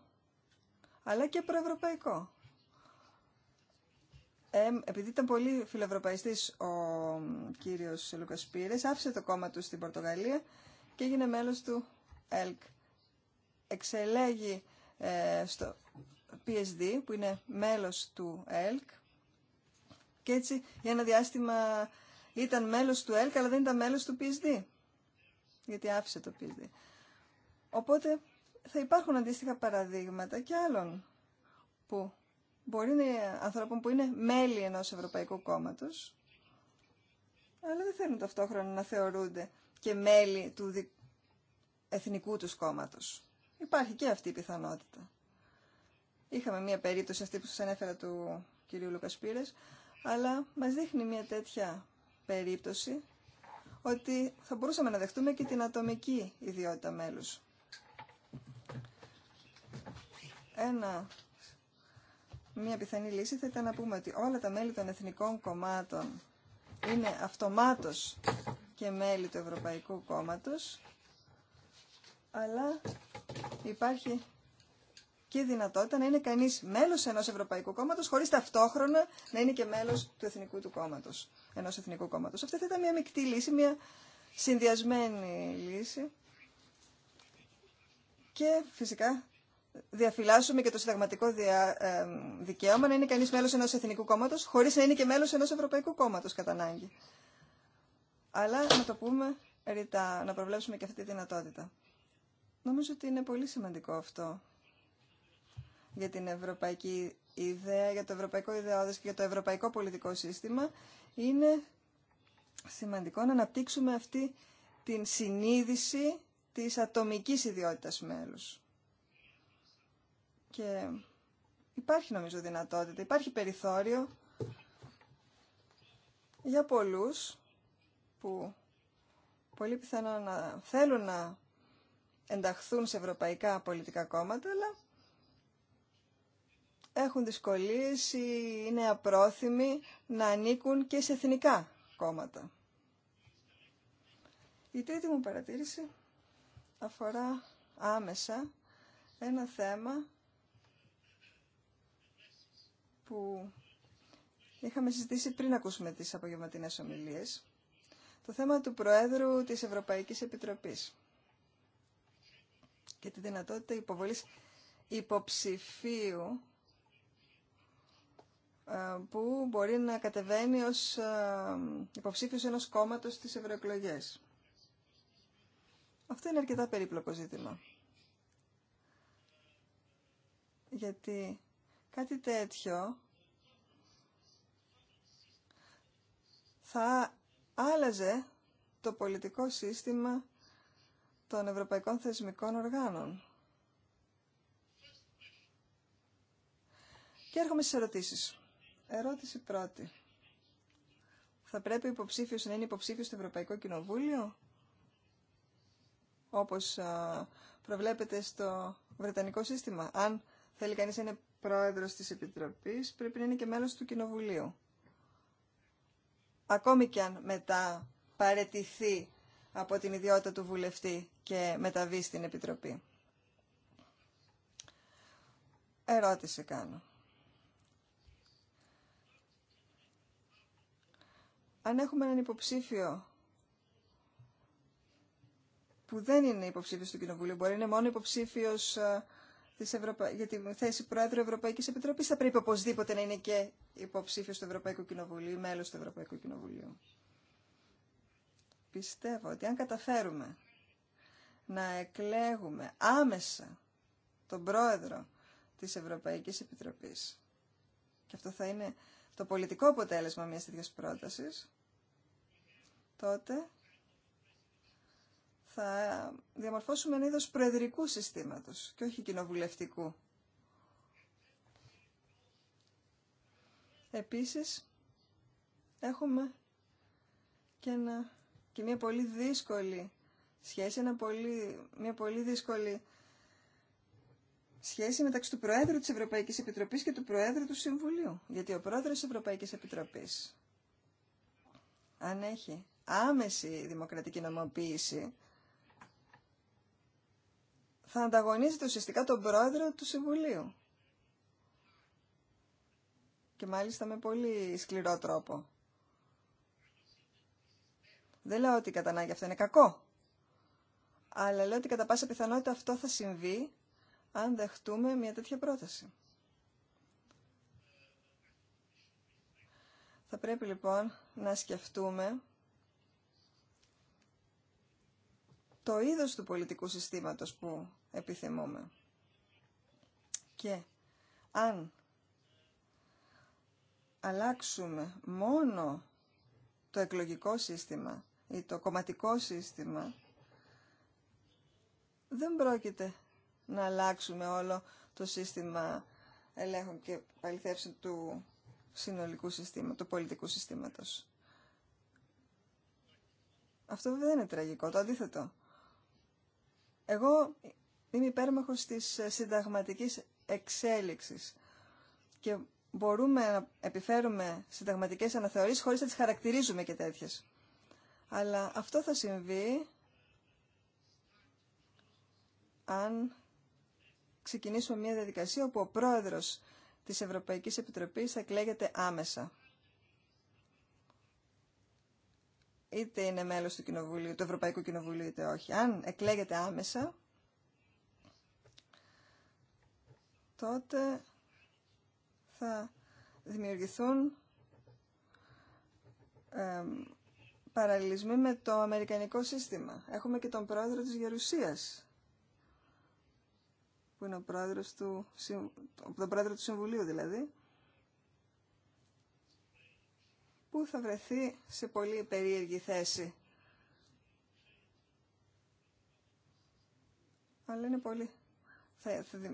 αλλά και προευρωπαϊκό. Ε, επειδή ήταν πολύ φιλοευρωπαϊστής ο κύριος Λούκας Πύρες, άφησε το κόμμα του στην Πορτογαλία και έγινε μέλος του ΕΛΚ. Εξελέγει ε, στο PSD, που είναι μέλος του ΕΛΚ, και έτσι για ένα διάστημα ήταν μέλος του ΕΛΚ, αλλά δεν ήταν μέλος του PSD, γιατί άφησε το PSD. Οπότε θα υπάρχουν αντίστοιχα παραδείγματα και άλλων που μπορεί να είναι ανθρώπων που είναι μέλη ενός Ευρωπαϊκού Κόμματος, αλλά δεν θέλουν ταυτόχρονα να θεωρούνται και μέλη του δι... εθνικού τους κόμματος. Υπάρχει και αυτή η πιθανότητα. Είχαμε μία περίπτωση αυτή που σας ανέφερα του κυρίου Λουκασπύρες, αλλά μας δείχνει μία τέτοια περίπτωση ότι θα μπορούσαμε να δεχτούμε και την ατομική ιδιότητα μέλους. Ένα Μία πιθανή λύση θα ήταν να πούμε ότι όλα τα μέλη των εθνικών κομμάτων είναι αυτομάτως και μέλη του Ευρωπαϊκού Κόμματος, αλλά υπάρχει και δυνατότητα να είναι κανείς μέλος ενός Ευρωπαϊκού Κόμματος, χωρίς ταυτόχρονα να είναι και μέλος του Εθνικού του Κόμματος, ενός Εθνικού Κόμματος. Αυτή θα ήταν μια μεικτή λύση, μια συνδυασμένη λύση. Και φυσικά διαφυλάσσουμε και το συνταγματικό ε, δικαίωμα να είναι κανείς μέλος ενός εθνικού κόμματος χωρίς να είναι και μέλος ενός ευρωπαϊκού κόμματος κατά ανάγκη. Αλλά να το πούμε ρητά, να προβλέψουμε και αυτή τη δυνατότητα. Νομίζω ότι είναι πολύ σημαντικό αυτό για την ευρωπαϊκή ιδέα, για το ευρωπαϊκό ιδεώδες και για το ευρωπαϊκό πολιτικό σύστημα. Είναι σημαντικό να αναπτύξουμε αυτή την συνείδηση της ατομικής ιδιότητας μέλους. Και υπάρχει νομίζω δυνατότητα, υπάρχει περιθώριο για πολλούς που πολύ πιθανό να θέλουν να ενταχθούν σε ευρωπαϊκά πολιτικά κόμματα, αλλά έχουν δυσκολίες ή είναι απρόθυμοι να ανήκουν και σε εθνικά κόμματα. Η τρίτη μου παρατήρηση αφορά άμεσα ένα θέμα που είχαμε συζητήσει πριν ακούσουμε τις απογευματινές ομιλίες, το θέμα του Προέδρου της Ευρωπαϊκής Επιτροπής και τη δυνατότητα υποβολής υποψηφίου ε, που μπορεί να κατεβαίνει ως ε, υποψήφιος ενός κόμματος στις ευρωεκλογέ. Αυτό είναι αρκετά περίπλοκο ζήτημα. Γιατί Κάτι τέτοιο θα άλλαζε το πολιτικό σύστημα των ευρωπαϊκών θεσμικών οργάνων. Και έρχομαι στις ερωτήσεις. Ερώτηση πρώτη. Θα πρέπει ο υποψήφιος να είναι υποψήφιος στο Ευρωπαϊκό Κοινοβούλιο, όπως προβλέπεται στο Βρετανικό σύστημα. Αν θέλει κανείς να είναι πρόεδρος της Επιτροπής πρέπει να είναι και μέλος του Κοινοβουλίου. Ακόμη και αν μετά παρετηθεί από την ιδιότητα του βουλευτή και μεταβεί στην Επιτροπή. Ερώτηση κάνω. Αν έχουμε έναν υποψήφιο που δεν είναι υποψήφιος του Κοινοβουλίου, μπορεί να είναι μόνο υποψήφιος ε, της Ευρωπα... για τη θέση Πρόεδρου Ευρωπαϊκής Επιτροπής θα πρέπει οπωσδήποτε να είναι και υποψήφιος του Ευρωπαϊκού Κοινοβουλίου ή μέλος του Ευρωπαϊκού Κοινοβουλίου. Πιστεύω ότι αν καταφέρουμε να εκλέγουμε άμεσα τον Πρόεδρο της Ευρωπαϊκής Επιτροπής και αυτό θα είναι το πολιτικό αποτέλεσμα μιας τέτοιας πρότασης, τότε θα διαμορφώσουμε ένα είδος προεδρικού συστήματος και όχι κοινοβουλευτικού. Επίσης, έχουμε και, μια πολύ δύσκολη σχέση, ένα πολύ, μια πολύ δύσκολη σχέση μεταξύ του Προέδρου της Ευρωπαϊκής Επιτροπής και του Προέδρου του Συμβουλίου. Γιατί ο Πρόεδρος της Ευρωπαϊκής Επιτροπής, αν έχει άμεση δημοκρατική νομοποίηση θα ανταγωνίζεται ουσιαστικά τον πρόεδρο του Συμβουλίου. Και μάλιστα με πολύ σκληρό τρόπο. Δεν λέω ότι κατά ανάγκη αυτό είναι κακό. Αλλά λέω ότι κατά πάσα πιθανότητα αυτό θα συμβεί αν δεχτούμε μια τέτοια πρόταση. Θα πρέπει λοιπόν να σκεφτούμε το είδος του πολιτικού συστήματος που επιθυμούμε. Και αν αλλάξουμε μόνο το εκλογικό σύστημα ή το κομματικό σύστημα, δεν πρόκειται να αλλάξουμε όλο το σύστημα ελέγχων και παληθεύσεων του συνολικού συστήματος, του πολιτικού συστήματος. Αυτό βέβαια δεν είναι τραγικό, το αντίθετο. Εγώ Είμαι υπέρμαχος της συνταγματικής εξέλιξης και μπορούμε να επιφέρουμε συνταγματικές αναθεωρήσεις χωρίς να τις χαρακτηρίζουμε και τέτοιες. Αλλά αυτό θα συμβεί αν ξεκινήσουμε μια διαδικασία όπου ο πρόεδρος της Ευρωπαϊκής Επιτροπής θα εκλέγεται άμεσα. Είτε είναι μέλος του, του Ευρωπαϊκού Κοινοβουλίου είτε όχι. Αν εκλέγεται άμεσα, τότε θα δημιουργηθούν ε, παραλληλισμοί με το αμερικανικό σύστημα. Έχουμε και τον πρόεδρο της Γερουσίας, που είναι ο πρόεδρος του, πρόεδρο του Συμβουλίου δηλαδή, που θα βρεθεί σε πολύ περίεργη θέση. Αλλά είναι πολύ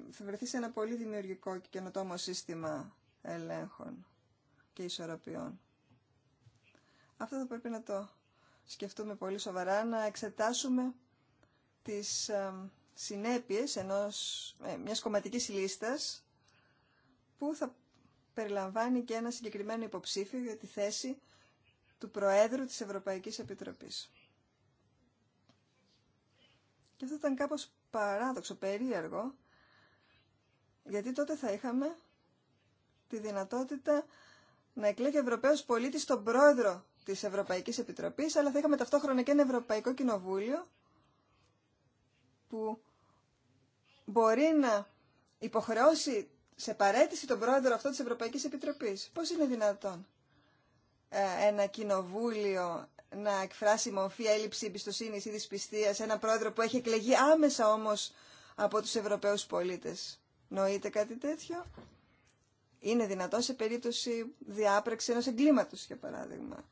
θα, βρεθεί σε ένα πολύ δημιουργικό και καινοτόμο σύστημα ελέγχων και ισορροπιών. Αυτό θα πρέπει να το σκεφτούμε πολύ σοβαρά, να εξετάσουμε τις συνέπειες ενός, ε, μιας κομματικής λίστας που θα περιλαμβάνει και ένα συγκεκριμένο υποψήφιο για τη θέση του Προέδρου της Ευρωπαϊκής Επιτροπής. Και αυτό ήταν κάπως παράδοξο, περίεργο, γιατί τότε θα είχαμε τη δυνατότητα να εκλέγει ο Ευρωπαίος πολίτης τον πρόεδρο της Ευρωπαϊκής Επιτροπής, αλλά θα είχαμε ταυτόχρονα και ένα Ευρωπαϊκό Κοινοβούλιο που μπορεί να υποχρεώσει σε παρέτηση τον πρόεδρο αυτό της Ευρωπαϊκής Επιτροπής. Πώς είναι δυνατόν ε, ένα κοινοβούλιο να εκφράσει μορφή έλλειψη εμπιστοσύνη ή δυσπιστία σε ένα πρόεδρο που έχει εκλεγεί άμεσα όμω από του Ευρωπαίου πολίτε. Νοείται κάτι τέτοιο. Είναι δυνατό σε περίπτωση διάπραξη ενό εγκλήματο, για παράδειγμα.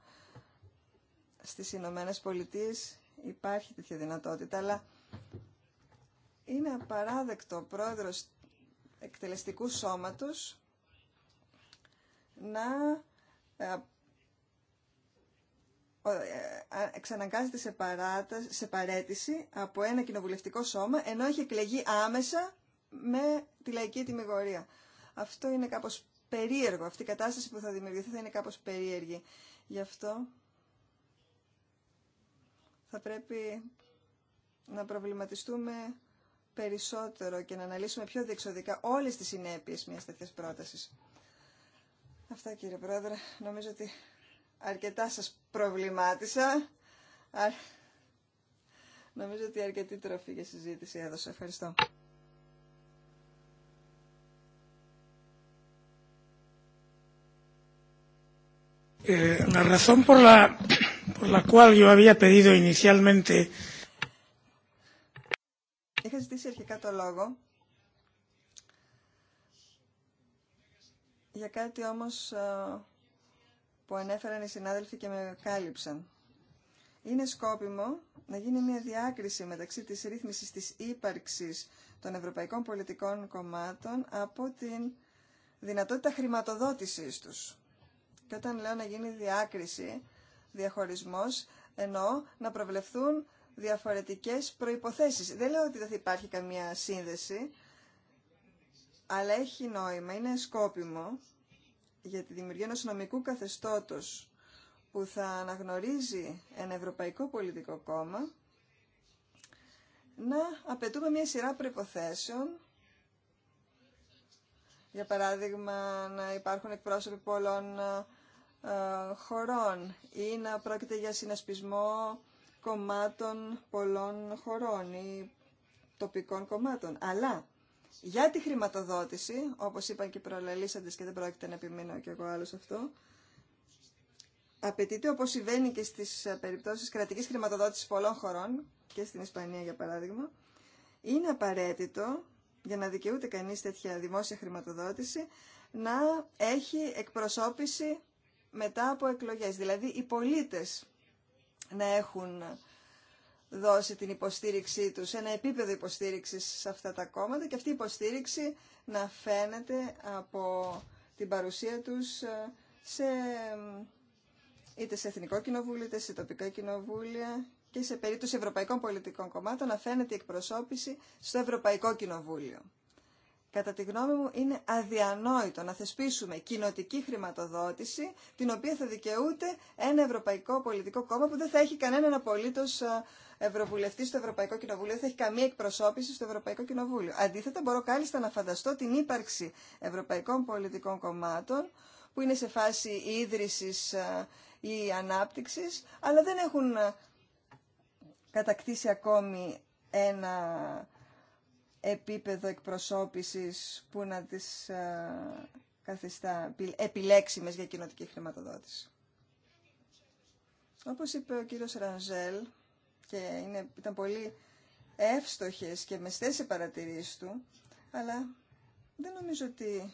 Στι Ηνωμένε Πολιτείε υπάρχει τέτοια δυνατότητα, αλλά είναι απαράδεκτο ο πρόεδρο εκτελεστικού σώματος να ε, ε, εξαναγκάζεται σε, παράτα, σε παρέτηση από ένα κοινοβουλευτικό σώμα ενώ έχει εκλεγεί άμεσα με τη λαϊκή τιμιγορία. Αυτό είναι κάπως περίεργο. Αυτή η κατάσταση που θα δημιουργηθεί θα είναι κάπως περίεργη. Γι' αυτό θα πρέπει να προβληματιστούμε περισσότερο και να αναλύσουμε πιο διεξοδικά όλες τις συνέπειες μιας τέτοιας πρότασης. Αυτά κύριε Πρόεδρε. Νομίζω ότι αρκετά σας προβλημάτισα. Νομίζω ότι αρκετή τροφή για συζήτηση έδωσα. Ευχαριστώ. Ε, Είχα ζητήσει αρχικά το λόγο για κάτι όμως ε, που ανέφεραν οι συνάδελφοι και με κάλυψαν. Είναι σκόπιμο να γίνει μια διάκριση μεταξύ της ρύθμισης της ύπαρξης των ευρωπαϊκών πολιτικών κομμάτων από την δυνατότητα χρηματοδότησής τους. Και όταν λέω να γίνει διάκριση, διαχωρισμός, εννοώ να προβλεφθούν διαφορετικές προϋποθέσεις. Δεν λέω ότι δεν θα υπάρχει καμία σύνδεση, αλλά έχει νόημα, είναι σκόπιμο για τη δημιουργία ενός νομικού καθεστώτος που θα αναγνωρίζει ένα ευρωπαϊκό πολιτικό κόμμα, να απαιτούμε μια σειρά προϋποθέσεων, για παράδειγμα να υπάρχουν εκπρόσωποι πολλών ε, χωρών ή να πρόκειται για συνασπισμό κομμάτων πολλών χωρών ή τοπικών κομμάτων. Αλλά για τη χρηματοδότηση, όπως είπαν και οι προλαλήσαντες και δεν πρόκειται να επιμείνω και εγώ άλλο σε αυτό, απαιτείται όπως συμβαίνει και στις ε, περιπτώσεις κρατικής χρηματοδότησης πολλών χωρών και στην Ισπανία για παράδειγμα, είναι απαραίτητο για να δικαιούται κανείς τέτοια δημόσια χρηματοδότηση να έχει εκπροσώπηση μετά από εκλογές. Δηλαδή οι πολίτες να έχουν δώσει την υποστήριξή τους, ένα επίπεδο υποστήριξης σε αυτά τα κόμματα και αυτή η υποστήριξη να φαίνεται από την παρουσία τους ε, σε, ε, είτε σε Εθνικό Κοινοβούλιο, είτε σε τοπικά κοινοβούλια και σε περίπτωση Ευρωπαϊκών Πολιτικών Κομμάτων να φαίνεται η εκπροσώπηση στο Ευρωπαϊκό Κοινοβούλιο. Κατά τη γνώμη μου είναι αδιανόητο να θεσπίσουμε κοινοτική χρηματοδότηση την οποία θα δικαιούται ένα ευρωπαϊκό πολιτικό κόμμα που δεν θα έχει κανέναν απολύτω ε, ευρωβουλευτή στο Ευρωπαϊκό Κοινοβούλιο, δεν θα έχει καμία εκπροσώπηση στο Ευρωπαϊκό Κοινοβούλιο. Αντίθετα μπορώ κάλλιστα να φανταστώ την ύπαρξη ευρωπαϊκών πολιτικών κομμάτων που είναι σε φάση ίδρυσης ε, ή ανάπτυξης, αλλά δεν έχουν ε, κατακτήσει ακόμη ένα επίπεδο εκπροσώπησης που να τις ε, καθιστά επιλέξιμες για κοινωτική χρηματοδότηση. Όπως είπε ο κύριος Ρανζέλ, και είναι, ήταν πολύ εύστοχες και μεστές οι παρατηρήσεις του, αλλά δεν νομίζω ότι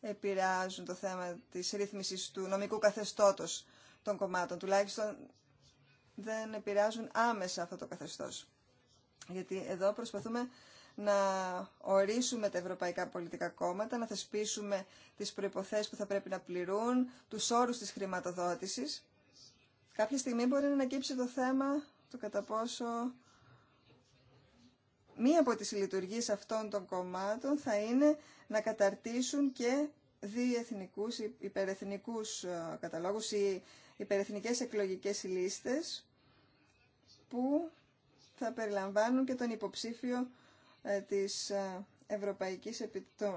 επηρεάζουν το θέμα της ρύθμισης του νομικού καθεστώτος των κομμάτων. Τουλάχιστον δεν επηρεάζουν άμεσα αυτό το καθεστώς. Γιατί εδώ προσπαθούμε να ορίσουμε τα ευρωπαϊκά πολιτικά κόμματα, να θεσπίσουμε τις προϋποθέσεις που θα πρέπει να πληρούν, τους όρους της χρηματοδότησης. Κάποια στιγμή μπορεί να ανακύψει το θέμα του κατά πόσο μία από τις λειτουργίες αυτών των κομμάτων θα είναι να καταρτήσουν και διεθνικούς, υπερεθνικούς ε, καταλόγους ή υπερεθνικές εκλογικές λίστες που θα περιλαμβάνουν και τον υποψήφιο ε, της ε, Ευρωπαϊκής,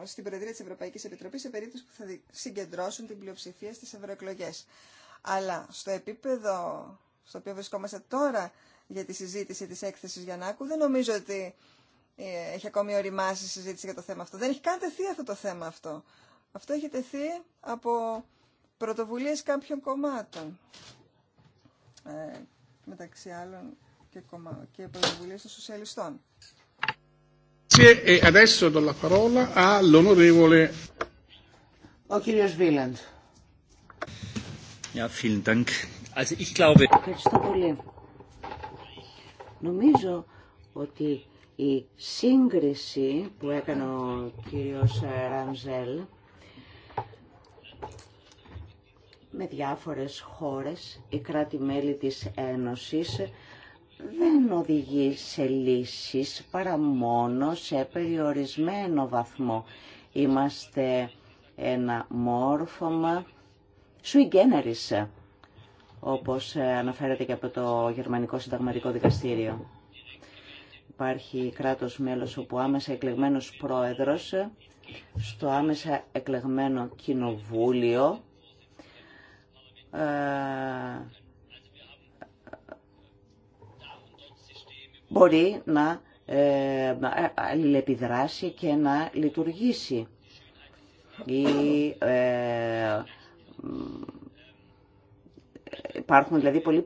στην Προεδρία της Ευρωπαϊκής Επιτροπής σε περίπτωση που θα συγκεντρώσουν την πλειοψηφία στις ευρωεκλογέ. Αλλά στο επίπεδο στο οποίο βρισκόμαστε τώρα για τη συζήτηση της έκθεσης Γιαννάκου, δεν νομίζω ότι ε, έχει ακόμη οριμάσει η συζήτηση για το θέμα αυτό. Δεν έχει καν τεθεί αυτό το θέμα αυτό. Αυτό έχει τεθεί από πρωτοβουλίες κάποιων κομμάτων. Ε, μεταξύ άλλων και, κομμά... και πρωτοβουλίες των σοσιαλιστών. Ευχαριστώ πολύ. Νομίζω ότι η σύγκριση που έκανε ο κύριος Ρανζέλ με διάφορες χώρες, οι κράτη-μέλη της Ένωσης, δεν οδηγεί σε λύσεις παρά μόνο σε περιορισμένο βαθμό. Είμαστε ένα μόρφωμα sui generis, όπως αναφέρεται και από το Γερμανικό Συνταγματικό Δικαστήριο. Υπάρχει κράτος μέλος όπου άμεσα εκλεγμένος πρόεδρος στο άμεσα εκλεγμένο κοινοβούλιο ε, μπορεί ε, να αλληλεπιδράσει και να λειτουργήσει. Ή, ε, υπάρχουν δηλαδή πολύ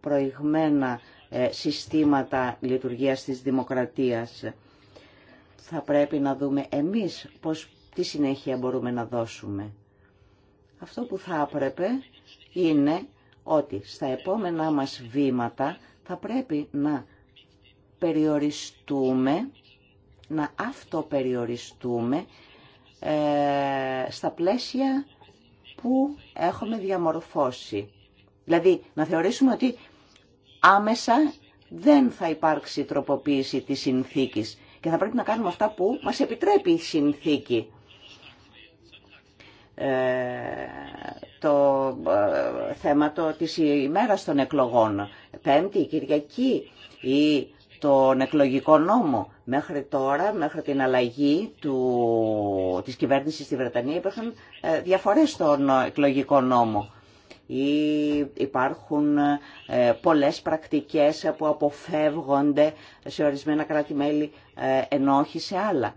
προηγμένα ε, συστήματα λειτουργίας της δημοκρατίας. Θα πρέπει να δούμε εμείς πώς, τι συνέχεια μπορούμε να δώσουμε. Αυτό που θα έπρεπε είναι ότι στα επόμενά μας βήματα θα πρέπει να περιοριστούμε, να αυτοπεριοριστούμε ε, στα πλαίσια που έχουμε διαμορφώσει. Δηλαδή, να θεωρήσουμε ότι άμεσα δεν θα υπάρξει τροποποίηση της συνθήκης και θα πρέπει να κάνουμε αυτά που μας επιτρέπει η συνθήκη. Ε, το ε, θέμα το, της ημέρας των εκλογών, Πέμπτη, Κυριακή ή τον εκλογικό νόμο. Μέχρι τώρα, μέχρι την αλλαγή του, της κυβέρνησης στη Βρετανία υπήρχαν ε, διαφορές στον εκλογικό νόμο. Υπάρχουν ε, πολλές πρακτικές που αποφεύγονται σε ορισμένα κράτη-μέλη ε, ενώ όχι σε άλλα.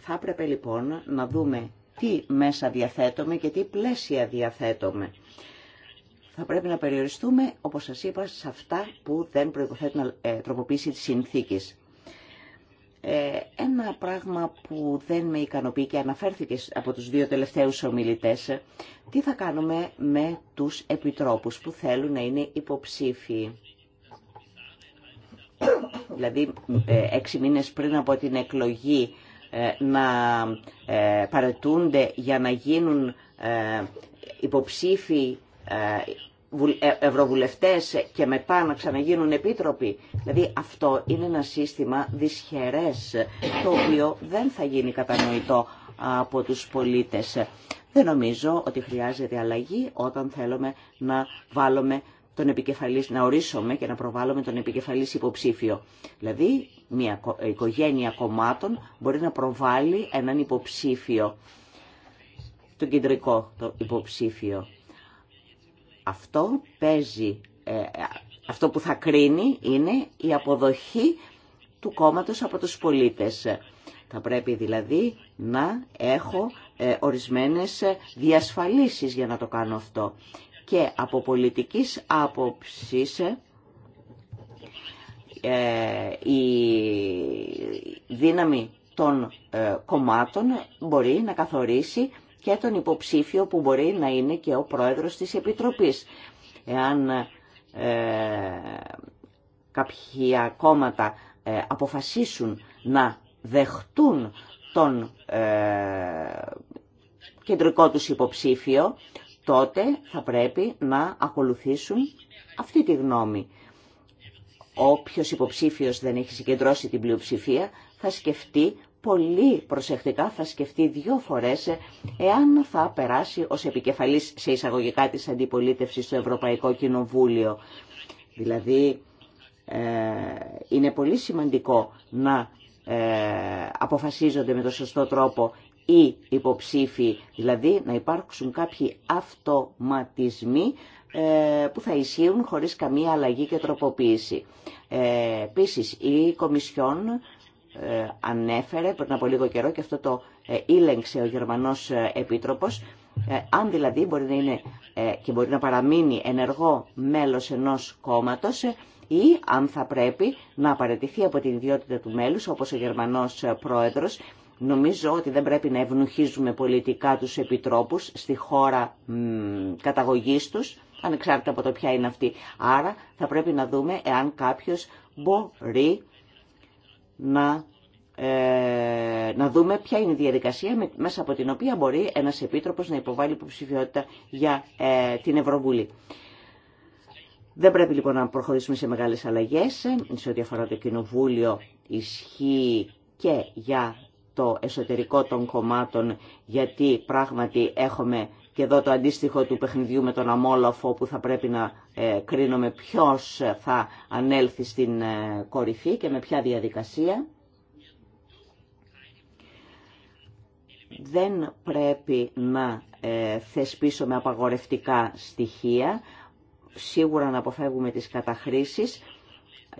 Θα έπρεπε λοιπόν να δούμε τι μέσα διαθέτουμε και τι πλαίσια διαθέτουμε. Θα πρέπει να περιοριστούμε, όπως σας είπα, σε αυτά που δεν προϋποθέτουν ε, τροποποίηση της συνθήκης. Ε, ένα πράγμα που δεν με ικανοποιεί και αναφέρθηκε από τους δύο τελευταίους ομιλητές, τι θα κάνουμε με τους επιτρόπους που θέλουν να είναι υποψήφιοι. Δηλαδή, ε, έξι μήνες πριν από την εκλογή να παρετούνται για να γίνουν υποψήφοι ε, ευρωβουλευτές και μετά να ξαναγίνουν επίτροποι. Δηλαδή αυτό είναι ένα σύστημα δυσχερές, το οποίο δεν θα γίνει κατανοητό από τους πολίτες. Δεν νομίζω ότι χρειάζεται αλλαγή όταν θέλουμε να βάλουμε τον επικεφαλής, να ορίσουμε και να προβάλλουμε τον επικεφαλής υποψήφιο. Δηλαδή, μια οικογένεια κομμάτων μπορεί να προβάλλει έναν υποψήφιο, τον κεντρικό υποψήφιο. Αυτό παίζει, ε, ε, αυτό που θα κρίνει είναι η αποδοχή του κόμματος από τους πολίτες. Θα πρέπει δηλαδή να έχω ε, ορισμένες διασφαλίσεις για να το κάνω αυτό. Και από πολιτικής άποψης η δύναμη των κομμάτων μπορεί να καθορίσει και τον υποψήφιο που μπορεί να είναι και ο πρόεδρος της Επιτροπής. Εάν ε, κάποια κόμματα ε, αποφασίσουν να δεχτούν τον ε, κεντρικό τους υποψήφιο, τότε θα πρέπει να ακολουθήσουν αυτή τη γνώμη. Όποιος υποψήφιος δεν έχει συγκεντρώσει την πλειοψηφία θα σκεφτεί πολύ προσεκτικά θα σκεφτεί δύο φορές εάν θα περάσει ως επικεφαλής σε εισαγωγικά της αντιπολίτευσης στο Ευρωπαϊκό Κοινοβούλιο. Δηλαδή ε, είναι πολύ σημαντικό να ε, αποφασίζονται με το σωστό τρόπο οι υποψήφοι, δηλαδή να υπάρξουν κάποιοι αυτοματισμοί ε, που θα ισχύουν χωρίς καμία αλλαγή και τροποποίηση. Επίση, η Κομισιόν ε, ανέφερε πριν από λίγο καιρό και αυτό το ε, ήλεγξε ο Γερμανός ε, Επίτροπος αν δηλαδή μπορεί να είναι και μπορεί να παραμείνει ενεργό μέλος ενός κόμματος ή αν θα πρέπει να απαρατηθεί από την ιδιότητα του μέλους όπως ο Γερμανός Πρόεδρος Νομίζω ότι δεν πρέπει να ευνουχίζουμε πολιτικά τους επιτρόπους στη χώρα καταγωγής τους, ανεξάρτητα από το ποια είναι αυτή. Άρα θα πρέπει να δούμε εάν κάποιος μπορεί να, ε, να δούμε ποια είναι η διαδικασία μέσα από την οποία μπορεί ένας επίτροπος να υποβάλει υποψηφιότητα για ε, την Ευρωβουλή. Δεν πρέπει λοιπόν να προχωρήσουμε σε μεγάλες αλλαγές. Ε, σε ό,τι αφορά το Κοινοβούλιο ισχύει και για το εσωτερικό των κομμάτων, γιατί πράγματι έχουμε και εδώ το αντίστοιχο του παιχνιδιού με τον αμόλαφο που θα πρέπει να ε, κρίνουμε ποιος ε, θα ανέλθει στην ε, κορυφή και με ποια διαδικασία. Δεν πρέπει να θεσπίσουμε απαγορευτικά στοιχεία, σίγουρα να αποφεύγουμε τις καταχρήσεις,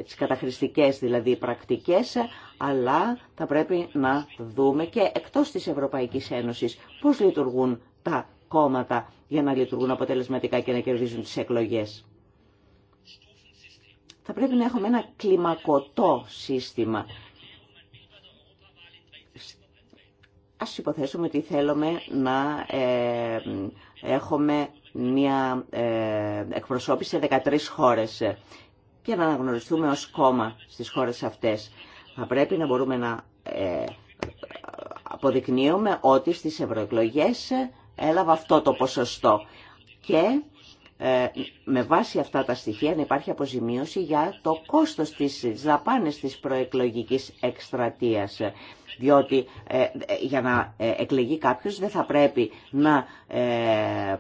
τις καταχρηστικές δηλαδή πρακτικές, αλλά θα πρέπει να δούμε και εκτός της Ευρωπαϊκής Ένωσης πώς λειτουργούν τα κόμματα για να λειτουργούν αποτελεσματικά και να κερδίζουν τις εκλογές. Θα πρέπει να έχουμε ένα κλιμακωτό σύστημα. Ας υποθέσουμε ότι θέλουμε να ε, έχουμε μια ε, εκπροσώπηση σε 13 χώρες και να αναγνωριστούμε ως κόμμα στις χώρες αυτές. Θα πρέπει να μπορούμε να ε, αποδεικνύουμε ότι στις ευρωεκλογές έλαβα αυτό το ποσοστό. Και ε, με βάση αυτά τα στοιχεία να υπάρχει αποζημίωση για το κόστος της δαπάνες της προεκλογικής εκστρατείας. Διότι ε, ε, για να εκλεγεί κάποιος δεν θα πρέπει να ε,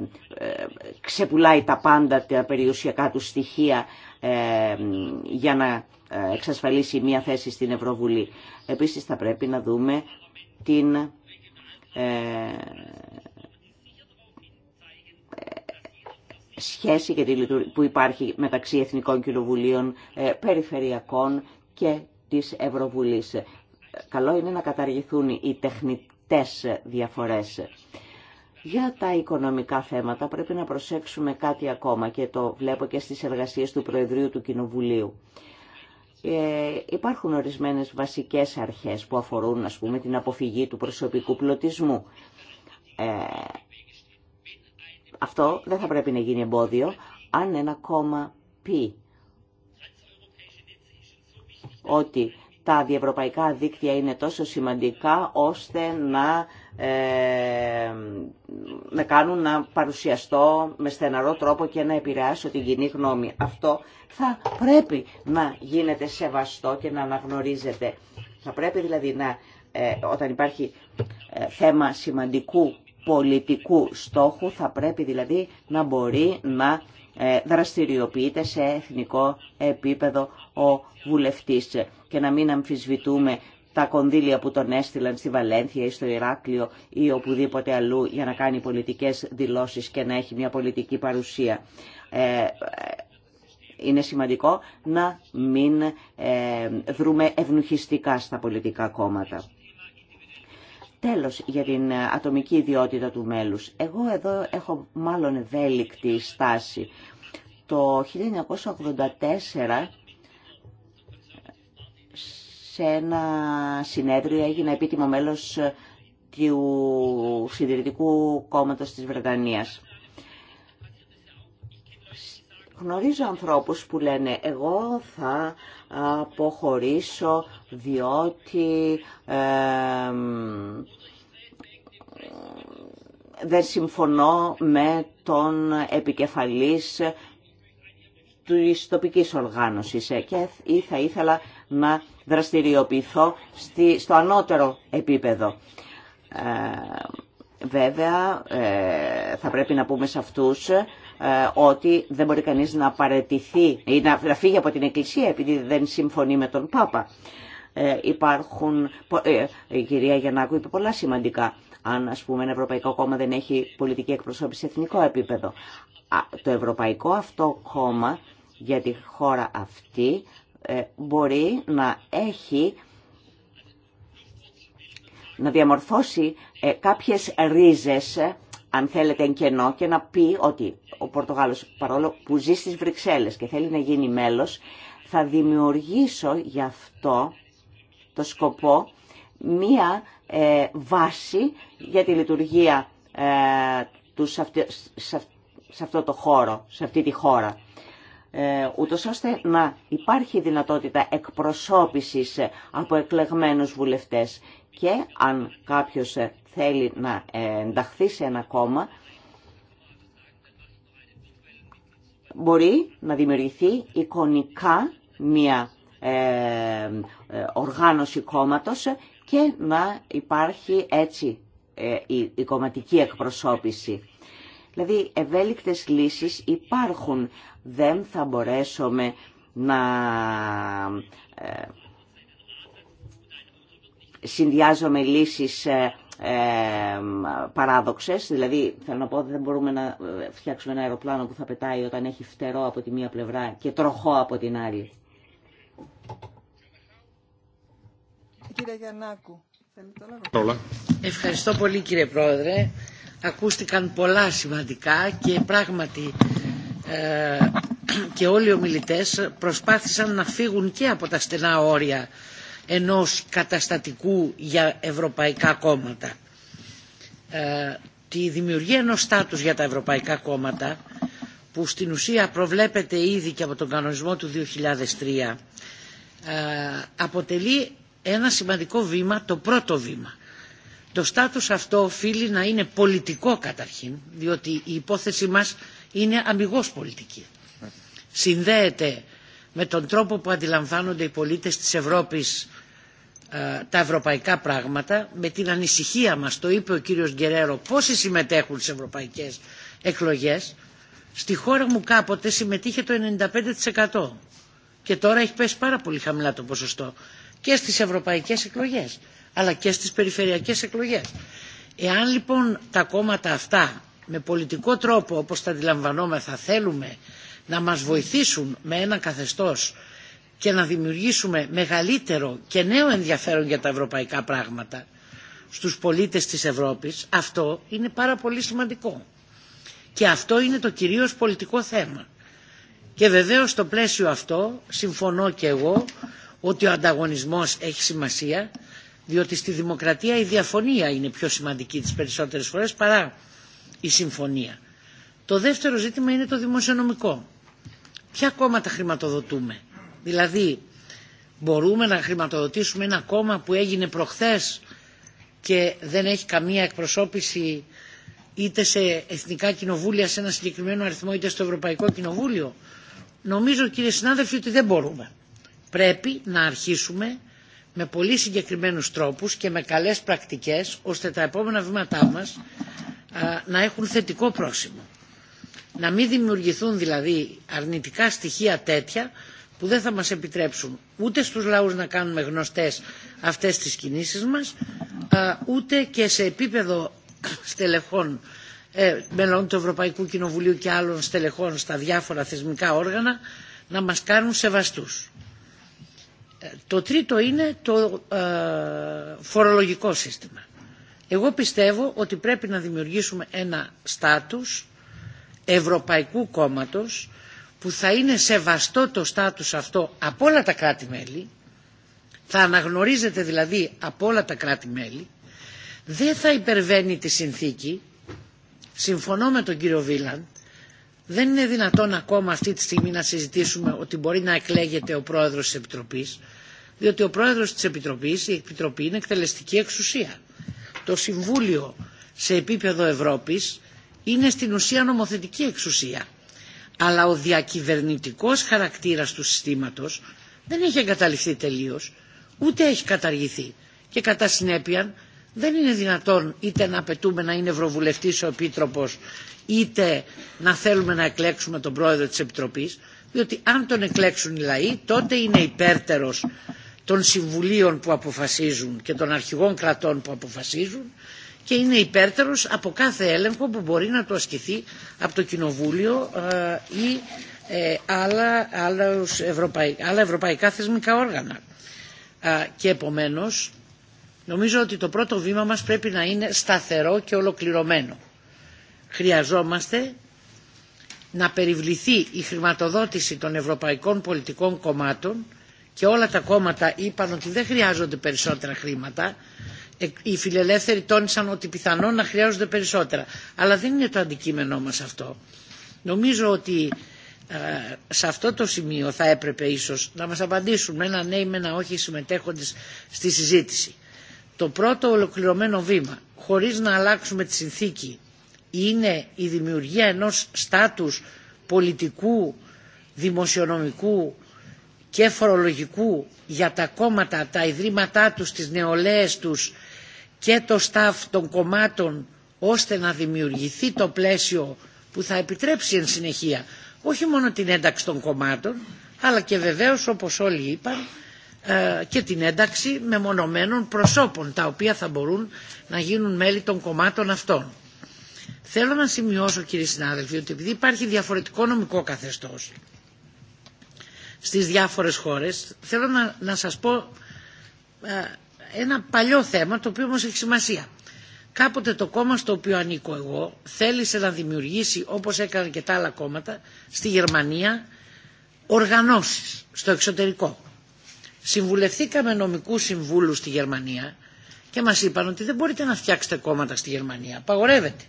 ξεπουλάει τα πάντα τα περιουσιακά του στοιχεία για να εξασφαλίσει μία θέση στην Ευρωβουλή. Επίσης θα πρέπει να δούμε την σχέση που υπάρχει μεταξύ Εθνικών Κοινοβουλίων, ε, Περιφερειακών και της Ευρωβουλής. Ε, καλό είναι να καταργηθούν οι τεχνητές διαφορές. Για τα οικονομικά θέματα πρέπει να προσέξουμε κάτι ακόμα και το βλέπω και στις εργασίες του Προεδρείου του Κοινοβουλίου. Ε, υπάρχουν ορισμένες βασικές αρχές που αφορούν ας πούμε, την αποφυγή του προσωπικού πλωτισμού. Ε, αυτό δεν θα πρέπει να γίνει εμπόδιο αν ένα κόμμα πει ότι τα διευρωπαϊκά δίκτυα είναι τόσο σημαντικά ώστε να ε, με κάνουν να παρουσιαστώ με στεναρό τρόπο και να επηρεάσω την κοινή γνώμη. Αυτό θα πρέπει να γίνεται σεβαστό και να αναγνωρίζεται. Θα πρέπει δηλαδή να, ε, όταν υπάρχει ε, θέμα σημαντικού πολιτικού στόχου θα πρέπει δηλαδή να μπορεί να ε, δραστηριοποιείται σε εθνικό επίπεδο ο βουλευτής και να μην αμφισβητούμε τα κονδύλια που τον έστειλαν στη Βαλένθια ή στο Ηράκλειο ή οπουδήποτε αλλού για να κάνει πολιτικές δηλώσεις και να έχει μια πολιτική παρουσία. Ε, είναι σημαντικό να μην ε, δρούμε ευνουχιστικά στα πολιτικά κόμματα. Τέλος, για την ατομική ιδιότητα του μέλους. Εγώ εδώ έχω μάλλον ευέλικτη στάση. Το 1984 σε ένα συνέδριο έγινε επίτιμο μέλος του Συντηρητικού Κόμματος της Βρετανίας. Γνωρίζω ανθρώπους που λένε εγώ θα αποχωρήσω διότι δεν συμφωνώ με τον επικεφαλής της τοπικής οργάνωσης ε, και ή θα ήθελα να δραστηριοποιηθώ στο ανώτερο επίπεδο. Ε, βέβαια, ε, θα πρέπει να πούμε σε αυτούς ε, ότι δεν μπορεί κανείς να παρετηθεί ή να φύγει από την Εκκλησία επειδή δεν συμφωνεί με τον Πάπα. Ε, υπάρχουν, ε, η κυρία Γιαννάκου είπε πολλά σημαντικά. Αν ας πούμε ένα Ευρωπαϊκό Κόμμα δεν έχει πολιτική εκπροσώπηση σε εθνικό επίπεδο. το Ευρωπαϊκό αυτό κόμμα για τη χώρα αυτή μπορεί να έχει να διαμορφώσει κάποιες ρίζες αν θέλετε, εν κενό και να πει ότι ο Πορτογάλος, παρόλο που ζει στις Βρυξέλλες και θέλει να γίνει μέλος, θα δημιουργήσω γι' αυτό το σκοπό μία ε, βάση για τη λειτουργία ε, του σε, αυτό το χώρο, σε αυτή τη χώρα. Ε, ούτως ώστε να υπάρχει δυνατότητα εκπροσώπησης από εκλεγμένους βουλευτές και αν κάποιος ε, θέλει να ε, ενταχθεί σε ένα κόμμα, μπορεί να δημιουργηθεί εικονικά μια ε, ε, οργάνωση κόμματος και να υπάρχει έτσι η κομματική εκπροσώπηση. Δηλαδή ευέλικτες λύσεις υπάρχουν. Δεν θα μπορέσουμε να συνδυάζουμε λύσεις παράδοξες, δηλαδή θέλω να πω ότι δεν μπορούμε να ε, φτιάξουμε ένα αεροπλάνο που θα πετάει όταν έχει φτερό από τη μία πλευρά και τροχό από την άλλη. Ε, κύριε Γιαννάκου, Ευχαριστώ πολύ κύριε Πρόεδρε. Ακούστηκαν πολλά σημαντικά και πράγματι ε, και όλοι οι ομιλητές προσπάθησαν να φύγουν και από τα στενά όρια ενός καταστατικού για ευρωπαϊκά κόμματα. Ε, τη δημιουργία ενός στάτους για τα ευρωπαϊκά κόμματα που στην ουσία προβλέπεται ήδη και από τον κανονισμό του 2003 ε, αποτελεί ένα σημαντικό βήμα, το πρώτο βήμα. Το στάτους αυτό οφείλει να είναι πολιτικό καταρχήν, διότι η υπόθεσή μας είναι αμυγός πολιτική. Συνδέεται με τον τρόπο που αντιλαμβάνονται οι πολίτες της Ευρώπης ε, τα ευρωπαϊκά πράγματα με την ανησυχία μας το είπε ο κύριος Γκερέρο πόσοι συμμετέχουν σε ευρωπαϊκές εκλογές στη χώρα μου κάποτε συμμετείχε το 95% και τώρα έχει πέσει πάρα πολύ χαμηλά το ποσοστό και στις ευρωπαϊκές εκλογές αλλά και στις περιφερειακές εκλογές. Εάν λοιπόν τα κόμματα αυτά με πολιτικό τρόπο όπως τα αντιλαμβανόμεθα θέλουμε να μας βοηθήσουν με ένα καθεστώς και να δημιουργήσουμε μεγαλύτερο και νέο ενδιαφέρον για τα ευρωπαϊκά πράγματα στους πολίτες της Ευρώπης, αυτό είναι πάρα πολύ σημαντικό. Και αυτό είναι το κυρίως πολιτικό θέμα. Και βεβαίως στο πλαίσιο αυτό συμφωνώ και εγώ ότι ο ανταγωνισμός έχει σημασία διότι στη δημοκρατία η διαφωνία είναι πιο σημαντική τις περισσότερες φορές παρά η συμφωνία. Το δεύτερο ζήτημα είναι το δημοσιονομικό. Ποια κόμματα χρηματοδοτούμε. Δηλαδή μπορούμε να χρηματοδοτήσουμε ένα κόμμα που έγινε προχθές και δεν έχει καμία εκπροσώπηση είτε σε εθνικά κοινοβούλια σε ένα συγκεκριμένο αριθμό είτε στο Ευρωπαϊκό Κοινοβούλιο. Νομίζω κύριε συνάδελφοι ότι δεν μπορούμε. Πρέπει να αρχίσουμε με πολύ συγκεκριμένους τρόπους και με καλές πρακτικές ώστε τα επόμενα βήματά μας να έχουν θετικό πρόσημο. Να μην δημιουργηθούν δηλαδή αρνητικά στοιχεία τέτοια που δεν θα μας επιτρέψουν ούτε στους λαούς να κάνουμε γνωστές αυτές τις κινήσεις μας ούτε και σε επίπεδο στελεχών ε, μελών του Ευρωπαϊκού Κοινοβουλίου και άλλων στελεχών στα διάφορα θεσμικά όργανα να μας κάνουν σεβαστούς. Ε, το τρίτο είναι το ε, φορολογικό σύστημα. Εγώ πιστεύω ότι πρέπει να δημιουργήσουμε ένα στάτους ευρωπαϊκού κόμματος που θα είναι σεβαστό το στάτους αυτό από όλα τα κράτη-μέλη, θα αναγνωρίζεται δηλαδή από όλα τα κράτη-μέλη, δεν θα υπερβαίνει τη συνθήκη, συμφωνώ με τον κύριο Βίλαντ, δεν είναι δυνατόν ακόμα αυτή τη στιγμή να συζητήσουμε ότι μπορεί να εκλέγεται ο πρόεδρος της Επιτροπής, διότι ο πρόεδρος της Επιτροπής, η Επιτροπή είναι εκτελεστική εξουσία. Το Συμβούλιο σε επίπεδο Ευρώπης είναι στην ουσία νομοθετική εξουσία αλλά ο διακυβερνητικός χαρακτήρας του συστήματος δεν έχει εγκαταληφθεί τελείως, ούτε έχει καταργηθεί και κατά συνέπεια δεν είναι δυνατόν είτε να απαιτούμε να είναι ευρωβουλευτής ο Επίτροπος είτε να θέλουμε να εκλέξουμε τον πρόεδρο της Επιτροπής διότι αν τον εκλέξουν οι λαοί τότε είναι υπέρτερος των συμβουλίων που αποφασίζουν και των αρχηγών κρατών που αποφασίζουν και είναι υπέρτερος από κάθε έλεγχο που μπορεί να το ασκηθεί από το Κοινοβούλιο ε, ή ε, άλλα, άλλα ευρωπαϊκά θεσμικά όργανα. Και επομένως νομίζω ότι το πρώτο βήμα μας πρέπει να είναι σταθερό και ολοκληρωμένο. Χρειαζόμαστε να περιβληθεί η χρηματοδότηση των ευρωπαϊκών πολιτικών κομμάτων και όλα τα κόμματα είπαν ότι δεν χρειάζονται περισσότερα χρήματα ε, οι φιλελεύθεροι τόνισαν ότι πιθανόν να χρειάζονται περισσότερα. Αλλά δεν είναι το αντικείμενό μας αυτό. Νομίζω ότι ε, σε αυτό το σημείο θα έπρεπε ίσως να μας απαντήσουν με ένα ναι ή με ένα όχι συμμετέχοντες στη συζήτηση. Το πρώτο ολοκληρωμένο βήμα, χωρίς να αλλάξουμε τη συνθήκη, είναι η δημιουργία ενός στάτους πολιτικού, δημοσιονομικού και φορολογικού για τα κόμματα, τα ιδρύματά τους, τις νεολαίες τους και το staff των κομμάτων ώστε να δημιουργηθεί το πλαίσιο που θα επιτρέψει εν συνεχεία όχι μόνο την ένταξη των κομμάτων αλλά και βεβαίως όπως όλοι είπαν ε, και την ένταξη μεμονωμένων προσώπων τα οποία θα μπορούν να γίνουν μέλη των κομμάτων αυτών. Θέλω να σημειώσω κύριε συνάδελφοι ότι επειδή υπάρχει διαφορετικό νομικό καθεστώς στις διάφορες χώρες θέλω να, να σας πω ε, ένα παλιό θέμα το οποίο όμως έχει σημασία. Κάποτε το κόμμα στο οποίο ανήκω εγώ θέλησε να δημιουργήσει όπως έκαναν και τα άλλα κόμματα στη Γερμανία οργανώσεις στο εξωτερικό. Συμβουλευθήκαμε νομικούς συμβούλους στη Γερμανία και μας είπαν ότι δεν μπορείτε να φτιάξετε κόμματα στη Γερμανία. Απαγορεύεται.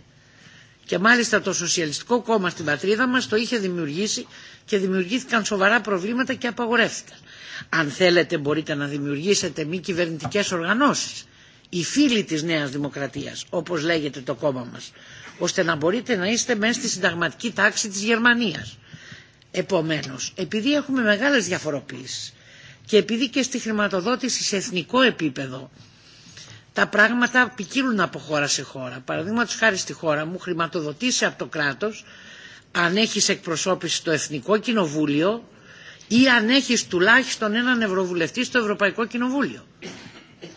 Και μάλιστα το Σοσιαλιστικό Κόμμα στην πατρίδα μας το είχε δημιουργήσει και δημιουργήθηκαν σοβαρά προβλήματα και απαγορεύτηκαν. Αν θέλετε μπορείτε να δημιουργήσετε μη κυβερνητικέ οργανώσεις, οι φίλοι της Νέας Δημοκρατίας, όπως λέγεται το κόμμα μας, ώστε να μπορείτε να είστε μέσα στη συνταγματική τάξη της Γερμανίας. Επομένως, επειδή έχουμε μεγάλες διαφοροποίησεις και επειδή και στη χρηματοδότηση σε εθνικό επίπεδο τα πράγματα ποικίλουν από χώρα σε χώρα. Παραδείγματο χάρη στη χώρα μου χρηματοδοτήσει από το κράτος αν έχει εκπροσώπηση το Εθνικό Κοινοβούλιο ή αν έχεις τουλάχιστον έναν ευρωβουλευτή στο Ευρωπαϊκό Κοινοβούλιο.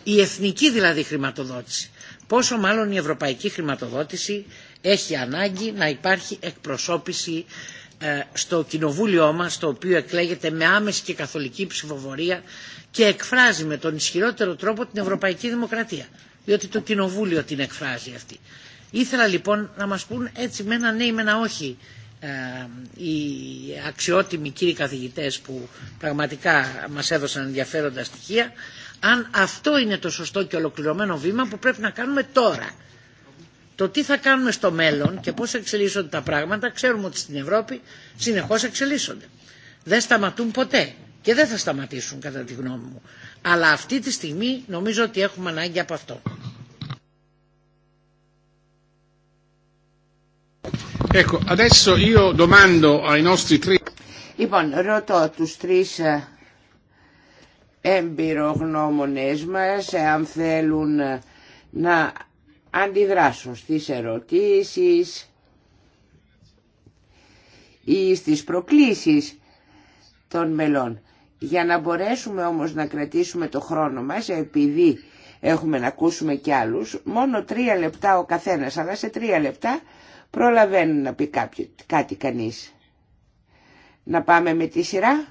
Η εθνική δηλαδή χρηματοδότηση. Πόσο μάλλον η ευρωπαϊκή χρηματοδότηση έχει ανάγκη να υπάρχει εκπροσώπηση ε, στο κοινοβούλιο μας το οποίο εκλέγεται με άμεση και καθολική ψηφοφορία και εκφράζει με τον ισχυρότερο τρόπο την ευρωπαϊκή δημοκρατία διότι το κοινοβούλιο την εκφράζει αυτή. Ήθελα λοιπόν να μας πούν έτσι με ένα ναι ή με ένα όχι οι αξιότιμοι κύριοι καθηγητές που πραγματικά μας έδωσαν ενδιαφέροντα στοιχεία αν αυτό είναι το σωστό και ολοκληρωμένο βήμα που πρέπει να κάνουμε τώρα. Το τι θα κάνουμε στο μέλλον και πώς εξελίσσονται τα πράγματα ξέρουμε ότι στην Ευρώπη συνεχώς εξελίσσονται. Δεν σταματούν ποτέ και δεν θα σταματήσουν κατά τη γνώμη μου. Αλλά αυτή τη στιγμή νομίζω ότι έχουμε ανάγκη από αυτό. Λοιπόν, ρωτώ του τρει ε, εμπειρογνωμονε μα, ε, αν θέλουν ε, να αντιδράσουν στις ερωτήσεις ή στι προκλήσεις των μελών. Για να μπορέσουμε όμως να κρατήσουμε το χρόνο μας, επειδή έχουμε να ακούσουμε κι άλλους, μόνο τρία λεπτά ο καθένας, αλλά σε τρία λεπτά Προλαβαίνει να πει κάτι κανείς. Να πάμε με τη σειρά.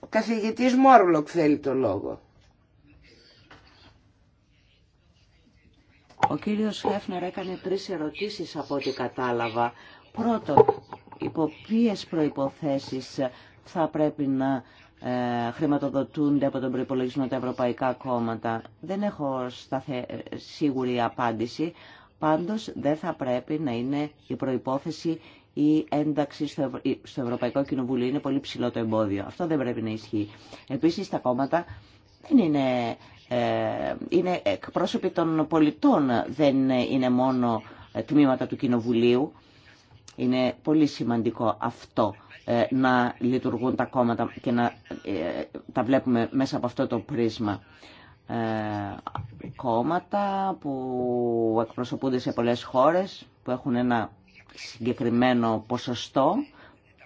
Ο καθηγητής Μόρλοκ θέλει το λόγο. Ο κύριος Χέφνερ έκανε τρεις ερωτήσεις από ό,τι κατάλαβα. Πρώτον, υπό ποιες προϋποθέσεις θα πρέπει να ε, χρηματοδοτούνται από τον προϋπολογισμό τα ευρωπαϊκά κόμματα. Δεν έχω σίγουρη απάντηση, Πάντως δεν θα πρέπει να είναι η προϋπόθεση η ένταξη στο, Ευρωπαϊκό Κοινοβούλιο. Είναι πολύ ψηλό το εμπόδιο. Αυτό δεν πρέπει να ισχύει. Επίσης τα κόμματα δεν είναι, ε, είναι εκπρόσωποι των πολιτών, δεν είναι μόνο ε, τμήματα του Κοινοβουλίου. Είναι πολύ σημαντικό αυτό ε, να λειτουργούν τα κόμματα και να τα βλέπουμε μέσα από αυτό το πρίσμα. Ε, κόμματα που εκπροσωπούνται σε πολλές χώρες, που έχουν ένα συγκεκριμένο ποσοστό.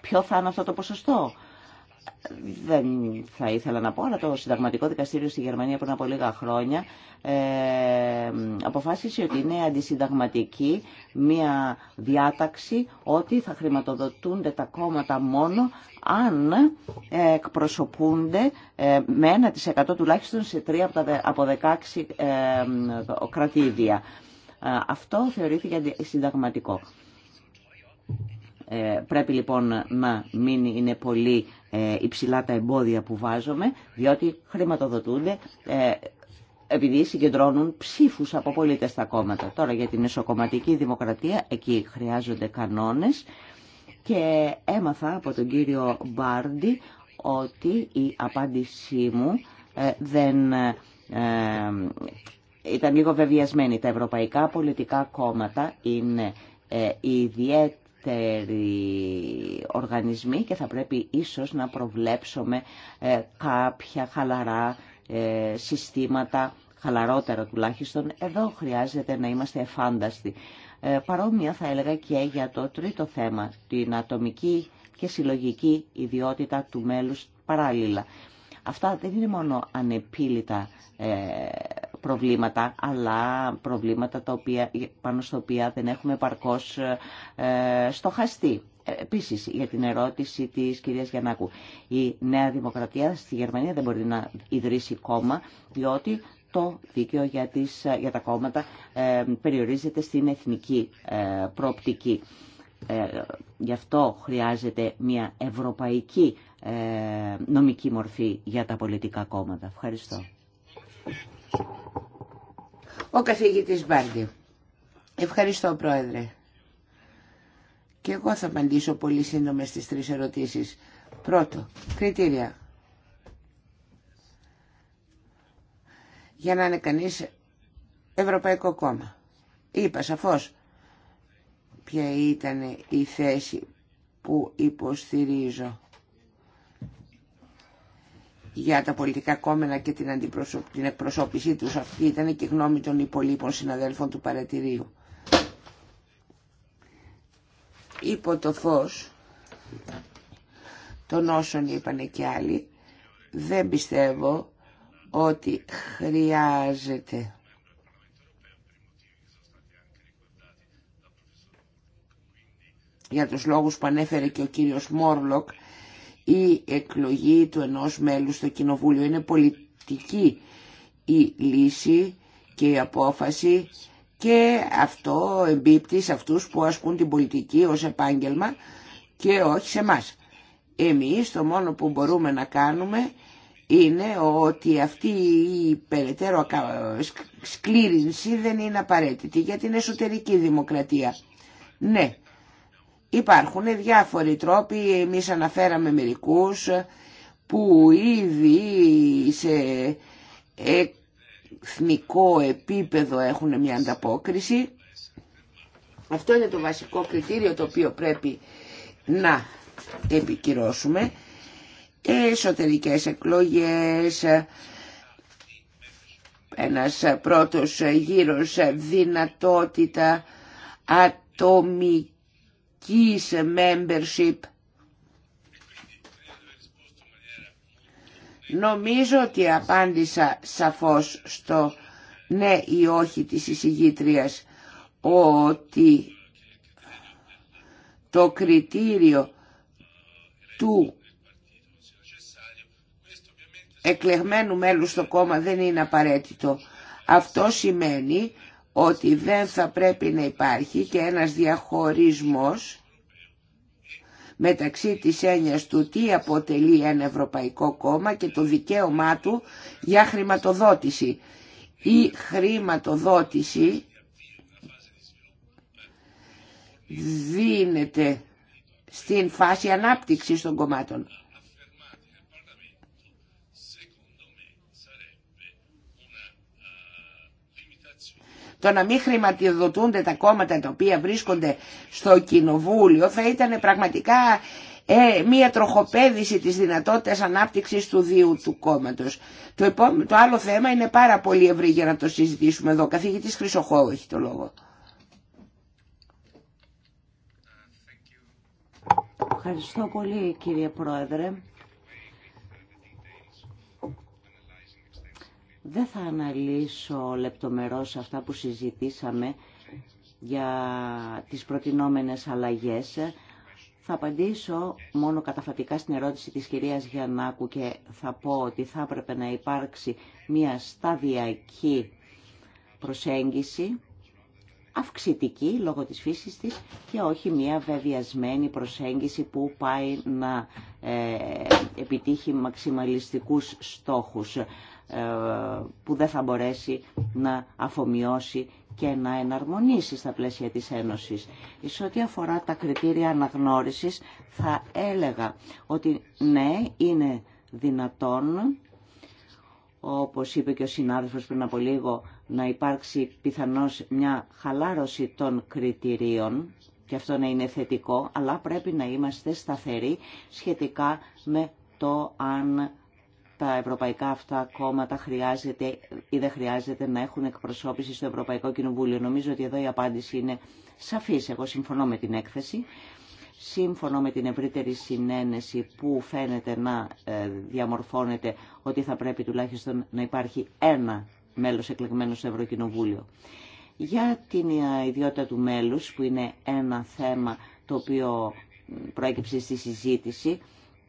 Ποιο θα είναι αυτό το ποσοστό δεν θα ήθελα να πω, αλλά το Συνταγματικό Δικαστήριο στη Γερμανία πριν από λίγα χρόνια ε, αποφάσισε ότι είναι αντισυνταγματική μία διάταξη ότι θα χρηματοδοτούνται τα κόμματα μόνο αν ε, εκπροσωπούνται ε, με 1% τουλάχιστον σε 3 από 16 ε, κρατήδια. Ε, αυτό θεωρήθηκε συνταγματικό. Πρέπει λοιπόν να μην είναι πολύ ε, υψηλά τα εμπόδια που βάζουμε, διότι χρηματοδοτούνται ε, επειδή συγκεντρώνουν ψήφου από πολίτε στα κόμματα. Τώρα για την εσωκομματική δημοκρατία, εκεί χρειάζονται κανόνες και έμαθα από τον κύριο Μπάρντι ότι η απάντησή μου ε, δεν ήταν λίγο βεβιασμένη. Τα ευρωπαϊκά πολιτικά κόμματα είναι ιδιαίτερα οργανισμοί και θα πρέπει ίσως να προβλέψουμε ε, κάποια χαλαρά ε, συστήματα, χαλαρότερα τουλάχιστον. Εδώ χρειάζεται να είμαστε εφάνταστοι. Ε, παρόμοια θα έλεγα και για το τρίτο θέμα, την ατομική και συλλογική ιδιότητα του μέλους παράλληλα. Αυτά δεν είναι μόνο ανεπίλητα προβλήματα, αλλά προβλήματα τα οποία, πάνω στα οποία δεν έχουμε παρκώς ε, στοχαστεί. Ε, Επίση, για την ερώτηση της κυρίας Γιαννάκου, η Νέα Δημοκρατία στη Γερμανία δεν μπορεί να ιδρύσει κόμμα, διότι το δίκαιο για, τις, για τα κόμματα ε, περιορίζεται στην εθνική ε, προοπτική. Ε, γι' αυτό χρειάζεται μια ευρωπαϊκή ε, νομική μορφή για τα πολιτικά κόμματα. Ευχαριστώ. Ο καθηγητής Μπάρντι. Ευχαριστώ πρόεδρε. Και εγώ θα απαντήσω πολύ σύντομα στις τρεις ερωτήσεις. Πρώτο, κριτήρια. Για να είναι κανείς Ευρωπαϊκό Κόμμα. Είπα σαφώς ποια ήταν η θέση που υποστηρίζω για τα πολιτικά κόμματα και την, αντιπροσω... την εκπροσώπησή τους. Αυτή ήταν και γνώμη των υπολείπων συναδέλφων του παρατηρίου. Υπό το φως των όσων είπαν και άλλοι, δεν πιστεύω ότι χρειάζεται για τους λόγους που ανέφερε και ο κύριος Μόρλοκ η εκλογή του ενός μέλου στο Κοινοβούλιο. Είναι πολιτική η λύση και η απόφαση και αυτό εμπίπτει σε αυτούς που ασκούν την πολιτική ως επάγγελμα και όχι σε μας. Εμείς το μόνο που μπορούμε να κάνουμε είναι ότι αυτή η περαιτέρω σκλήρινση δεν είναι απαραίτητη για την εσωτερική δημοκρατία. Ναι, Υπάρχουν διάφοροι τρόποι, εμείς αναφέραμε μερικούς που ήδη σε εθνικό επίπεδο έχουν μια ανταπόκριση. Αυτό είναι το βασικό κριτήριο το οποίο πρέπει να επικυρώσουμε. Εσωτερικές εκλογές, ένας πρώτος γύρος δυνατότητα ατομική membership. Νομίζω ότι απάντησα σαφώς στο ναι ή όχι της εισηγήτριας ότι το κριτήριο του εκλεγμένου μέλου στο κόμμα δεν είναι απαραίτητο. Αυτό σημαίνει ότι δεν θα πρέπει να υπάρχει και ένας διαχωρισμός μεταξύ της έννοιας του τι αποτελεί ένα ευρωπαϊκό κόμμα και το δικαίωμά του για χρηματοδότηση. Η χρηματοδότηση δίνεται στην φάση ανάπτυξης των κομμάτων. Το να μην χρηματοδοτούνται τα κόμματα τα οποία βρίσκονται στο κοινοβούλιο θα ήταν πραγματικά ε, μία τροχοπέδηση της δυνατότητας ανάπτυξης του δίου του κόμματος. Το, το άλλο θέμα είναι πάρα πολύ ευρύ για να το συζητήσουμε εδώ. Καθηγητής Χρυσοχώου έχει το λόγο. Ευχαριστώ πολύ κύριε Πρόεδρε. Δεν θα αναλύσω λεπτομερώς αυτά που συζητήσαμε για τις προτινόμενες αλλαγές. Θα απαντήσω μόνο καταφατικά στην ερώτηση της κυρίας Γιαννάκου και θα πω ότι θα έπρεπε να υπάρξει μια σταδιακή προσέγγιση αυξητική λόγω της φύσης της και όχι μια βεβαιασμένη προσέγγιση που πάει να ε, επιτύχει μαξιμαλιστικούς στόχους. Ε, που δεν θα μπορέσει να αφομοιώσει και να εναρμονίσει στα πλαίσια της Ένωσης. Σε ό,τι αφορά τα κριτήρια αναγνώρισης θα έλεγα ότι ναι είναι δυνατόν όπως είπε και ο συνάδελφος πριν από λίγο να υπάρξει πιθανώς μια χαλάρωση των κριτηρίων και αυτό να είναι θετικό αλλά πρέπει να είμαστε σταθεροί σχετικά με το αν τα ευρωπαϊκά αυτά κόμματα χρειάζεται ή δεν χρειάζεται να έχουν εκπροσώπηση στο Ευρωπαϊκό Κοινοβούλιο. Νομίζω ότι εδώ η απάντηση είναι σαφής. Εγώ συμφωνώ με την έκθεση. Σύμφωνο με την ευρύτερη συνένεση που φαίνεται να ε, διαμορφώνεται ότι θα πρέπει τουλάχιστον να υπάρχει ένα μέλος εκλεγμένο στο Ευρωκοινοβούλιο. Για την ε, ιδιότητα του μέλους που είναι ένα θέμα το οποίο προέκυψε στη συζήτηση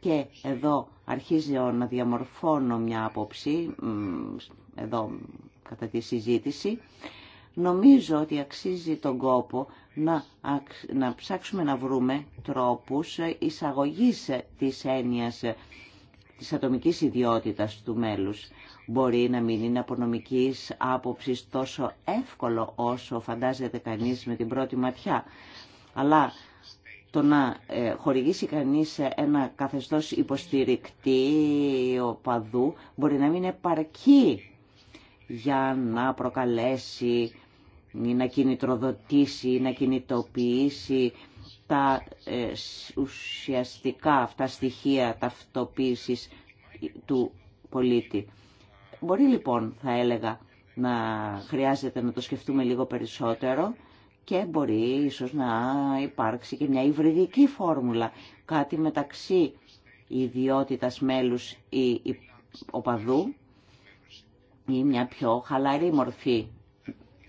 και εδώ αρχίζει να διαμορφώνω μια άποψη, εδώ κατά τη συζήτηση. Νομίζω ότι αξίζει τον κόπο να, να ψάξουμε να βρούμε τρόπους ε, εισαγωγής ε, της έννοιας ε, της ατομικής ιδιότητας του μέλους. Μπορεί να μην είναι από νομικής άποψης τόσο εύκολο όσο φαντάζεται κανείς με την πρώτη ματιά. Αλλά το να ε, χορηγήσει κανείς ένα καθεστώς υποστηρικτή οπαδού μπορεί να μην επαρκεί για να προκαλέσει ή να κινητροδοτήσει ή να κινητοποιήσει τα ε, ουσιαστικά αυτά στοιχεία ταυτοποίησης του πολίτη. Μπορεί λοιπόν, θα έλεγα, να χρειάζεται να το σκεφτούμε λίγο περισσότερο και μπορεί ίσως να υπάρξει και μια υβριδική φόρμουλα, κάτι μεταξύ ιδιότητας μέλους ή οπαδού ή μια πιο χαλαρή μορφή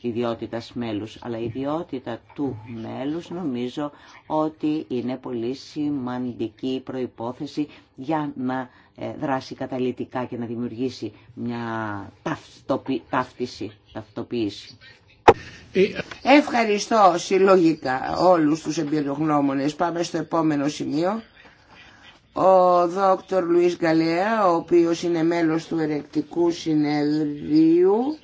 ιδιότητας μέλους, αλλά η ιδιότητα του μέλους νομίζω ότι είναι πολύ σημαντική προϋπόθεση για να ε, δράσει καταλυτικά και να δημιουργήσει μια ταύτιση, ταυτοποίηση. Ευχαριστώ συλλογικά όλους τους εμπειρογνώμονες. Πάμε στο επόμενο σημείο. Ο δόκτωρ Λουίς Γκαλέα, ο οποίος είναι μέλος του Ερεκτικού Συνεδρίου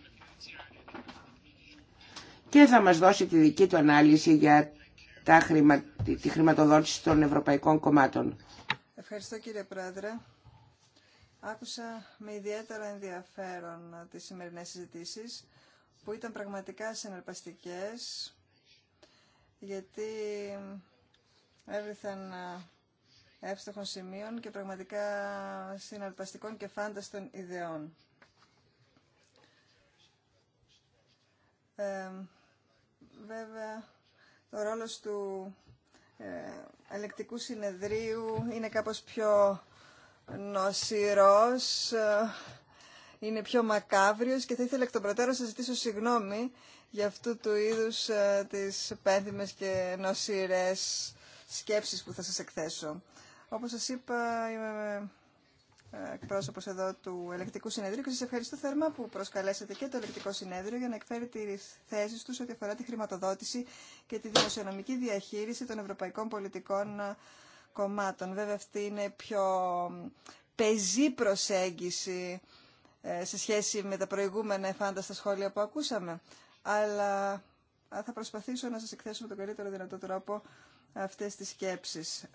και θα μας δώσει τη δική του ανάλυση για τα χρημα... τη χρηματοδότηση των ευρωπαϊκών κομμάτων. Ευχαριστώ κύριε Πρόεδρε. Άκουσα με ιδιαίτερο ενδιαφέρον τις σημερινές συζητήσεις που ήταν πραγματικά συναρπαστικές γιατί έβριθαν εύστοχων σημείων και πραγματικά συναρπαστικών και φάνταστων ιδεών. Ε, βέβαια, ο ρόλος του ε, ελεκτικού συνεδρίου είναι κάπως πιο νοσηρός ε, είναι πιο μακάβριος και θα ήθελα εκ των προτέρων να ζητήσω συγγνώμη για αυτού του είδους ε, τις πένθυμες και νοσηρές σκέψεις που θα σας εκθέσω. Όπως σας είπα, είμαι ε, εκπρόσωπος εδώ του Ελεκτικού Συνεδρίου και σας ευχαριστώ θερμά που προσκαλέσατε και το Ελεκτικό Συνέδριο για να εκφέρει τις θέσεις τους ό,τι αφορά τη χρηματοδότηση και τη δημοσιονομική διαχείριση των ευρωπαϊκών πολιτικών ε, κομμάτων. Βέβαια αυτή είναι πιο πεζή προσέγγιση ε, σε σχέση με τα προηγούμενα εφάνταστα σχόλια που ακούσαμε. Αλλά θα προσπαθήσω να σας εκθέσω με τον καλύτερο δυνατό τρόπο αυτές τις σκέψεις.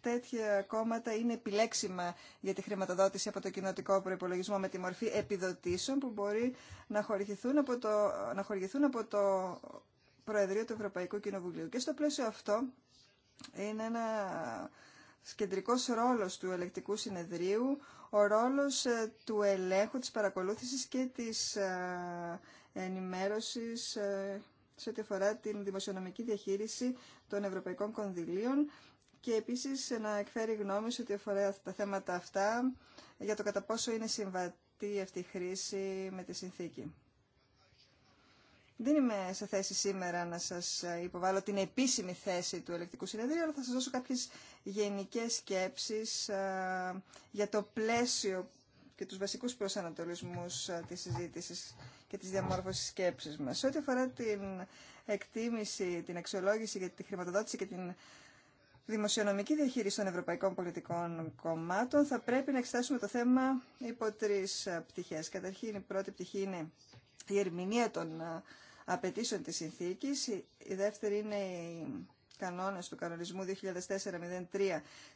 Τέτοια κόμματα είναι επιλέξιμα για τη χρηματοδότηση από το κοινοτικό προϋπολογισμό με τη μορφή επιδοτήσεων που μπορεί να χορηγηθούν από το, να χορηγηθούν από το Προεδρείο του Ευρωπαϊκού Κοινοβουλίου. Και στο πλαίσιο αυτό είναι ένα κεντρικός ρόλος του ελεκτικού συνεδρίου, ο ρόλος ε, του ελέγχου, της παρακολούθησης και της ε, ενημέρωσης ε, σε ό,τι αφορά την δημοσιονομική διαχείριση των ευρωπαϊκών κονδυλίων και επίσης να εκφέρει γνώμη σε ό,τι αφορά τα θέματα αυτά για το κατά πόσο είναι συμβατή αυτή η χρήση με τη συνθήκη. Δεν είμαι σε θέση σήμερα να σας υποβάλω την επίσημη θέση του ελεκτικού συνεδρίου, αλλά θα σας δώσω κάποιες γενικές σκέψεις για το πλαίσιο και τους βασικούς προσανατολισμούς της συζήτησης και της διαμόρφωσης σκέψης μας. ό,τι αφορά την εκτίμηση, την αξιολόγηση για τη χρηματοδότηση και την δημοσιονομική διαχείριση των ευρωπαϊκών πολιτικών κομμάτων, θα πρέπει να εξετάσουμε το θέμα υπό τρεις πτυχές. Καταρχήν, η πρώτη πτυχή είναι η ερμηνεία των απαιτήσεων της συνθήκης. Η δεύτερη είναι οι κανόνες του κανονισμού 2004-03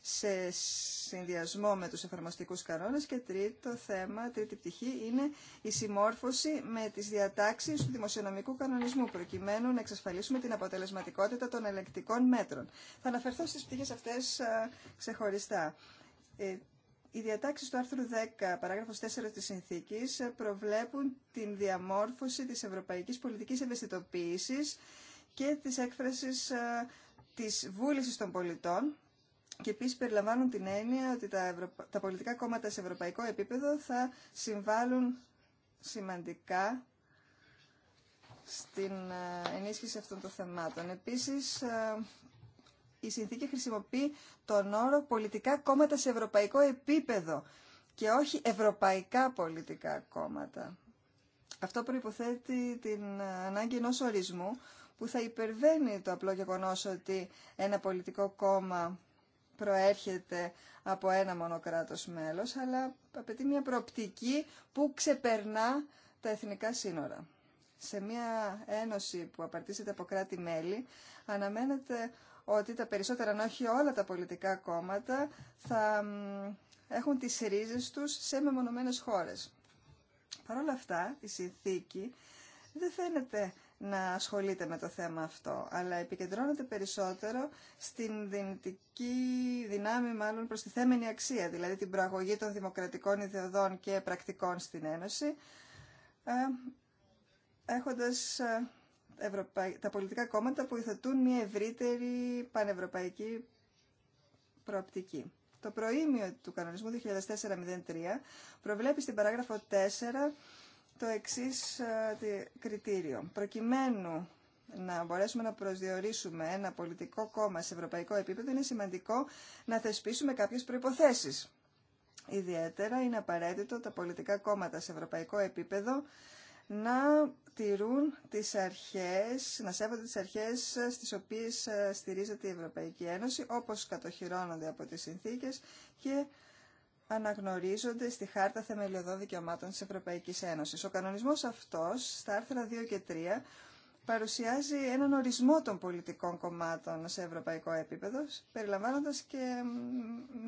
σε συνδυασμό με τους εφαρμοστικούς κανόνες και τρίτο θέμα, τρίτη πτυχή είναι η συμμόρφωση με τις διατάξεις του δημοσιονομικού κανονισμού προκειμένου να εξασφαλίσουμε την αποτελεσματικότητα των ελεκτικών μέτρων. Θα αναφερθώ στις πτυχές αυτές ξεχωριστά. Ε, οι διατάξεις του άρθρου 10, παράγραφος 4 της Συνθήκης, ε, προβλέπουν την διαμόρφωση της ευρωπαϊκής πολιτικής ευαισθητοποίησης και της έκφρασης ε, της βούλησης των πολιτών και επίση περιλαμβάνουν την έννοια ότι τα, τα πολιτικά κόμματα σε ευρωπαϊκό επίπεδο θα συμβάλλουν σημαντικά στην ε, ενίσχυση αυτών των θεμάτων. Επίσης, η συνθήκη χρησιμοποιεί τον όρο πολιτικά κόμματα σε ευρωπαϊκό επίπεδο και όχι ευρωπαϊκά πολιτικά κόμματα. Αυτό προϋποθέτει την ανάγκη ενός ορισμού που θα υπερβαίνει το απλό γεγονός ότι ένα πολιτικό κόμμα προέρχεται από ένα μονοκράτος μέλος, αλλά απαιτεί μια προοπτική που ξεπερνά τα εθνικά σύνορα. Σε μια ένωση που απαρτίζεται από κράτη-μέλη, αναμένεται ότι τα περισσότερα, αν όχι όλα τα πολιτικά κόμματα, θα έχουν τις ρίζες τους σε μεμονωμένες χώρες. Παρ' όλα αυτά, η συνθήκη δεν φαίνεται να ασχολείται με το θέμα αυτό, αλλά επικεντρώνεται περισσότερο στην δυνητική δυνάμη, μάλλον προς τη θέμενη αξία, δηλαδή την προαγωγή των δημοκρατικών ιδεωδών και πρακτικών στην Ένωση, ε, έχοντας ε, τα πολιτικά κόμματα που υιοθετούν μια ευρύτερη πανευρωπαϊκή προοπτική. Το προήμιο του κανονισμού 2004-03 προβλέπει στην παράγραφο 4 το εξής ε, κριτήριο. Προκειμένου να μπορέσουμε να προσδιορίσουμε ένα πολιτικό κόμμα σε ευρωπαϊκό επίπεδο, είναι σημαντικό να θεσπίσουμε κάποιες προϋποθέσεις. Ιδιαίτερα είναι απαραίτητο τα πολιτικά κόμματα σε ευρωπαϊκό επίπεδο να τηρούν τις αρχές, να σέβονται τις αρχές στις οποίες ε, στηρίζεται η Ευρωπαϊκή Ένωση, όπως κατοχυρώνονται από τις συνθήκες και αναγνωρίζονται στη Χάρτα Θεμελιωδών Δικαιωμάτων της Ευρωπαϊκής Ένωσης. Ο κανονισμός αυτός, στα άρθρα 2 και 3, παρουσιάζει έναν ορισμό των πολιτικών κομμάτων σε ευρωπαϊκό επίπεδο, περιλαμβάνοντας και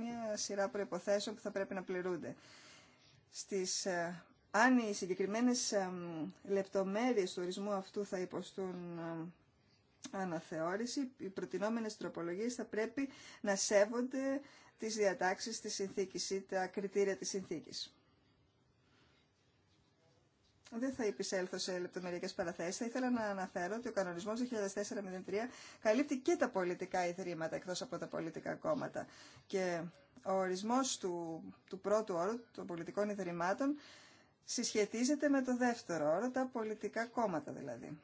μια σειρά προϋποθέσεων που θα πρέπει να πληρούνται. Στις ε, αν οι συγκεκριμένες λεπτομέρειες του ορισμού αυτού θα υποστούν αναθεώρηση, οι προτινόμενες τροπολογίες θα πρέπει να σέβονται τις διατάξεις της συνθήκης ή τα κριτήρια της συνθήκης. Δεν θα επισέλθω σε λεπτομεριακέ παραθέσει. Θα ήθελα να αναφέρω ότι ο κανονισμό 2004-03 καλύπτει και τα πολιτικά ιδρύματα εκτό από τα πολιτικά κόμματα. Και ο ορισμό του, του πρώτου όρου των πολιτικών ιδρυμάτων συσχετίζεται με το δεύτερο όρο, τα πολιτικά κόμματα δηλαδή.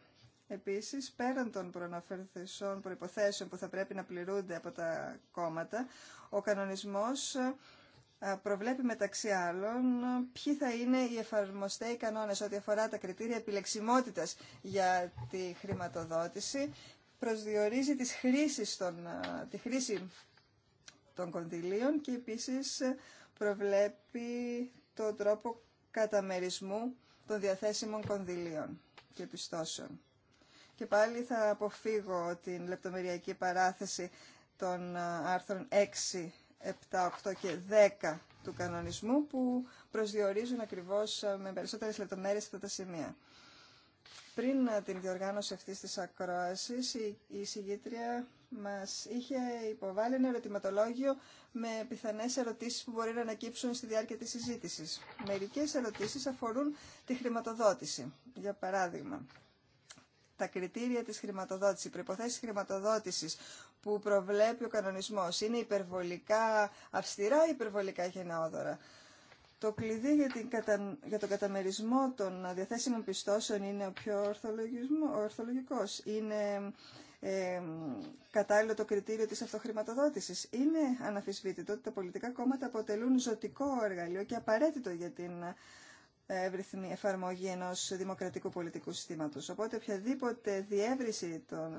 Επίσης, πέραν των προναφερθησών προϋποθέσεων που θα πρέπει να πληρούνται από τα κόμματα, ο κανονισμός ε, προβλέπει μεταξύ άλλων ποιοι θα είναι οι εφαρμοστέοι κανόνες ό,τι αφορά τα κριτήρια επιλεξιμότητας για τη χρηματοδότηση, προσδιορίζει τις ε, τη χρήση των κονδυλίων και επίσης ε, προβλέπει τον τρόπο καταμερισμού των διαθέσιμων κονδυλίων και πιστώσεων. Και πάλι θα αποφύγω την λεπτομεριακή παράθεση των άρθρων 6, 7, 8 και 10 του κανονισμού που προσδιορίζουν ακριβώς με περισσότερες λεπτομέρειες αυτά τα σημεία. Πριν την διοργάνωση αυτής της ακρόασης, η συγγήτρια μας είχε υποβάλει ένα ερωτηματολόγιο με πιθανές ερωτήσεις που μπορεί να ανακύψουν στη διάρκεια της συζήτησης. Μερικές ερωτήσεις αφορούν τη χρηματοδότηση. Για παράδειγμα, τα κριτήρια της χρηματοδότησης, οι προϋποθέσεις χρηματοδότησης που προβλέπει ο κανονισμός είναι υπερβολικά αυστηρά ή υπερβολικά γενναιόδωρα. Το κλειδί για, την κατα... για τον καταμερισμό των διαθέσιμων πιστώσεων είναι ο πιο ορθολογικός. Είναι ε, κατάλληλο το κριτήριο της αυτοχρηματοδότησης. Είναι αναφυσβήτητο ότι τα πολιτικά κόμματα αποτελούν ζωτικό εργαλείο και απαραίτητο για την εύρυθμη εφαρμογή ενός δημοκρατικού πολιτικού συστήματος. Οπότε οποιαδήποτε διεύρυνση των,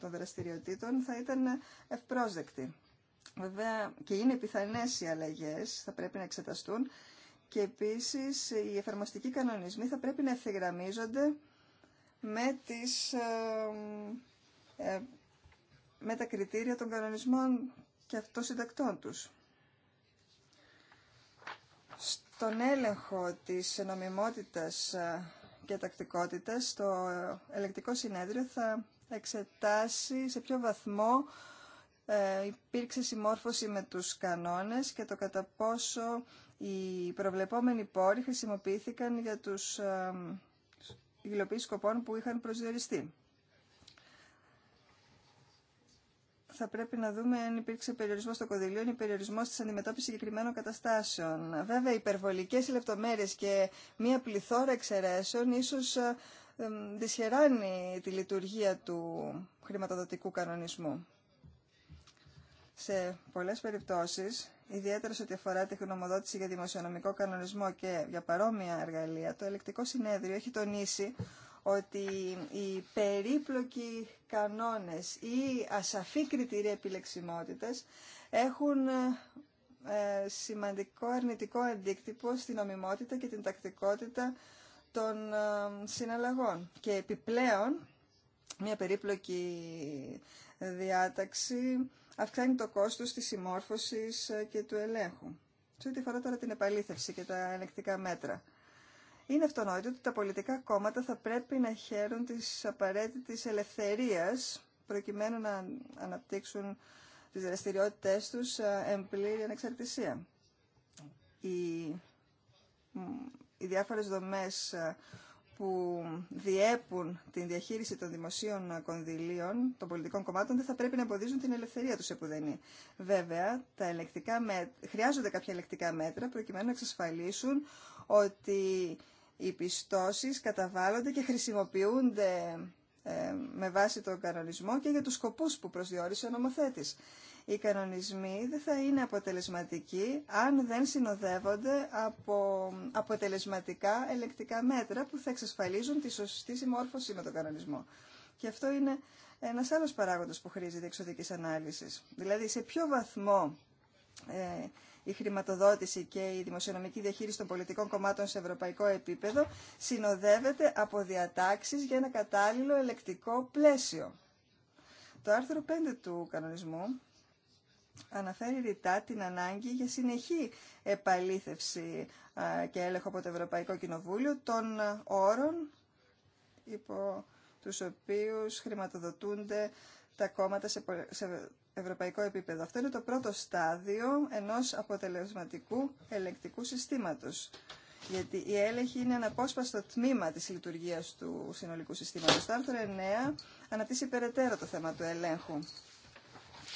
δραστηριοτήτων θα ήταν ευπρόσδεκτη. Βέβαια και είναι πιθανές οι αλλαγές, θα πρέπει να εξεταστούν και επίσης οι εφαρμοστικοί κανονισμοί θα πρέπει να ευθυγραμμίζονται με τις ε, με τα κριτήρια των κανονισμών και αυτών συντακτών τους. Στον έλεγχο της νομιμότητας ε, και τακτικότητας, το ελεκτικό συνέδριο θα εξετάσει σε ποιο βαθμό ε, υπήρξε συμμόρφωση με τους κανόνες και το κατά πόσο οι προβλεπόμενοι πόροι χρησιμοποιήθηκαν για τους υλοποίησεις σκοπών που είχαν προσδιοριστεί. θα πρέπει να δούμε αν υπήρξε περιορισμό στο κονδυλίο ή περιορισμό τη αντιμετώπιση συγκεκριμένων καταστάσεων. Βέβαια, υπερβολικέ λεπτομέρειε και μία πληθώρα εξαιρέσεων ίσω ε, ε, δυσχεράνει τη λειτουργία του χρηματοδοτικού κανονισμού. Σε πολλέ περιπτώσει, ιδιαίτερα σε ό,τι αφορά τη χρονομοδότηση για δημοσιονομικό κανονισμό και για παρόμοια εργαλεία, το ελεκτικό συνέδριο έχει τονίσει ότι οι περίπλοκοι κανόνες ή ασαφή κριτήρια επιλεξιμότητας έχουν ε, ε, σημαντικό αρνητικό αντίκτυπο στην ομιμότητα και την τακτικότητα των ε, συναλλαγών. Και επιπλέον, μια περίπλοκη διάταξη αυξάνει το κόστος της συμμόρφωσης και του ελέγχου. Σε ό,τι αφορά τώρα την επαλήθευση και τα ελεκτικά μέτρα. Είναι αυτονόητο ότι τα πολιτικά κόμματα θα πρέπει να χαίρουν της απαραίτητης ελευθερίας προκειμένου να αναπτύξουν τις δραστηριότητές τους ε, εν πλήρη ανεξαρτησία. Οι, οι διάφορες δομές ε, που διέπουν την διαχείριση των δημοσίων κονδυλίων των πολιτικών κομμάτων δεν θα πρέπει να εμποδίζουν την ελευθερία τους επουδενή. Βέβαια, τα ελεκτικά μέτρα, χρειάζονται κάποια ελεκτικά μέτρα προκειμένου να εξασφαλίσουν ότι οι πιστώσεις καταβάλλονται και χρησιμοποιούνται ε, με βάση τον κανονισμό και για τους σκοπούς που προσδιορίσε ο νομοθέτης. Οι κανονισμοί δεν θα είναι αποτελεσματικοί αν δεν συνοδεύονται από αποτελεσματικά ελεκτικά μέτρα που θα εξασφαλίζουν τη σωστή συμμόρφωση με τον κανονισμό. Και αυτό είναι ένας άλλος παράγοντας που χρήζεται διεξοδική ανάλυση. Δηλαδή, σε ποιο βαθμό ε, η χρηματοδότηση και η δημοσιονομική διαχείριση των πολιτικών κομμάτων σε ευρωπαϊκό επίπεδο συνοδεύεται από διατάξεις για ένα κατάλληλο ελεκτικό πλαίσιο. Το άρθρο 5 του κανονισμού αναφέρει ρητά την ανάγκη για συνεχή επαλήθευση και έλεγχο από το Ευρωπαϊκό Κοινοβούλιο των όρων υπό τους οποίους χρηματοδοτούνται τα κόμματα σε ευρωπαϊκό επίπεδο. Αυτό είναι το πρώτο στάδιο ενός αποτελεσματικού ελεκτικού συστήματος. Γιατί η έλεγχη είναι ένα τμήμα της λειτουργίας του συνολικού συστήματος. Το άρθρο 9 αναπτύσσει περαιτέρω το θέμα του ελέγχου.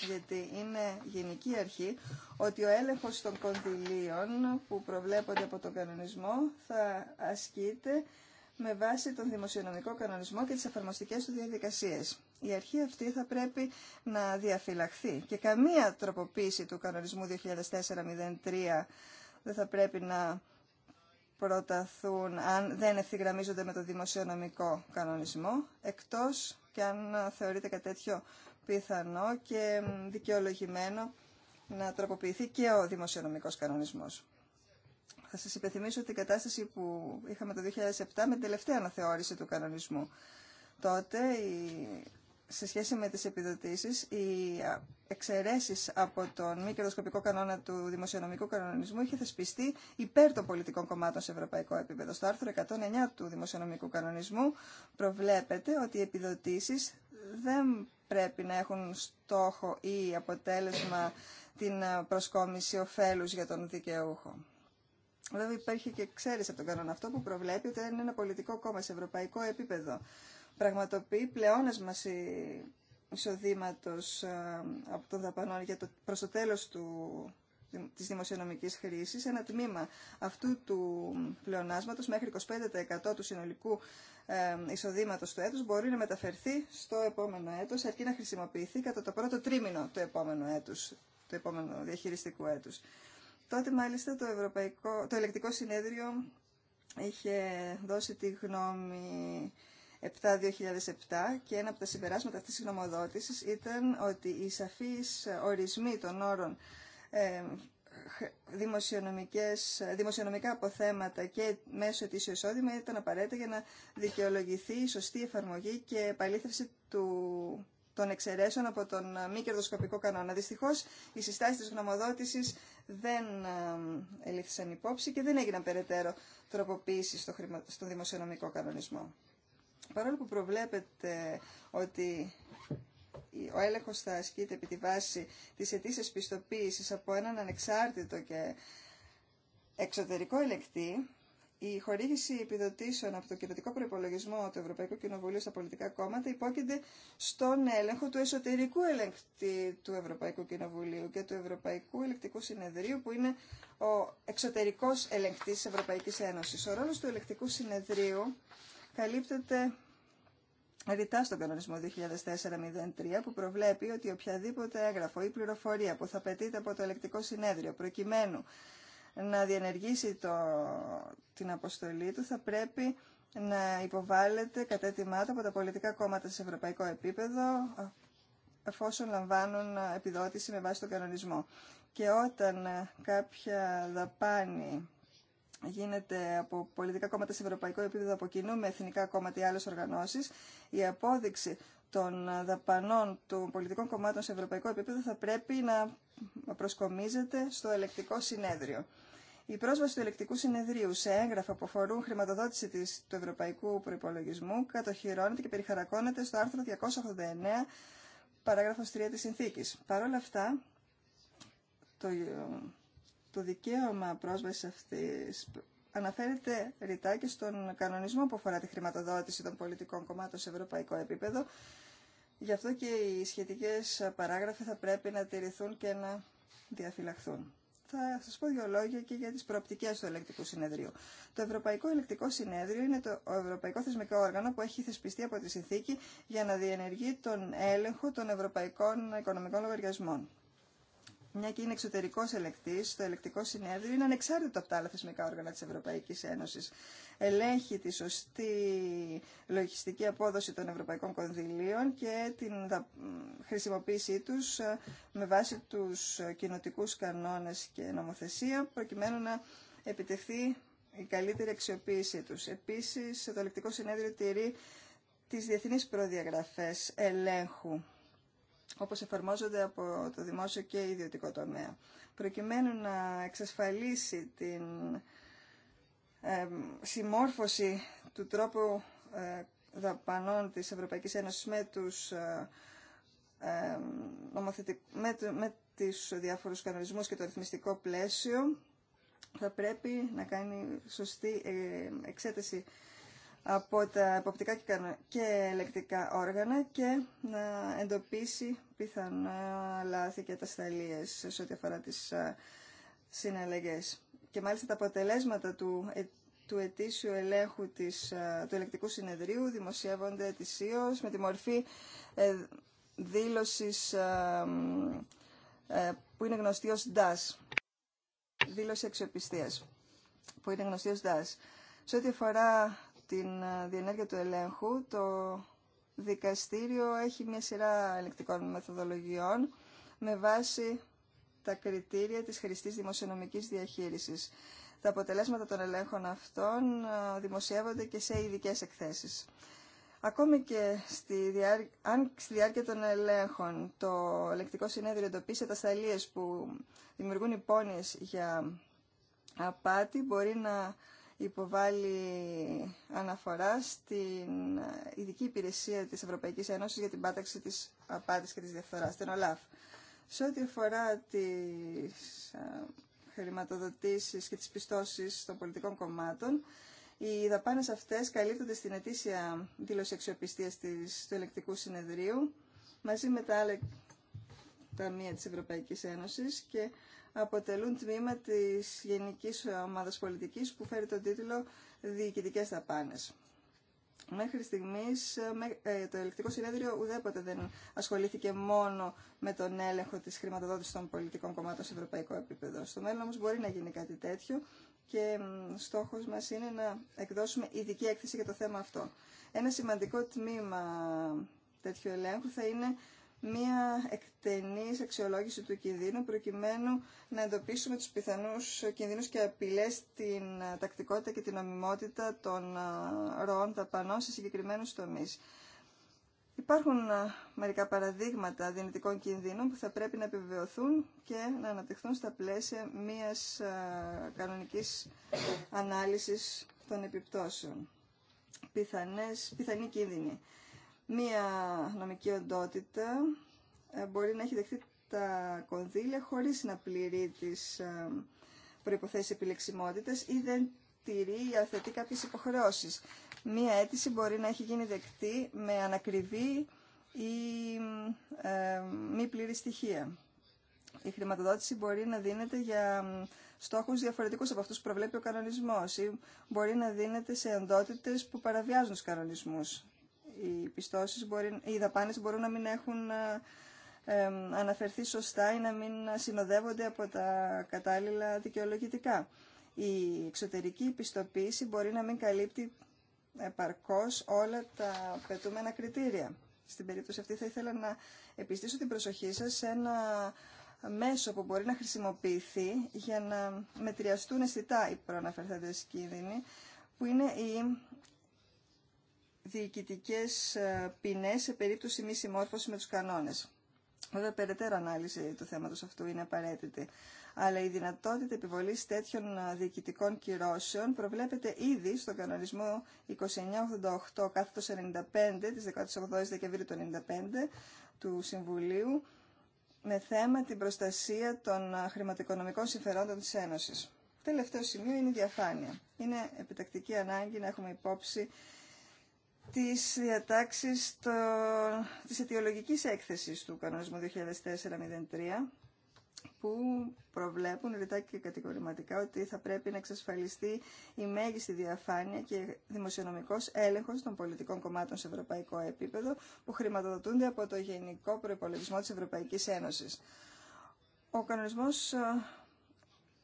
Γιατί είναι γενική αρχή ότι ο έλεγχος των κονδυλίων που προβλέπονται από τον κανονισμό θα ασκείται με βάση τον δημοσιονομικό κανονισμό και τις εφαρμοστικές του διαδικασίες. Η αρχή αυτή θα πρέπει να διαφυλαχθεί και καμία τροποποίηση του κανονισμού 2004-03 δεν θα πρέπει να προταθούν αν δεν ευθυγραμμίζονται με το δημοσιονομικό κανονισμό, εκτός και αν θεωρείται κάτι τέτοιο πιθανό και δικαιολογημένο να τροποποιηθεί και ο δημοσιονομικός κανονισμός. Θα σας υπενθυμίσω την κατάσταση που είχαμε το 2007 με την τελευταία αναθεώρηση του κανονισμού. Τότε η σε σχέση με τις επιδοτήσεις, οι εξαιρέσεις από τον μη κερδοσκοπικό κανόνα του δημοσιονομικού κανονισμού είχε θεσπιστεί υπέρ των πολιτικών κομμάτων σε ευρωπαϊκό επίπεδο. Στο άρθρο 109 του δημοσιονομικού κανονισμού προβλέπεται ότι οι επιδοτήσεις δεν πρέπει να έχουν στόχο ή αποτέλεσμα την προσκόμιση ωφέλους για τον δικαιούχο. Βέβαια υπάρχει και εξαίρεση από τον κανόνα αυτό που προβλέπει ότι είναι ένα πολιτικό κόμμα σε ευρωπαϊκό επίπεδο πραγματοποιεί πλεόνασμα εισοδήματο ε, από τον δαπανών για το, προς το τέλος του, της δημοσιονομικής χρήσης, ένα τμήμα αυτού του πλεονάσματος μέχρι 25% του συνολικού ε, εισοδήματο του έτους μπορεί να μεταφερθεί στο επόμενο έτος, αρκεί να χρησιμοποιηθεί κατά το πρώτο τρίμηνο του επόμενου έτους, του επόμενου διαχειριστικού έτους. Τότε μάλιστα το, Ευρωπαϊκό, το Ελεκτικό Συνέδριο είχε δώσει τη γνώμη 7-2007 και ένα από τα συμπεράσματα αυτής της γνωμοδότησης ήταν ότι οι σαφείς ορισμοί των όρων ε, δημοσιονομικά αποθέματα και μέσω ετήσιο εισόδημα ήταν απαραίτητα για να δικαιολογηθεί η σωστή εφαρμογή και επαλήθευση του, των εξαιρέσεων από τον μη κερδοσκοπικό κανόνα. Δυστυχώ, οι συστάσει τη γνωμοδότηση δεν ε, ελήφθησαν υπόψη και δεν έγιναν περαιτέρω τροποποίηση στο, στο δημοσιονομικό κανονισμό. Παρόλο που προβλέπεται ότι ο έλεγχος θα ασκείται επί τη βάση της αιτήσεως πιστοποίησης από έναν ανεξάρτητο και εξωτερικό ελεκτή, η χορήγηση επιδοτήσεων από το κοινοτικό προπολογισμό του Ευρωπαϊκού Κοινοβουλίου στα πολιτικά κόμματα υπόκειται στον έλεγχο του εσωτερικού ελεκτή του Ευρωπαϊκού Κοινοβουλίου και του Ευρωπαϊκού Ελεκτικού Συνεδρίου, που είναι ο εξωτερικό ελεκτή τη Ευρωπαϊκή Ένωση. Ο ρόλο του Ελεκτικού Συνεδρίου καλύπτεται ρητά στον κανονισμό 2004-03 που προβλέπει ότι οποιαδήποτε έγγραφο ή πληροφορία που θα απαιτείται από το ελεκτικό συνέδριο προκειμένου να διενεργήσει το, την αποστολή του θα πρέπει να υποβάλλεται κατά από τα πολιτικά κόμματα σε ευρωπαϊκό επίπεδο εφόσον λαμβάνουν επιδότηση με βάση τον κανονισμό. Και όταν ε, κάποια δαπάνη γίνεται από πολιτικά κόμματα σε ευρωπαϊκό επίπεδο από κοινού με εθνικά κόμματα ή άλλες οργανώσεις, η απόδειξη των δαπανών των πολιτικών κομμάτων σε ευρωπαϊκό επίπεδο θα πρέπει να προσκομίζεται στο ελεκτικό συνέδριο. Η πρόσβαση του ελεκτικού συνεδρίου σε έγγραφα που αφορούν χρηματοδότηση της, του ευρωπαϊκού προπολογισμού κατοχυρώνεται και περιχαρακώνεται στο άρθρο 289, παράγραφος 3 της συνθήκης. Παρ' αυτά, το το δικαίωμα πρόσβασης αυτής αναφέρεται ρητά και στον κανονισμό που αφορά τη χρηματοδότηση των πολιτικών κομμάτων σε ευρωπαϊκό επίπεδο. Γι' αυτό και οι σχετικές παράγραφοι θα πρέπει να τηρηθούν και να διαφυλαχθούν. Θα σας πω δύο λόγια και για τις προοπτικές του ελεκτικού συνεδρίου. Το Ευρωπαϊκό Ελεκτικό Συνέδριο είναι το ευρωπαϊκό θεσμικό όργανο που έχει θεσπιστεί από τη συνθήκη για να διενεργεί τον έλεγχο των ευρωπαϊκών οικονομικών λογαριασμών μια και είναι εξωτερικό ελεκτή, το ελεκτικό συνέδριο είναι ανεξάρτητο από τα άλλα θεσμικά όργανα τη Ευρωπαϊκή Ένωση. Ελέγχει τη σωστή λογιστική απόδοση των ευρωπαϊκών κονδυλίων και την χρησιμοποίησή του ε, με βάση του κοινοτικού κανόνε και νομοθεσία, προκειμένου να επιτευχθεί η καλύτερη αξιοποίησή του. Επίση, το ελεκτικό συνέδριο τηρεί τι διεθνεί προδιαγραφέ ελέγχου όπως εφαρμόζονται από το δημόσιο και ιδιωτικό τομέα. Προκειμένου να εξασφαλίσει την ε, συμμόρφωση του τρόπου ε, δαπανών της Ευρωπαϊκής Ένωσης με τους ε, ε με, με τις διάφορους κανονισμούς και το ρυθμιστικό πλαίσιο θα πρέπει να κάνει σωστή ε, εξέταση από τα εποπτικά και ελεκτικά όργανα και να εντοπίσει πιθανά λάθη και ατασταλίες σε ό,τι αφορά τις συναλλαγές. Και μάλιστα τα αποτελέσματα του, ε, του ετήσιου ελέγχου της, του ελεκτικού συνεδρίου δημοσιεύονται ετησίως με τη μορφή ε, δήλωσης ε, που είναι γνωστή ως DAS, δήλωση αξιοπιστίας, που είναι γνωστή ως DAS. Σε ό,τι αφορά την ε, διενέργεια του ελέγχου, το δικαστήριο έχει μια σειρά ελεκτικών μεθοδολογιών με βάση τα κριτήρια της χρηστής δημοσιονομικής διαχείρισης. Τα αποτελέσματα των ελέγχων αυτών ε, δημοσιεύονται και σε ειδικέ εκθέσεις. Ακόμη και στη αν στη διάρκεια των ελέγχων το ελεκτικό συνέδριο εντοπίσει τα σταλίες που δημιουργούν υπόνοιες για απάτη, μπορεί να υποβάλει αναφορά στην ειδική υπηρεσία της Ευρωπαϊκής Ένωσης για την πάταξη της απάτης και της διαφθοράς, την ΟΛΑΦ. Σε ό,τι αφορά τις ε, χρηματοδοτήσεις και τις πιστώσεις των πολιτικών κομμάτων, οι δαπάνες αυτές καλύπτονται στην ετήσια δήλωση αξιοπιστίας της, του ελεκτικού συνεδρίου, μαζί με τα άλλα ταμεία της Ευρωπαϊκής Ένωσης και αποτελούν τμήμα της Γενικής Ομάδας Πολιτικής που φέρει τον τίτλο «Διοικητικές δαπάνες». Μέχρι στιγμής ε, το Ελεκτικό Συνέδριο ουδέποτε δεν ασχολήθηκε μόνο με τον έλεγχο της χρηματοδότησης των πολιτικών κομμάτων σε ευρωπαϊκό επίπεδο. Στο μέλλον όμως μπορεί να γίνει κάτι τέτοιο και στόχος μας είναι να εκδώσουμε ειδική έκθεση για το θέμα αυτό. Ένα σημαντικό τμήμα τέτοιου ελέγχου θα είναι μία εκτενής αξιολόγηση του κινδύνου προκειμένου να εντοπίσουμε τους πιθανούς κινδύνους και απειλές στην ε, τακτικότητα και την ομιμότητα των ε, ροών ταπανών σε συγκεκριμένους τομείς. Υπάρχουν ε, μερικά παραδείγματα δυνητικών κινδύνων που θα πρέπει να επιβεβαιωθούν και να αναπτυχθούν στα πλαίσια μίας κανονικής ανάλυσης των επιπτώσεων. Πιθανές, πιθανή κίνδυνη μία νομική οντότητα ε, μπορεί να έχει δεχτεί τα κονδύλια χωρίς να πληρεί τις ε, προϋποθέσεις επιλεξιμότητας ή δεν τηρεί ή αθετεί κάποιες υποχρεώσεις. Μία αίτηση μπορεί να έχει γίνει δεκτή με ανακριβή ή ε, μη πλήρη στοιχεία. Η χρηματοδότηση μπορεί να δίνεται για στόχους διαφορετικούς από αυτούς που προβλέπει ο κανονισμός ή μπορεί να δίνεται σε οντότητες που παραβιάζουν τους κανονισμούς οι πιστώσεις, μπορεί, οι δαπάνες μπορούν να μην έχουν ε, αναφερθεί σωστά ή να μην συνοδεύονται από τα κατάλληλα δικαιολογητικά. Η εξωτερική πιστοποίηση μπορεί να μην καλύπτει επαρκώς όλα τα πετούμενα κριτήρια. Στην περίπτωση αυτή θα ήθελα να επιστήσω την προσοχή σας σε ένα μέσο που μπορεί να χρησιμοποιηθεί για να μετριαστούν αισθητά οι προαναφερθέντες κίνδυνοι, που είναι η διοικητικές ε, ποινές σε περίπτωση μη συμμόρφωση με τους κανόνες. Βέβαια, περαιτέρω ανάλυση του θέματος αυτού είναι απαραίτητη. Αλλά η δυνατότητα επιβολή τέτοιων ε, διοικητικών κυρώσεων προβλέπεται ήδη στον κανονισμό 2988 κάθετο 95 της 18 Δεκεμβρίου του 1995 του Συμβουλίου με θέμα την προστασία των ε, χρηματοοικονομικών συμφερόντων της Ένωσης. Τελευταίο σημείο είναι η διαφάνεια. Είναι επιτακτική ανάγκη να έχουμε υπόψη τις διατάξεις το, της αιτιολογικής έκθεσης του κανονισμού 2004-03 που προβλέπουν ρητά και κατηγορηματικά ότι θα πρέπει να εξασφαλιστεί η μέγιστη διαφάνεια και δημοσιονομικός έλεγχος των πολιτικών κομμάτων σε ευρωπαϊκό επίπεδο που χρηματοδοτούνται από το Γενικό Προϋπολογισμό της Ευρωπαϊκής Ένωσης. Ο κανονισμός ε,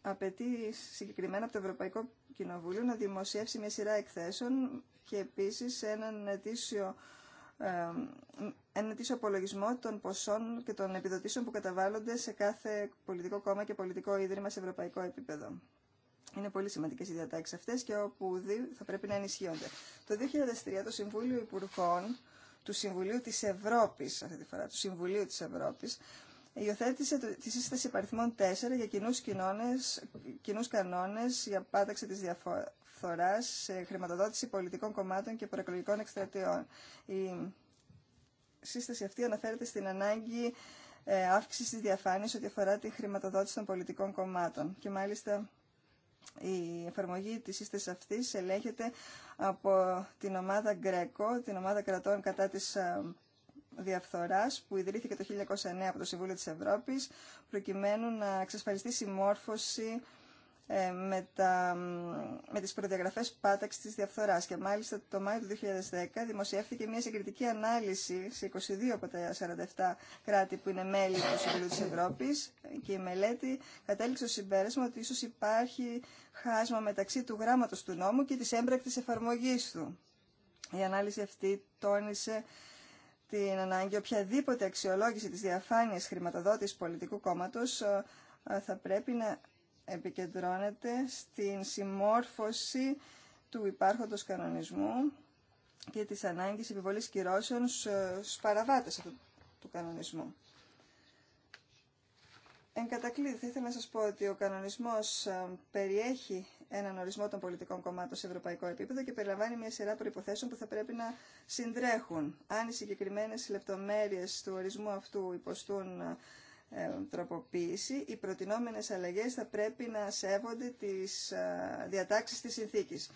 απαιτεί συγκεκριμένα από το Ευρωπαϊκό Κοινοβούλιο να δημοσιεύσει μια σειρά εκθέσεων και επίσης έναν αιτήσιο, ε, έναν απολογισμό των ποσών και των επιδοτήσεων που καταβάλλονται σε κάθε πολιτικό κόμμα και πολιτικό ίδρυμα σε ευρωπαϊκό επίπεδο. Είναι πολύ σημαντικέ οι διατάξει αυτέ και όπου δει θα πρέπει να ενισχύονται. Το 2003 το Συμβούλιο Υπουργών του Συμβουλίου της Ευρώπης, τη φορά, του Συμβουλίου της Ευρώπης, υιοθέτησε τη σύσταση παριθμών 4 για κοινού κανόνε για πάταξη τη διαφο σε χρηματοδότηση πολιτικών κομμάτων και προεκλογικών εκστρατείων. Η σύσταση αυτή αναφέρεται στην ανάγκη ε, αύξηση της διαφάνειας ό,τι αφορά τη χρηματοδότηση των πολιτικών κομμάτων. Και μάλιστα η εφαρμογή της σύστασης αυτής ελέγχεται από την ομάδα Γκρέκο, την ομάδα κρατών κατά της ε, διαφθοράς που ιδρύθηκε το 1909 από το Συμβούλιο της Ευρώπης προκειμένου να εξασφαλιστεί συμμόρφωση ε, με, τα, με τις προδιαγραφές πάταξης της διαφθοράς και μάλιστα το Μάιο του 2010 δημοσιεύθηκε μια συγκριτική ανάλυση σε 22 από τα 47 κράτη που είναι μέλη του Συμβουλίου της Ευρώπης και η μελέτη κατέληξε στο συμπέρασμα ότι ίσως υπάρχει χάσμα μεταξύ του γράμματος του νόμου και της έμπρακτης εφαρμογής του. Η ανάλυση αυτή τόνισε την ανάγκη οποιαδήποτε αξιολόγηση της διαφάνειας χρηματοδότης πολιτικού κόμματος ε, ε, θα πρέπει να επικεντρώνεται στην συμμόρφωση του υπάρχοντος κανονισμού και της ανάγκης επιβολής κυρώσεων στους παραβάτες αυτού του κανονισμού. Εν κατακλείδη, θα ήθελα να σας πω ότι ο κανονισμός ε, περιέχει έναν ορισμό των πολιτικών κομμάτων σε ευρωπαϊκό επίπεδο και περιλαμβάνει μια σειρά προϋποθέσεων που θα πρέπει να συντρέχουν. Αν οι συγκεκριμένες λεπτομέρειες του ορισμού αυτού υποστούν ε, ε, τροποποίηση, οι προτινόμενες αλλαγές θα πρέπει να σέβονται τις διατάξεις της συνθήκης.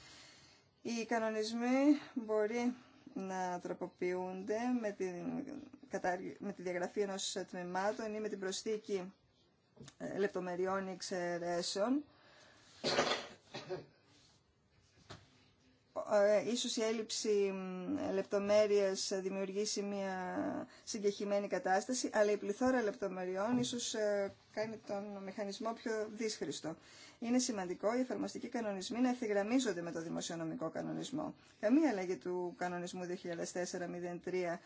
Οι κανονισμοί μπορεί να τροποποιούνται με τη, με τη διαγραφή ενός τμήματων ή με την προσθήκη ε, λεπτομεριών εξαιρέσεων ε, ίσως η έλλειψη λεπτομέρειας δημιουργήσει μια συγκεχημένη κατάσταση, αλλά η πληθώρα λεπτομεριών ίσως ε, κάνει τον μηχανισμό πιο δύσχριστο. Είναι σημαντικό οι εφαρμοστικοί κανονισμοί να ευθυγραμμίζονται με το δημοσιονομικό κανονισμό. Καμία αλλαγή του κανονισμού 2004-03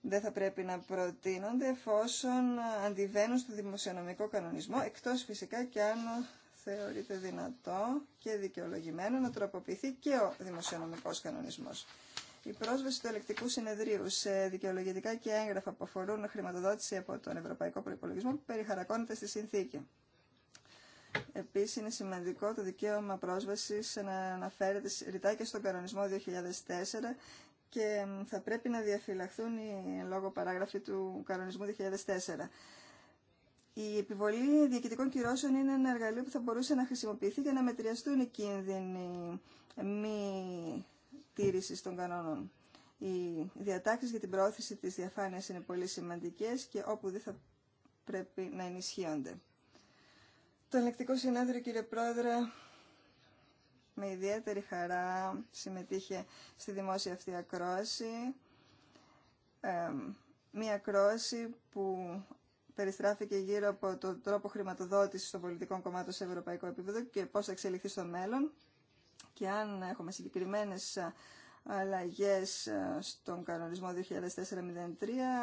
δεν θα πρέπει να προτείνονται εφόσον αντιβαίνουν στο δημοσιονομικό κανονισμό, εκτός φυσικά και αν θεωρείται δυνατό και δικαιολογημένο να τροποποιηθεί και ο δημοσιονομικός κανονισμός. Η πρόσβαση του ελεκτικού συνεδρίου σε δικαιολογητικά και έγγραφα που αφορούν χρηματοδότηση από τον Ευρωπαϊκό Προπολογισμό περιχαρακώνεται στη συνθήκη. Επίση είναι σημαντικό το δικαίωμα πρόσβασης να αναφέρεται ρητά και στον κανονισμό 2004 και θα πρέπει να διαφυλαχθούν οι λόγω παράγραφοι του κανονισμού 2004. Η επιβολή διοικητικών κυρώσεων είναι ένα εργαλείο που θα μπορούσε να χρησιμοποιηθεί για να μετριαστούν οι κίνδυνοι μη τήρησης των κανόνων. Οι διατάξεις για την πρόθεση της διαφάνειας είναι πολύ σημαντικές και όπου δεν θα πρέπει να ενισχύονται. Το ελεκτικό συνέδριο, κύριε Πρόεδρε, με ιδιαίτερη χαρά συμμετείχε στη δημόσια αυτή ακρόαση. Ε, μία ακρόαση που περιστράφηκε γύρω από τον τρόπο χρηματοδότηση των πολιτικών κομμάτων σε ευρωπαϊκό επίπεδο και πώς θα εξελιχθεί στο μέλλον και αν έχουμε συγκεκριμένε αλλαγέ στον κανονισμό 2004-03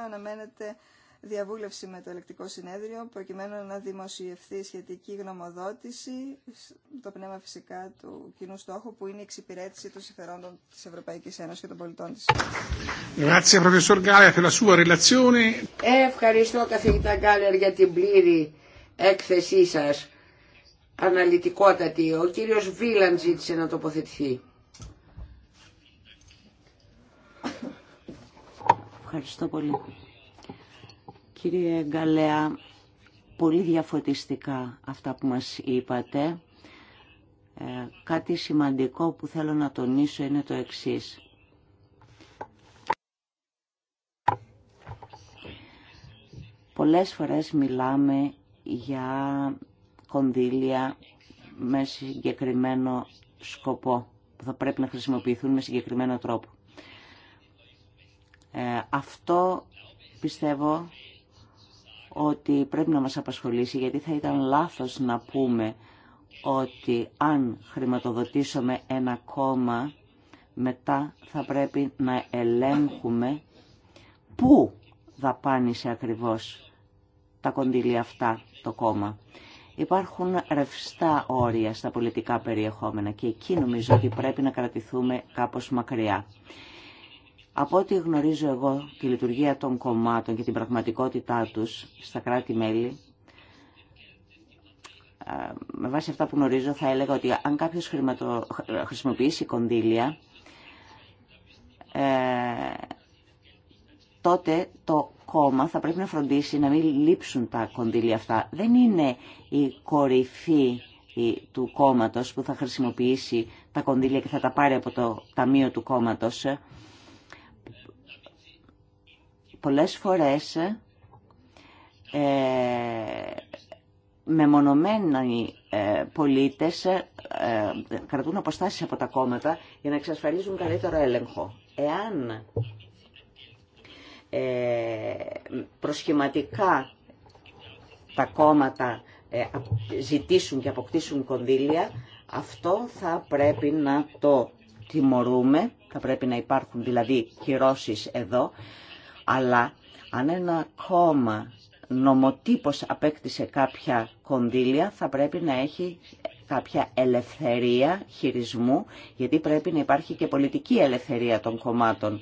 αναμένεται διαβούλευση με το ελεκτικό συνέδριο προκειμένου να δημοσιευθεί σχετική γνωμοδότηση το πνεύμα φυσικά του κοινού στόχου που είναι η εξυπηρέτηση των συμφερόντων της Ευρωπαϊκής Ένωσης και των πολιτών της. Ευχαριστώ καθηγητά Γκάλερ για την πλήρη έκθεσή σας. Αναλυτικότατη. Ο κύριος Βίλαν ζήτησε να τοποθετηθεί. Ευχαριστώ πολύ. Κύριε Γκαλέα, πολύ διαφωτιστικά αυτά που μας είπατε. Ε, κάτι σημαντικό που θέλω να τονίσω είναι το εξής. Πολλές φορές μιλάμε για κονδύλια με συγκεκριμένο σκοπό που θα πρέπει να χρησιμοποιηθούν με συγκεκριμένο τρόπο. Ε, αυτό πιστεύω ότι πρέπει να μας απασχολήσει γιατί θα ήταν λάθος να πούμε ότι αν χρηματοδοτήσουμε ένα κόμμα μετά θα πρέπει να ελέγχουμε πού δαπάνησε ακριβώς τα κονδύλια αυτά το κόμμα. Υπάρχουν ρευστά όρια στα πολιτικά περιεχόμενα και εκεί νομίζω ότι πρέπει να κρατηθούμε κάπως μακριά. Από ό,τι γνωρίζω εγώ τη λειτουργία των κομμάτων και την πραγματικότητά τους στα κράτη-μέλη, ε, με βάση αυτά που γνωρίζω θα έλεγα ότι αν κάποιος χρηματο... χρησιμοποιήσει κονδύλια, ε, τότε το κόμμα θα πρέπει να φροντίσει να μην λείψουν τα κονδύλια αυτά. Δεν είναι η κορυφή του κόμματος που θα χρησιμοποιήσει τα κονδύλια και θα τα πάρει από το ταμείο του κόμματος πολλές φορές ε, ε, μεμονωμένοι ε, πολίτες ε, ε, κρατούν αποστάσεις από τα κόμματα για να εξασφαλίζουν καλύτερο έλεγχο. Εάν ε, προσχηματικά τα κόμματα ζητήσουν και αποκτήσουν κονδύλια, αυτό θα πρέπει να το τιμωρούμε, θα πρέπει να υπάρχουν δηλαδή κυρώσεις εδώ, αλλά αν ένα κόμμα νομοτύπος απέκτησε κάποια κονδύλια θα πρέπει να έχει κάποια ελευθερία χειρισμού γιατί πρέπει να υπάρχει και πολιτική ελευθερία των κομμάτων.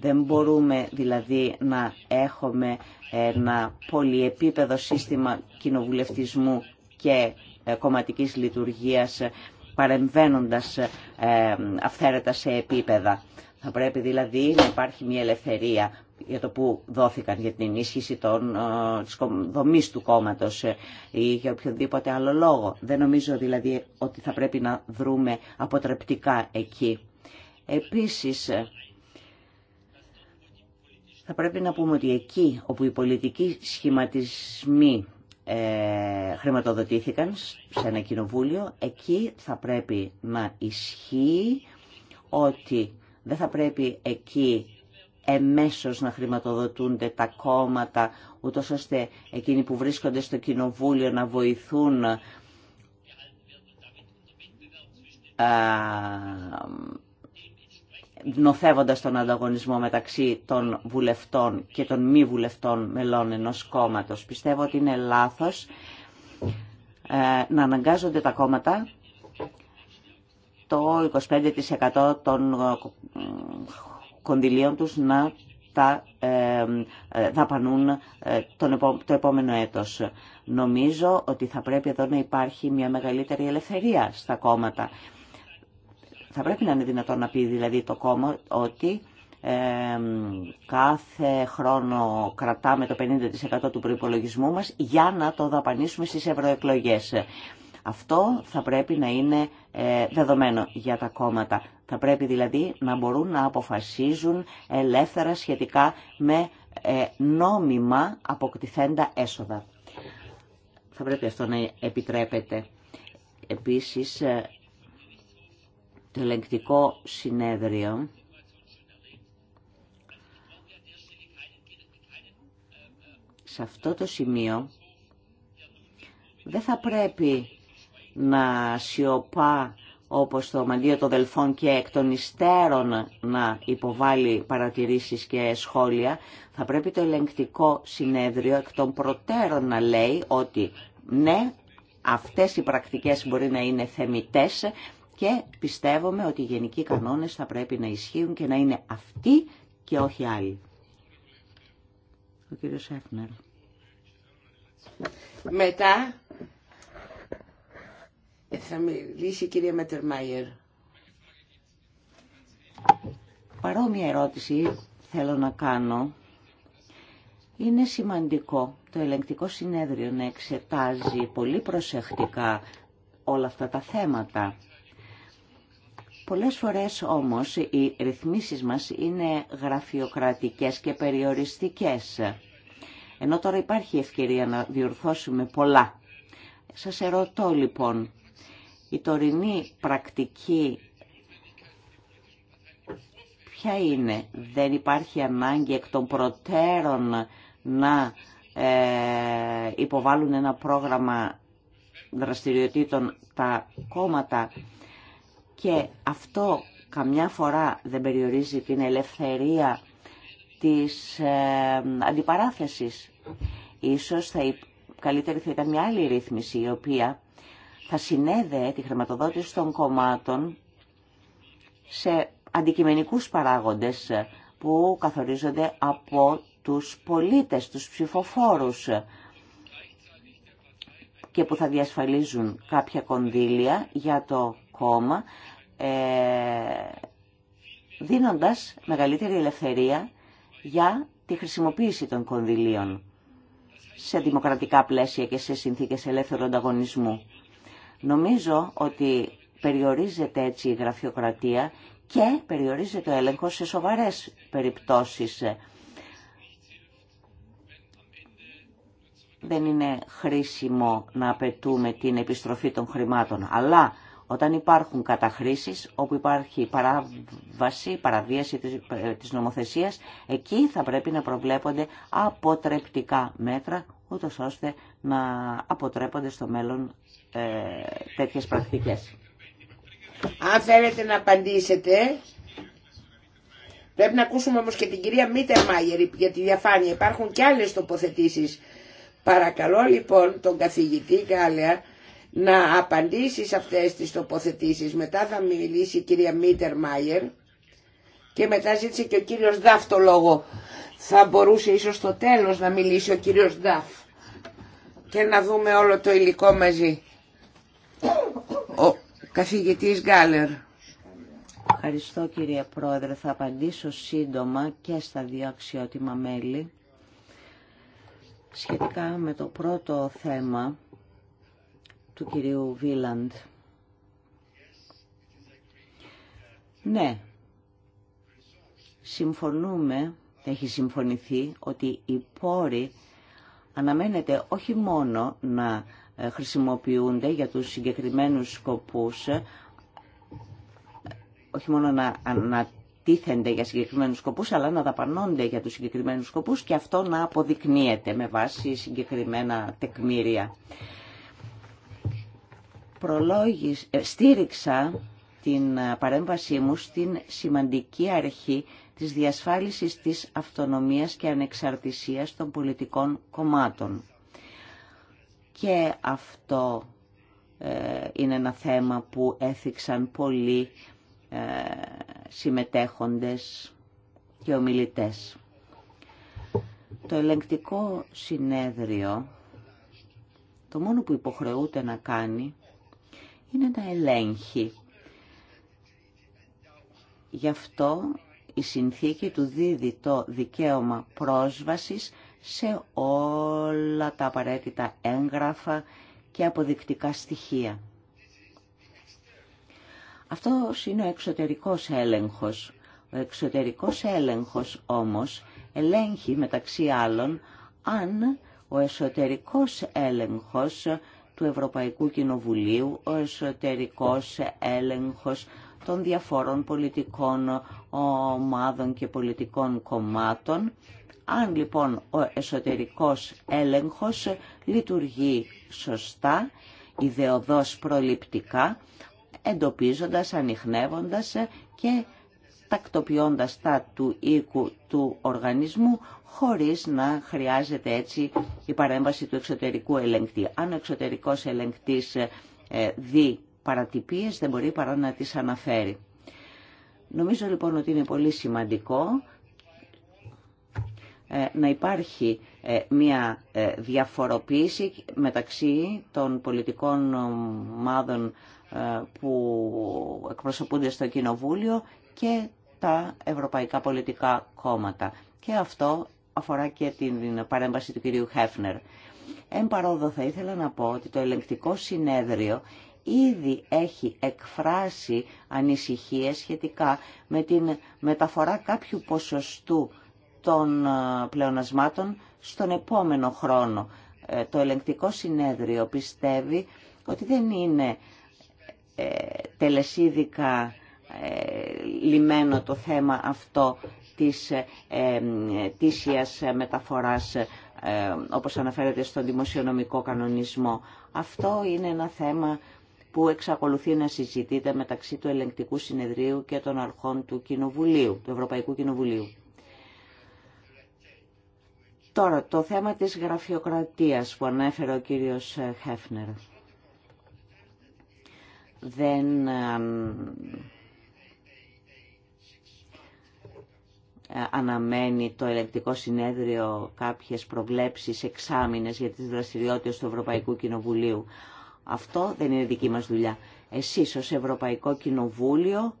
Δεν μπορούμε δηλαδή να έχουμε ένα πολυεπίπεδο σύστημα κοινοβουλευτισμού και ε, κομματικής λειτουργίας ε, παρεμβαίνοντας ε, αυθαίρετα σε επίπεδα. Θα πρέπει δηλαδή να υπάρχει μια ελευθερία για το που δόθηκαν για την ενίσχυση των, ε, της δομής του κόμματος ε, ή για οποιοδήποτε άλλο λόγο. Δεν νομίζω δηλαδή ότι θα πρέπει να δρούμε αποτρεπτικά εκεί. Επίσης, ε, θα πρέπει να πούμε ότι εκεί όπου οι πολιτικοί σχηματισμοί ε, χρηματοδοτήθηκαν σε ένα κοινοβούλιο, εκεί θα πρέπει να ισχύει ότι δεν θα πρέπει εκεί εμέσως να χρηματοδοτούνται τα κόμματα, ούτως ώστε εκείνοι που βρίσκονται στο κοινοβούλιο να βοηθούν νοθεύοντας τον ανταγωνισμό μεταξύ των βουλευτών και των μη βουλευτών μελών ενός κόμματος. Πιστεύω ότι είναι λάθος ε, να αναγκάζονται τα κόμματα το 25% των ε, κονδυλίων τους να τα ε, ε, δαπανούν ε, το επόμενο έτος. Νομίζω ότι θα πρέπει εδώ να υπάρχει μια μεγαλύτερη ελευθερία στα κόμματα. Θα πρέπει να είναι δυνατόν να πει δηλαδή το κόμμα ότι ε, κάθε χρόνο κρατάμε το 50% του προϋπολογισμού μας για να το δαπανίσουμε στις ευρωεκλογές. Αυτό θα πρέπει να είναι ε, δεδομένο για τα κόμματα. Θα πρέπει δηλαδή να μπορούν να αποφασίζουν ελεύθερα σχετικά με ε, νόμιμα αποκτηθέντα έσοδα. Θα πρέπει αυτό να επιτρέπεται. Επίσης, ε, το ελεγκτικό συνέδριο σε αυτό το σημείο δεν θα πρέπει να σιωπά όπως το Μαντίο των Δελφών και εκ των υστέρων να υποβάλει παρατηρήσεις και σχόλια, θα πρέπει το ελεγκτικό συνέδριο εκ των προτέρων να λέει ότι ναι, αυτές οι πρακτικές μπορεί να είναι θεμητές και πιστεύουμε ότι οι γενικοί κανόνες θα πρέπει να ισχύουν και να είναι αυτοί και όχι άλλοι. Ο κύριος Έφνερ. Μετά ε, θα μιλήσει η κυρία Μετερμάιερ. Παρόμοια ερώτηση θέλω να κάνω. Είναι σημαντικό το ελεγκτικό συνέδριο να εξετάζει πολύ προσεκτικά όλα αυτά τα θέματα. Πολλές φορές όμως οι ρυθμίσεις μας είναι γραφειοκρατικές και περιοριστικές. Ενώ τώρα υπάρχει ευκαιρία να διορθώσουμε πολλά. Σας ερωτώ λοιπόν, η τωρινή πρακτική ποια είναι. Δεν υπάρχει ανάγκη εκ των προτέρων να ε, υποβάλουν ένα πρόγραμμα δραστηριοτήτων τα κόμματα και αυτό καμιά φορά δεν περιορίζει την ελευθερία της ε, αντιπαράθεσης. Ίσως θα, καλύτερη θα ήταν μια άλλη ρύθμιση η οποία θα συνέδεε τη χρηματοδότηση των κομμάτων σε αντικειμενικούς παράγοντες που καθορίζονται από τους πολίτες, τους ψηφοφόρους και που θα διασφαλίζουν κάποια κονδύλια για το κόμμα ε, δίνοντας μεγαλύτερη ελευθερία για τη χρησιμοποίηση των κονδυλίων σε δημοκρατικά πλαίσια και σε συνθήκες ελεύθερου ανταγωνισμού. Νομίζω ότι περιορίζεται έτσι η γραφειοκρατία και περιορίζεται ο έλεγχο σε σοβαρές περιπτώσεις. Δεν είναι χρήσιμο να απαιτούμε την επιστροφή των χρημάτων, αλλά όταν υπάρχουν καταχρήσεις, όπου υπάρχει παράβαση, παραβίαση της ε, νομοθεσίας, εκεί θα πρέπει να προβλέπονται αποτρεπτικά μέτρα, ούτως ώστε να αποτρέπονται στο μέλλον ε, τέτοιες πρακτικές. Αν θέλετε να απαντήσετε, πρέπει να ακούσουμε όμως και την κυρία Μίτερ Μάγερ για τη διαφάνεια. Υπάρχουν και άλλες τοποθετήσεις. Παρακαλώ λοιπόν τον καθηγητή Γκάλεα να απαντήσει σε αυτές τις τοποθετήσεις. Μετά θα μιλήσει η κυρία Μίτερ Μάγερ και μετά ζήτησε και ο κύριος Νταφ το λόγο. Θα μπορούσε ίσως στο τέλος να μιλήσει ο κύριος δαφ και να δούμε όλο το υλικό μαζί. Καθηγητής Γκάλερ. Ευχαριστώ κύριε Πρόεδρε. Θα απαντήσω σύντομα και στα δύο αξιότιμα μέλη. Σχετικά με το πρώτο θέμα του κυρίου Βίλαντ. Ναι, συμφωνούμε, έχει συμφωνηθεί, ότι η πόροι αναμένεται όχι μόνο να ε, χρησιμοποιούνται για τους συγκεκριμένους σκοπούς, ε, όχι μόνο να ανατίθενται για συγκεκριμένους σκοπούς, αλλά να δαπανώνται για τους συγκεκριμένους σκοπούς και αυτό να αποδεικνύεται με βάση συγκεκριμένα τεκμήρια. Προλόγης, ε, στήριξα την παρέμβασή μου στην σημαντική αρχή της διασφάλισης της αυτονομίας και ανεξαρτησίας των πολιτικών κομμάτων. Και αυτό ε, είναι ένα θέμα που έθιξαν πολλοί ε, συμμετέχοντες και ομιλητές. Το ελεγκτικό συνέδριο, το μόνο που υποχρεούται να κάνει, είναι να ελέγχει. Γι' αυτό η συνθήκη του δίδει το δικαίωμα πρόσβασης σε όλα τα απαραίτητα έγγραφα και αποδεικτικά στοιχεία. Αυτό είναι ο εξωτερικός έλεγχος. Ο εξωτερικός έλεγχος όμως ελέγχει μεταξύ άλλων αν ο εσωτερικός έλεγχος του Ευρωπαϊκού Κοινοβουλίου, ο εσωτερικός έλεγχος των διαφόρων πολιτικών ομάδων και πολιτικών κομμάτων αν λοιπόν ο εσωτερικός έλεγχος λειτουργεί σωστά, ιδεοδός προληπτικά, εντοπίζοντας, ανοιχνεύοντας και τακτοποιώντας τα του οίκου του οργανισμού χωρίς να χρειάζεται έτσι η παρέμβαση του εξωτερικού ελεγκτή. Αν ο εξωτερικός ελεγκτής ε, δει παρατυπίες δεν μπορεί παρά να τις αναφέρει. Νομίζω λοιπόν ότι είναι πολύ σημαντικό ε, να υπάρχει ε, μια ε, διαφοροποίηση μεταξύ των πολιτικών ομάδων που εκπροσωπούνται στο Κοινοβούλιο και τα ευρωπαϊκά πολιτικά κόμματα. Και αυτό αφορά και την παρέμβαση του κυρίου Χέφνερ. Εν παρόδο θα ήθελα να πω ότι το ελεγκτικό συνέδριο ήδη έχει εκφράσει ανησυχίες σχετικά με την μεταφορά κάποιου ποσοστού των ε, πλεονασμάτων στον επόμενο χρόνο. Ε, το ελεγκτικό συνέδριο πιστεύει ότι δεν είναι ε, τελεσίδικα λιμένο το θέμα αυτό της τήσιας μεταφοράς όπως αναφέρεται στον δημοσιονομικό κανονισμό. Αυτό είναι ένα θέμα που εξακολουθεί να συζητείται μεταξύ του Ελεγκτικού Συνεδρίου και των αρχών του Κοινοβουλίου, του Ευρωπαϊκού Κοινοβουλίου. Τώρα, το θέμα της γραφειοκρατίας που ανέφερε ο κύριος ε, Χέφνερ. Δεν ε, αναμένει το ελεκτικό συνέδριο κάποιες προβλέψεις εξάμηνες για τις δραστηριότητες του Ευρωπαϊκού Κοινοβουλίου. Αυτό δεν είναι δική μας δουλειά. Εσείς ως Ευρωπαϊκό Κοινοβούλιο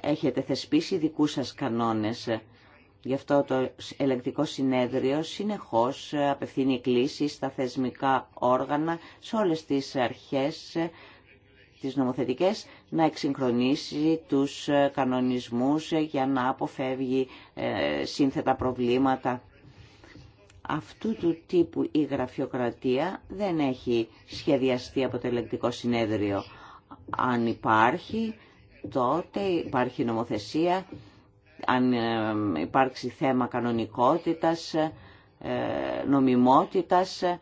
έχετε θεσπίσει δικούς σας κανόνες Γι' αυτό το ελεγκτικό συνέδριο συνεχώς απευθύνει κλήσεις στα θεσμικά όργανα, σε όλες τις αρχές, τις νομοθετικές, να εξυγχρονίσει τους κανονισμούς για να αποφεύγει ε, σύνθετα προβλήματα. Αυτού του τύπου η γραφειοκρατία δεν έχει σχεδιαστεί από το ελεγκτικό συνέδριο. Αν υπάρχει, τότε υπάρχει νομοθεσία αν ε, υπάρξει θέμα κανονικότητας, ε, νομιμότητας, ε,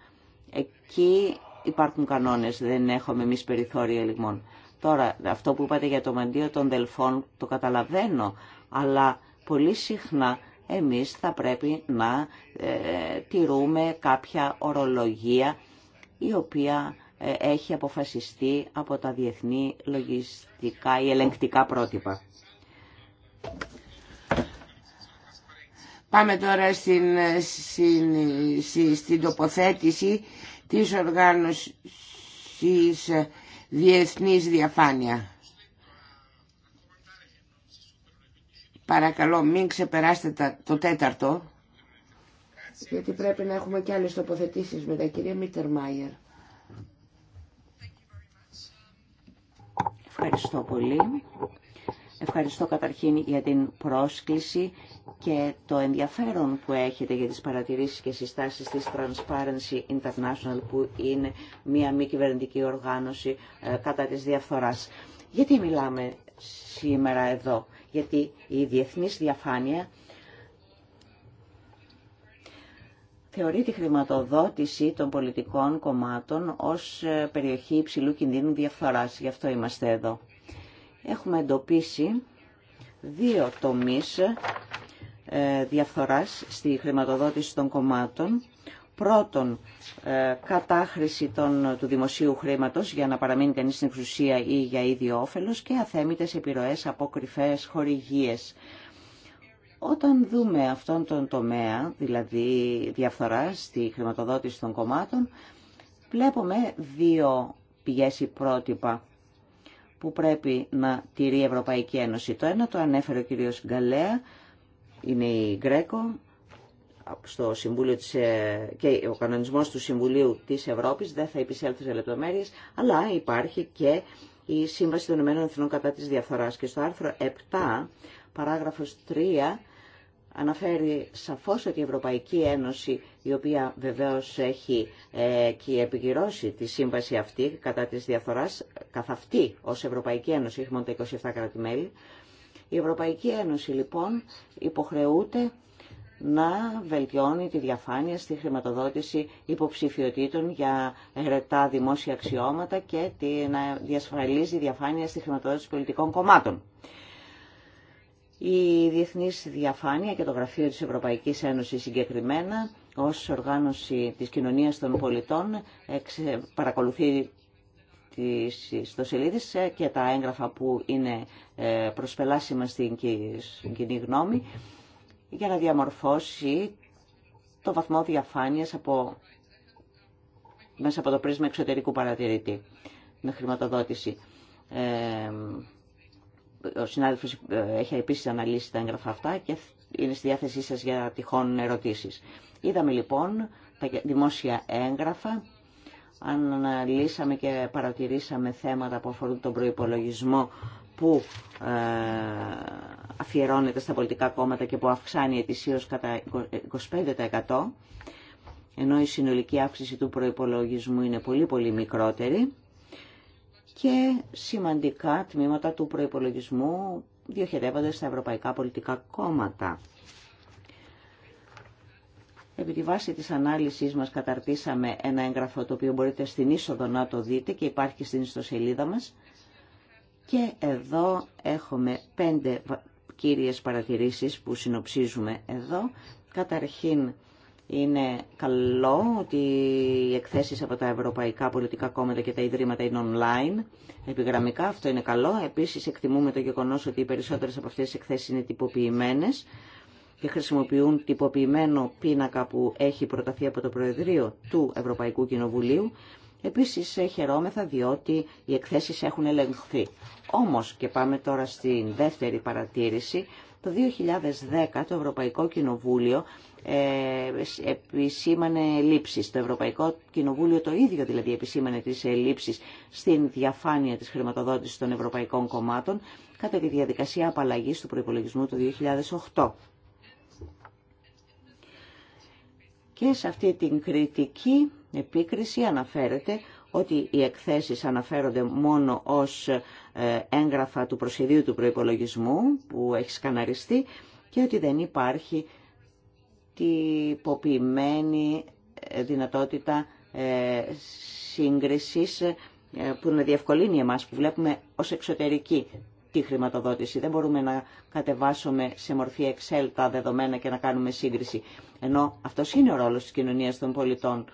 εκεί υπάρχουν κανόνες, δεν έχουμε εμεί περιθώρια λιγμών. Τώρα, αυτό που είπατε για το μαντίο των δελφών το καταλαβαίνω, αλλά πολύ συχνά εμείς θα πρέπει να ε, τηρούμε κάποια ορολογία η οποία έχει αποφασιστεί από τα διεθνή λογιστικά ή ελεγκτικά πρότυπα. Πάμε τώρα στην, στην, στην τοποθέτηση της οργάνωσης διεθνής διαφάνεια. Παρακαλώ μην ξεπεράσετε το τέταρτο, γιατί πρέπει να έχουμε και άλλες τοποθετήσεις με τα κυρία Μίτερ Μάιερ. Ευχαριστώ πολύ. Ευχαριστώ καταρχήν για την πρόσκληση και το ενδιαφέρον που έχετε για τις παρατηρήσεις και συστάσεις της Transparency International που είναι μια μη κυβερνητική οργάνωση ε, κατά της διαφθοράς. Γιατί μιλάμε σήμερα εδώ, γιατί η διεθνής διαφάνεια θεωρεί τη χρηματοδότηση των πολιτικών κομμάτων ως ε, περιοχή υψηλού κινδύνου διαφθοράς. Γι' αυτό είμαστε εδώ έχουμε εντοπίσει δύο τομείς ε, διαφθοράς στη χρηματοδότηση των κομμάτων. Πρώτον, ε, κατάχρηση των, του δημοσίου χρήματος για να παραμείνει κανείς στην εξουσία ή για ίδιο όφελος και αθέμητες επιρροές από κρυφές χορηγίες. Όταν δούμε αυτόν τον τομέα, δηλαδή διαφθορά στη χρηματοδότηση των κομμάτων, βλέπουμε δύο πηγές ή πρότυπα που πρέπει να τηρεί η Ευρωπαϊκή Ένωση. Το ένα το ανέφερε ο κύριος Γκαλέα, είναι η Γκρέκο, στο Συμβούλιο της, ε, και ο κανονισμός του Συμβουλίου της Ευρώπης, δεν θα επισέλθω σε λεπτομέρειες, αλλά υπάρχει και η Σύμβαση των Ηνωμένων Εθνών κατά της Διαφθοράς. Και στο άρθρο 7, παράγραφος 3, αναφέρει σαφώς ότι η Ευρωπαϊκή Ένωση, η οποία βεβαίως έχει ε, και επικυρώσει τη σύμβαση αυτή κατά της διαφοράς, καθ' αυτή ως Ευρωπαϊκή Ένωση, έχει μόνο τα 27 κρατη η Ευρωπαϊκή Ένωση λοιπόν υποχρεούται να βελτιώνει τη διαφάνεια στη χρηματοδότηση υποψηφιωτήτων για ερετά δημόσια αξιώματα και να διασφαλίζει διαφάνεια στη χρηματοδότηση πολιτικών κομμάτων. Η Διεθνής Διαφάνεια και το Γραφείο της Ευρωπαϊκής Ένωσης συγκεκριμένα ως οργάνωση της κοινωνίας των πολιτών παρακολουθεί τις ιστοσελίδες ε, και τα έγγραφα που είναι ε, προσπελάσιμα στην κοινή γνώμη για να διαμορφώσει το βαθμό διαφάνειας από, μέσα από το πρίσμα εξωτερικού παρατηρητή με χρηματοδότηση. Ε, ο συνάδελφος ε, έχει επίση αναλύσει τα έγγραφα αυτά και είναι στη διάθεσή σας για τυχόν ερωτήσεις. Είδαμε λοιπόν τα δημόσια έγγραφα, αναλύσαμε και παρατηρήσαμε θέματα που αφορούν τον προϋπολογισμό που ε, αφιερώνεται στα πολιτικά κόμματα και που αυξάνει ετησίως κατά 25%, ενώ η συνολική αύξηση του προπολογισμού είναι πολύ πολύ μικρότερη και σημαντικά τμήματα του προϋπολογισμού διοχετεύονται στα ευρωπαϊκά πολιτικά κόμματα. Επί τη βάση της ανάλυσης μας καταρτήσαμε ένα έγγραφο το οποίο μπορείτε στην είσοδο να το δείτε και υπάρχει στην ιστοσελίδα μας. Και εδώ έχουμε πέντε κύριες παρατηρήσεις που συνοψίζουμε εδώ. Καταρχήν, είναι καλό ότι οι εκθέσεις από τα ευρωπαϊκά πολιτικά κόμματα και τα ιδρύματα είναι online, επιγραμμικά, αυτό είναι καλό. Επίσης εκτιμούμε το γεγονός ότι οι περισσότερες από αυτές τις εκθέσεις είναι τυποποιημένες και χρησιμοποιούν τυποποιημένο πίνακα που έχει προταθεί από το Προεδρείο του Ευρωπαϊκού Κοινοβουλίου. Επίσης χαιρόμεθα διότι οι εκθέσεις έχουν ελεγχθεί. Όμως, και πάμε τώρα στην δεύτερη παρατήρηση, το 2010 το Ευρωπαϊκό Κοινοβούλιο ε, επισήμανε λήψεις. Το Ευρωπαϊκό Κοινοβούλιο το ίδιο δηλαδή επισήμανε τις ε, λήψεις στην διαφάνεια της χρηματοδότησης των ευρωπαϊκών κομμάτων κατά τη διαδικασία απαλλαγής του προϋπολογισμού του 2008. Και σε αυτή την κριτική επίκριση αναφέρεται ότι οι εκθέσεις αναφέρονται μόνο ως ε, έγγραφα του προσχεδίου του προϋπολογισμού που έχει σκαναριστεί και ότι δεν υπάρχει τυποποιημένη δυνατότητα ε, σύγκρισης ε, που να διευκολύνει εμάς που βλέπουμε ως εξωτερική τη χρηματοδότηση. Δεν μπορούμε να κατεβάσουμε σε μορφή Excel τα δεδομένα και να κάνουμε σύγκριση. Ενώ αυτός είναι ο ρόλος της κοινωνίας των πολιτών.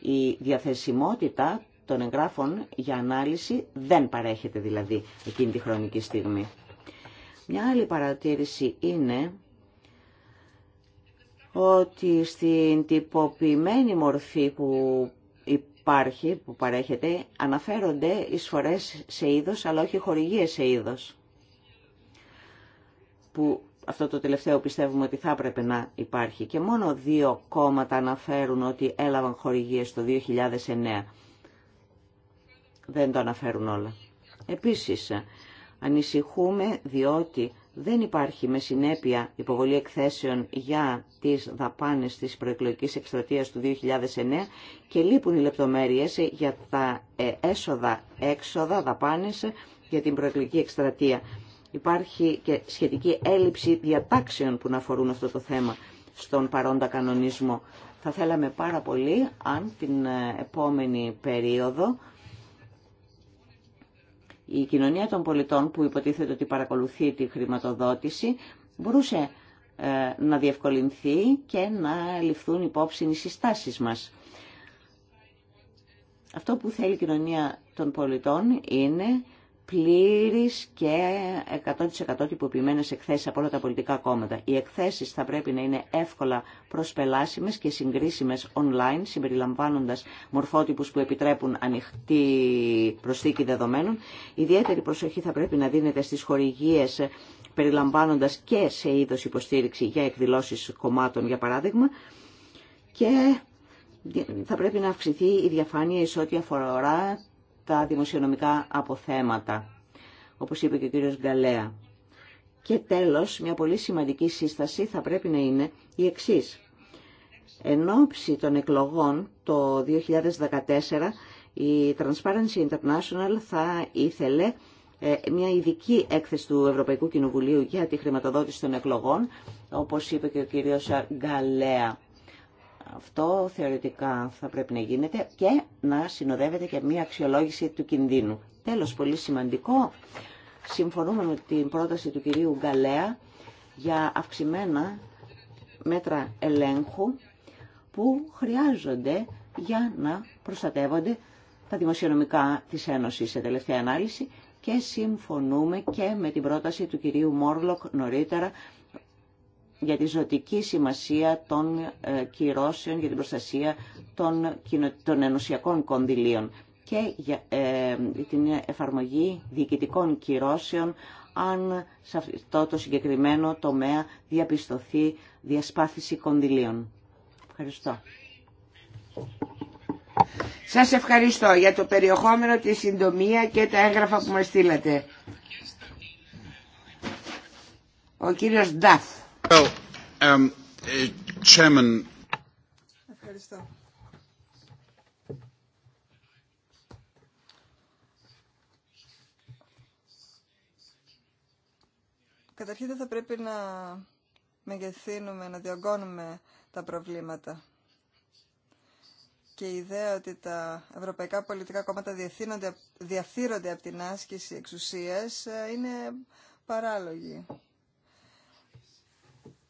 Η διαθεσιμότητα των εγγράφων για ανάλυση δεν παρέχεται δηλαδή εκείνη τη χρονική στιγμή. Μια άλλη παρατήρηση είναι ότι στην τυποποιημένη μορφή που υπάρχει, που παρέχεται, αναφέρονται εισφορές σε είδος, αλλά όχι χορηγίες σε είδος. Που αυτό το τελευταίο πιστεύουμε ότι θα έπρεπε να υπάρχει. Και μόνο δύο κόμματα αναφέρουν ότι έλαβαν χορηγίες το 2009. Δεν το αναφέρουν όλα. Επίσης, ανησυχούμε διότι δεν υπάρχει με συνέπεια υποβολή εκθέσεων για τις δαπάνες της προεκλογικής εκστρατείας του 2009 και λείπουν οι λεπτομέρειες για τα ε, έσοδα-έξοδα δαπάνες για την προεκλογική εκστρατεία. Υπάρχει και σχετική έλλειψη διατάξεων που να αφορούν αυτό το θέμα στον παρόντα κανονισμό. Θα θέλαμε πάρα πολύ αν την ε, επόμενη περίοδο η κοινωνία των πολιτών που υποτίθεται ότι παρακολουθεί τη χρηματοδότηση μπορούσε ε, να διευκολυνθεί και να ληφθούν υπόψη οι συστάσεις μας. Αυτό που θέλει η κοινωνία των πολιτών είναι πλήρης και 100% τυποποιημένες εκθέσεις από όλα τα πολιτικά κόμματα. Οι εκθέσεις θα πρέπει να είναι εύκολα προσπελάσιμες και συγκρίσιμες online, συμπεριλαμβάνοντας μορφότυπους που επιτρέπουν ανοιχτή προσθήκη δεδομένων. Ιδιαίτερη προσοχή θα πρέπει να δίνεται στις χορηγίες περιλαμβάνοντας και σε είδος υποστήριξη για εκδηλώσεις κομμάτων, για παράδειγμα, και θα πρέπει να αυξηθεί η διαφάνεια σε ό,τι αφορά τα δημοσιονομικά αποθέματα, όπως είπε και ο κύριος Γκαλέα. Και τέλος, μια πολύ σημαντική σύσταση θα πρέπει να είναι η εξής. Εν ώψη των εκλογών το 2014, η Transparency International θα ήθελε ε, μια ειδική έκθεση του Ευρωπαϊκού Κοινοβουλίου για τη χρηματοδότηση των εκλογών, όπως είπε και ο κύριος Γκαλέα. Αυτό θεωρητικά θα πρέπει να γίνεται και να συνοδεύεται και μια αξιολόγηση του κινδύνου. Τέλος, πολύ σημαντικό, συμφωνούμε με την πρόταση του κυρίου Γκαλέα για αυξημένα μέτρα ελέγχου που χρειάζονται για να προστατεύονται τα δημοσιονομικά της Ένωσης σε τελευταία ανάλυση και συμφωνούμε και με την πρόταση του κυρίου Μόρλοκ νωρίτερα για τη ζωτική σημασία των ε, κυρώσεων για την προστασία των, των ενωσιακών κονδυλίων και για ε, την εφαρμογή διοικητικών κυρώσεων αν σε αυτό το συγκεκριμένο τομέα διαπιστωθεί διασπάθηση κονδυλίων. Ευχαριστώ. Σας ευχαριστώ για το περιεχόμενο, τη συντομία και τα έγγραφα που μας στείλατε. Ο κύριος Νταφ. Um, uh, Καταρχήν δεν θα πρέπει να μεγεθύνουμε, να διωγγώνουμε τα προβλήματα. Και η ιδέα ότι τα ευρωπαϊκά πολιτικά κόμματα διαφύρονται από την άσκηση εξουσίας ε, είναι παράλογη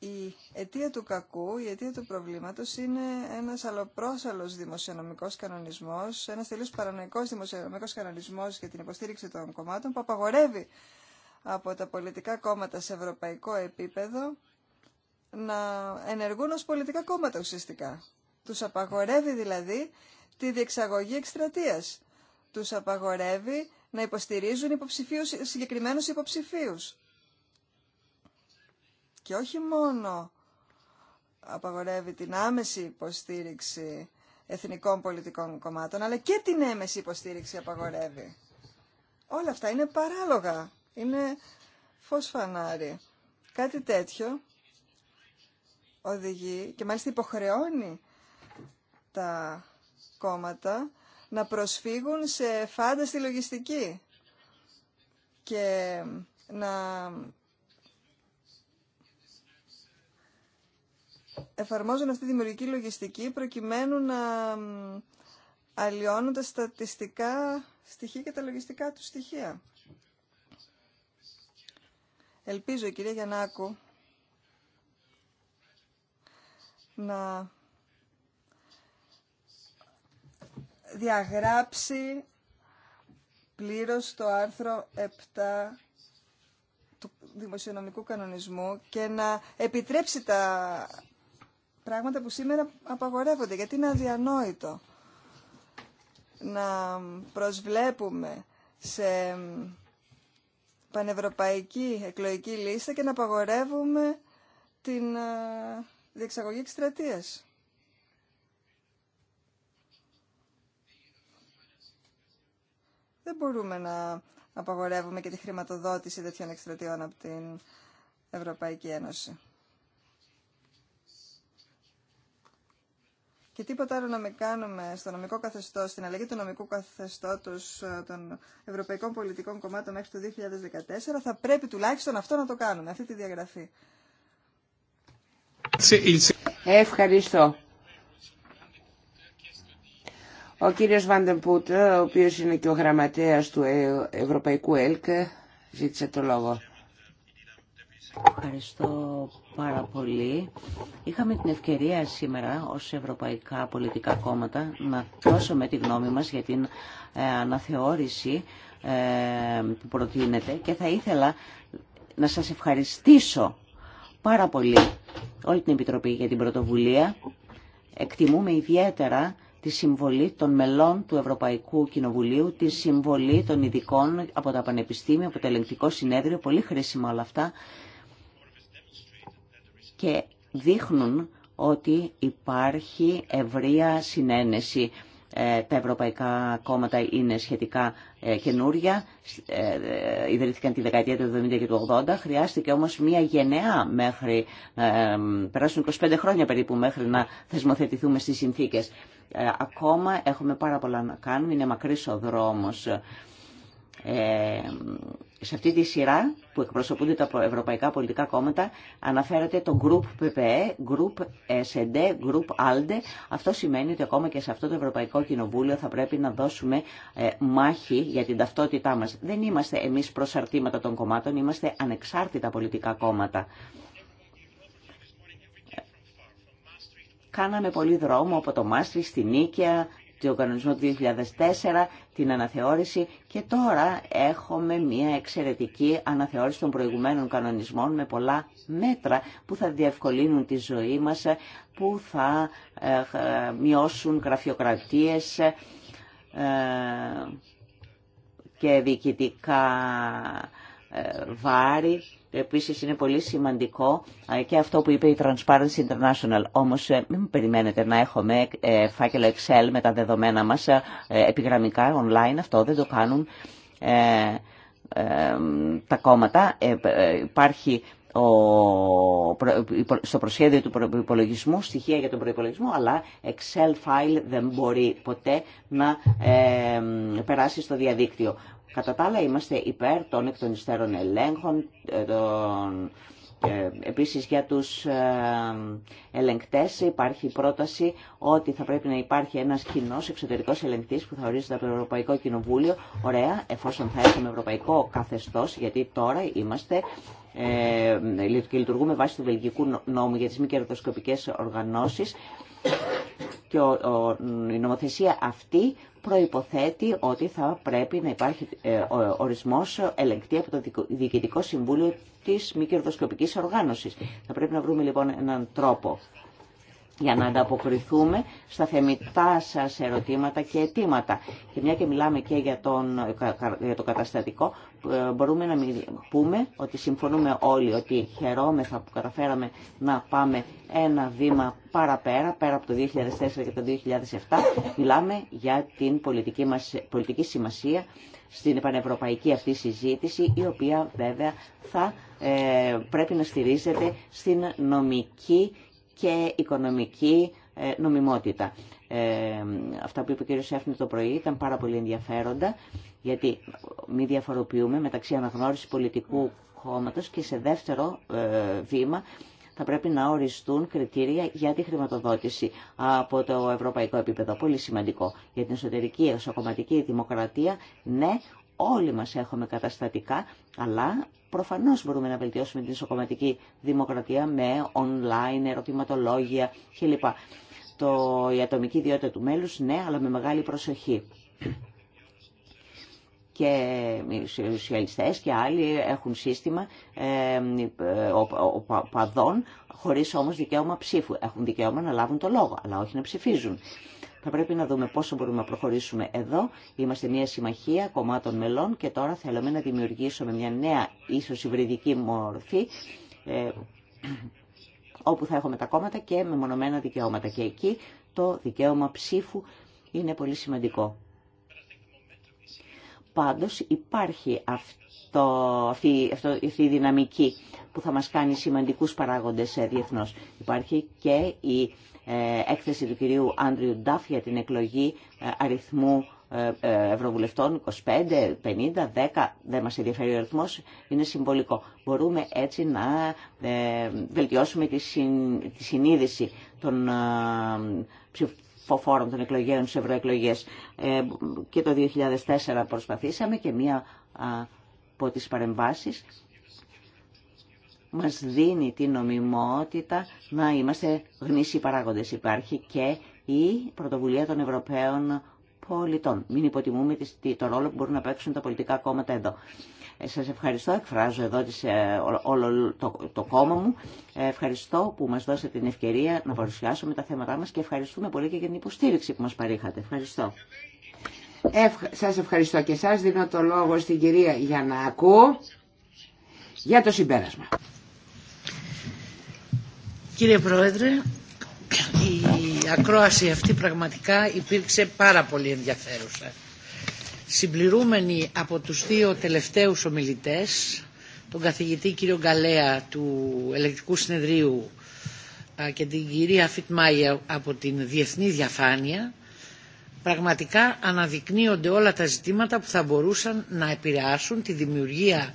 η αιτία του κακού, η αιτία του προβλήματος είναι ένας αλλοπρόσαλος δημοσιονομικός κανονισμός, ένας τελείως παρανοϊκός δημοσιονομικός κανονισμός για την υποστήριξη των κομμάτων που απαγορεύει από τα πολιτικά κόμματα σε ευρωπαϊκό επίπεδο να ενεργούν ως πολιτικά κόμματα ουσιαστικά. Τους απαγορεύει δηλαδή τη διεξαγωγή εκστρατεία. Τους απαγορεύει να υποστηρίζουν υποψηφίους, συγκεκριμένους υποψηφίους και όχι μόνο απαγορεύει την άμεση υποστήριξη εθνικών πολιτικών κομμάτων, αλλά και την έμεση υποστήριξη απαγορεύει. Όλα αυτά είναι παράλογα, είναι φως φανάρι. Κάτι τέτοιο οδηγεί και μάλιστα υποχρεώνει τα κόμματα να προσφύγουν σε φάνταστη λογιστική και να εφαρμόζουν αυτή τη δημιουργική λογιστική προκειμένου να αλλοιώνουν τα στατιστικά στοιχεία και τα λογιστικά του στοιχεία. Ελπίζω, η κυρία Γιαννάκου, να διαγράψει πλήρως το άρθρο 7 του δημοσιονομικού κανονισμού και να επιτρέψει τα Πράγματα που σήμερα απαγορεύονται, γιατί είναι αδιανόητο να προσβλέπουμε σε πανευρωπαϊκή εκλογική λίστα και να απαγορεύουμε την ε, διεξαγωγή εξτρατείας. Δεν μπορούμε να απαγορεύουμε και τη χρηματοδότηση τέτοιων εξτρατείων από την Ευρωπαϊκή Ένωση. Και τίποτα άλλο να μην κάνουμε στο νομικό καθεστώ, στην αλλαγή του νομικού καθεστώτο ε, των ευρωπαϊκών πολιτικών κομμάτων μέχρι το 2014, θα πρέπει τουλάχιστον αυτό να το κάνουμε, αυτή τη διαγραφή. Ευχαριστώ. Ο κύριος Βαντεμπούτ, ο οποίος είναι και ο γραμματέας του ε- Ευρωπαϊκού ΕΛΚ, ζήτησε το λόγο. Ευχαριστώ πάρα πολύ. Είχαμε την ευκαιρία σήμερα ως ευρωπαϊκά πολιτικά κόμματα να δώσουμε τη γνώμη μας για την ε, αναθεώρηση ε, που προτείνεται και θα ήθελα να σας ευχαριστήσω πάρα πολύ όλη την Επιτροπή για την πρωτοβουλία. Εκτιμούμε ιδιαίτερα τη συμβολή των μελών του Ευρωπαϊκού Κοινοβουλίου, τη συμβολή των ειδικών από τα πανεπιστήμια, από το ελεγκτικό συνέδριο, πολύ χρήσιμα όλα αυτά, και δείχνουν ότι υπάρχει ευρεία συνένεση. Ε, τα ευρωπαϊκά κόμματα είναι σχετικά ε, καινούρια, ε, ιδρύθηκαν τη δεκαετία του 70 και του 80, χρειάστηκε όμως μια γενεά μέχρι, περάσουν 25 χρόνια περίπου μέχρι να θεσμοθετηθούμε στις συνθήκες. Ακόμα έχουμε πάρα πολλά να κάνουμε, είναι μακρύς ο δρόμος. Ε, σε αυτή τη σειρά που εκπροσωπούνται τα ευρωπαϊκά πολιτικά κόμματα αναφέρεται το Group PPE, Group SD, Group ALDE. Αυτό σημαίνει ότι ακόμα και σε αυτό το Ευρωπαϊκό Κοινοβούλιο θα πρέπει να δώσουμε ε, μάχη για την ταυτότητά μας. Δεν είμαστε εμείς προσαρτήματα των κομμάτων, είμαστε ανεξάρτητα πολιτικά κόμματα. Κάναμε πολύ δρόμο από το Μάστρι στη Νίκαια, του κανονισμό του 2004, την αναθεώρηση και τώρα έχουμε μια εξαιρετική αναθεώρηση των προηγουμένων κανονισμών με πολλά μέτρα που θα διευκολύνουν τη ζωή μας, που θα ε, μειώσουν γραφειοκρατίες ε, και διοικητικά ε, βάρη Επίσης είναι πολύ σημαντικό και αυτό που είπε η Transparency International. Όμως ε, μην περιμένετε να έχουμε ε, φάκελο Excel με τα δεδομένα μας ε, επιγραμμικά online. Αυτό δεν το κάνουν τα κόμματα. Υπάρχει στο προσχέδιο του προπολογισμού, στοιχεία για τον προπολογισμό, αλλά Excel file δεν μπορεί ποτέ να περάσει στο διαδίκτυο. Κατά τα άλλα είμαστε υπέρ των εκ των ελέγχων, ε, των... Ε, επίσης για τους ε, ελεγκτές υπάρχει πρόταση ότι θα πρέπει να υπάρχει ένας κοινό εξωτερικός ελεγκτής που θα ορίζεται από το Ευρωπαϊκό Κοινοβούλιο. Ωραία, εφόσον θα έχουμε ευρωπαϊκό καθεστώς, γιατί τώρα είμαστε ε, λειτουργούμε βάσει του βελγικού νόμου για τις μη κερδοσκοπικές οργανώσεις και η νομοθεσία αυτή προϋποθέτει ότι θα πρέπει να υπάρχει ε, ορισμός ελεγκτή από το Διοικητικό Συμβούλιο της Μη Κερδοσκοπικής Οργάνωσης. Θα πρέπει να βρούμε λοιπόν έναν τρόπο για να ανταποκριθούμε στα θεμητά σα ερωτήματα και αιτήματα. Και μια και μιλάμε και για, τον, για το καταστατικό, μπορούμε να πούμε ότι συμφωνούμε όλοι ότι χαιρόμεθα που καταφέραμε να πάμε ένα βήμα παραπέρα, πέρα από το 2004 και το 2007. Μιλάμε για την πολιτική, μας, πολιτική σημασία στην πανευρωπαϊκή αυτή συζήτηση, η οποία βέβαια θα ε, πρέπει να στηρίζεται στην νομική και οικονομική ε, νομιμότητα. Ε, αυτά που είπε ο κ. Σέφνη το πρωί ήταν πάρα πολύ ενδιαφέροντα, γιατί μη διαφοροποιούμε μεταξύ αναγνώρισης πολιτικού κόμματος και σε δεύτερο ε, βήμα θα πρέπει να οριστούν κριτήρια για τη χρηματοδότηση από το ευρωπαϊκό επίπεδο. Πολύ σημαντικό για την εσωτερική εσωκομματική δημοκρατία. Ναι, Όλοι μας έχουμε καταστατικά, αλλά προφανώς μπορούμε να βελτιώσουμε την ισοκομματική δημοκρατία με online ερωτηματολόγια κλπ. Το, η ατομική ιδιότητα του μέλους, ναι, αλλά με μεγάλη προσοχή. Και οι σοσιαλιστές και άλλοι έχουν σύστημα ε, οπαδών, χωρίς όμως δικαίωμα ψήφου. Έχουν δικαίωμα να λάβουν το λόγο, αλλά όχι να ψηφίζουν. Θα πρέπει να δούμε πόσο μπορούμε να προχωρήσουμε εδώ. Είμαστε μια συμμαχία κομμάτων μελών και τώρα θέλουμε να δημιουργήσουμε μια νέα ίσως υβριδική μορφή ε, όπου θα έχουμε τα κόμματα και μονομενά δικαιώματα. Και εκεί το δικαίωμα ψήφου είναι πολύ σημαντικό. Πάντως υπάρχει αυτή, αυτό, αυτή η δυναμική που θα μας κάνει σημαντικούς παράγοντες ε, διεθνώς. Υπάρχει και η ε, έκθεση του κυρίου Άντριου Ντάφ για την εκλογή ε, αριθμού ε, ευρωβουλευτών, 25, 50, 10, δεν μας ενδιαφέρει ο αριθμός, είναι συμβολικό. Μπορούμε έτσι να βελτιώσουμε τη συνείδηση των ψηφοφόρων των εκλογέων σε ευρωεκλογές. Και το 2004 προσπαθήσαμε και μία από τις παρεμβάσεις μας δίνει την νομιμότητα να είμαστε γνήσιοι παράγοντες. Υπάρχει και η πρωτοβουλία των Ευρωπαίων πολιτών. Μην υποτιμούμε το ρόλο που μπορούν να παίξουν τα πολιτικά κόμματα εδώ. Ε, σας ευχαριστώ, εκφράζω εδώ ε, όλο το, το κόμμα μου. Ε, ευχαριστώ που μας δώσατε την ευκαιρία να παρουσιάσουμε τα θέματά μας και ευχαριστούμε πολύ και για την υποστήριξη που μας παρήχατε. Ευχαριστώ. Ευχ, σας ευχαριστώ και σας δίνω το λόγο στην κυρία Γιαννάκου για το συμπέρασμα. Κύριε Πρόεδρε, η ακρόαση αυτή πραγματικά υπήρξε πάρα πολύ ενδιαφέρουσα. Συμπληρούμενη από τους δύο τελευταίους ομιλητές, τον καθηγητή κύριο Γκαλέα του Ελεκτικού Συνεδρίου και την κυρία Φιτμάγια από την Διεθνή Διαφάνεια, πραγματικά αναδεικνύονται όλα τα ζητήματα που θα μπορούσαν να επηρεάσουν τη δημιουργία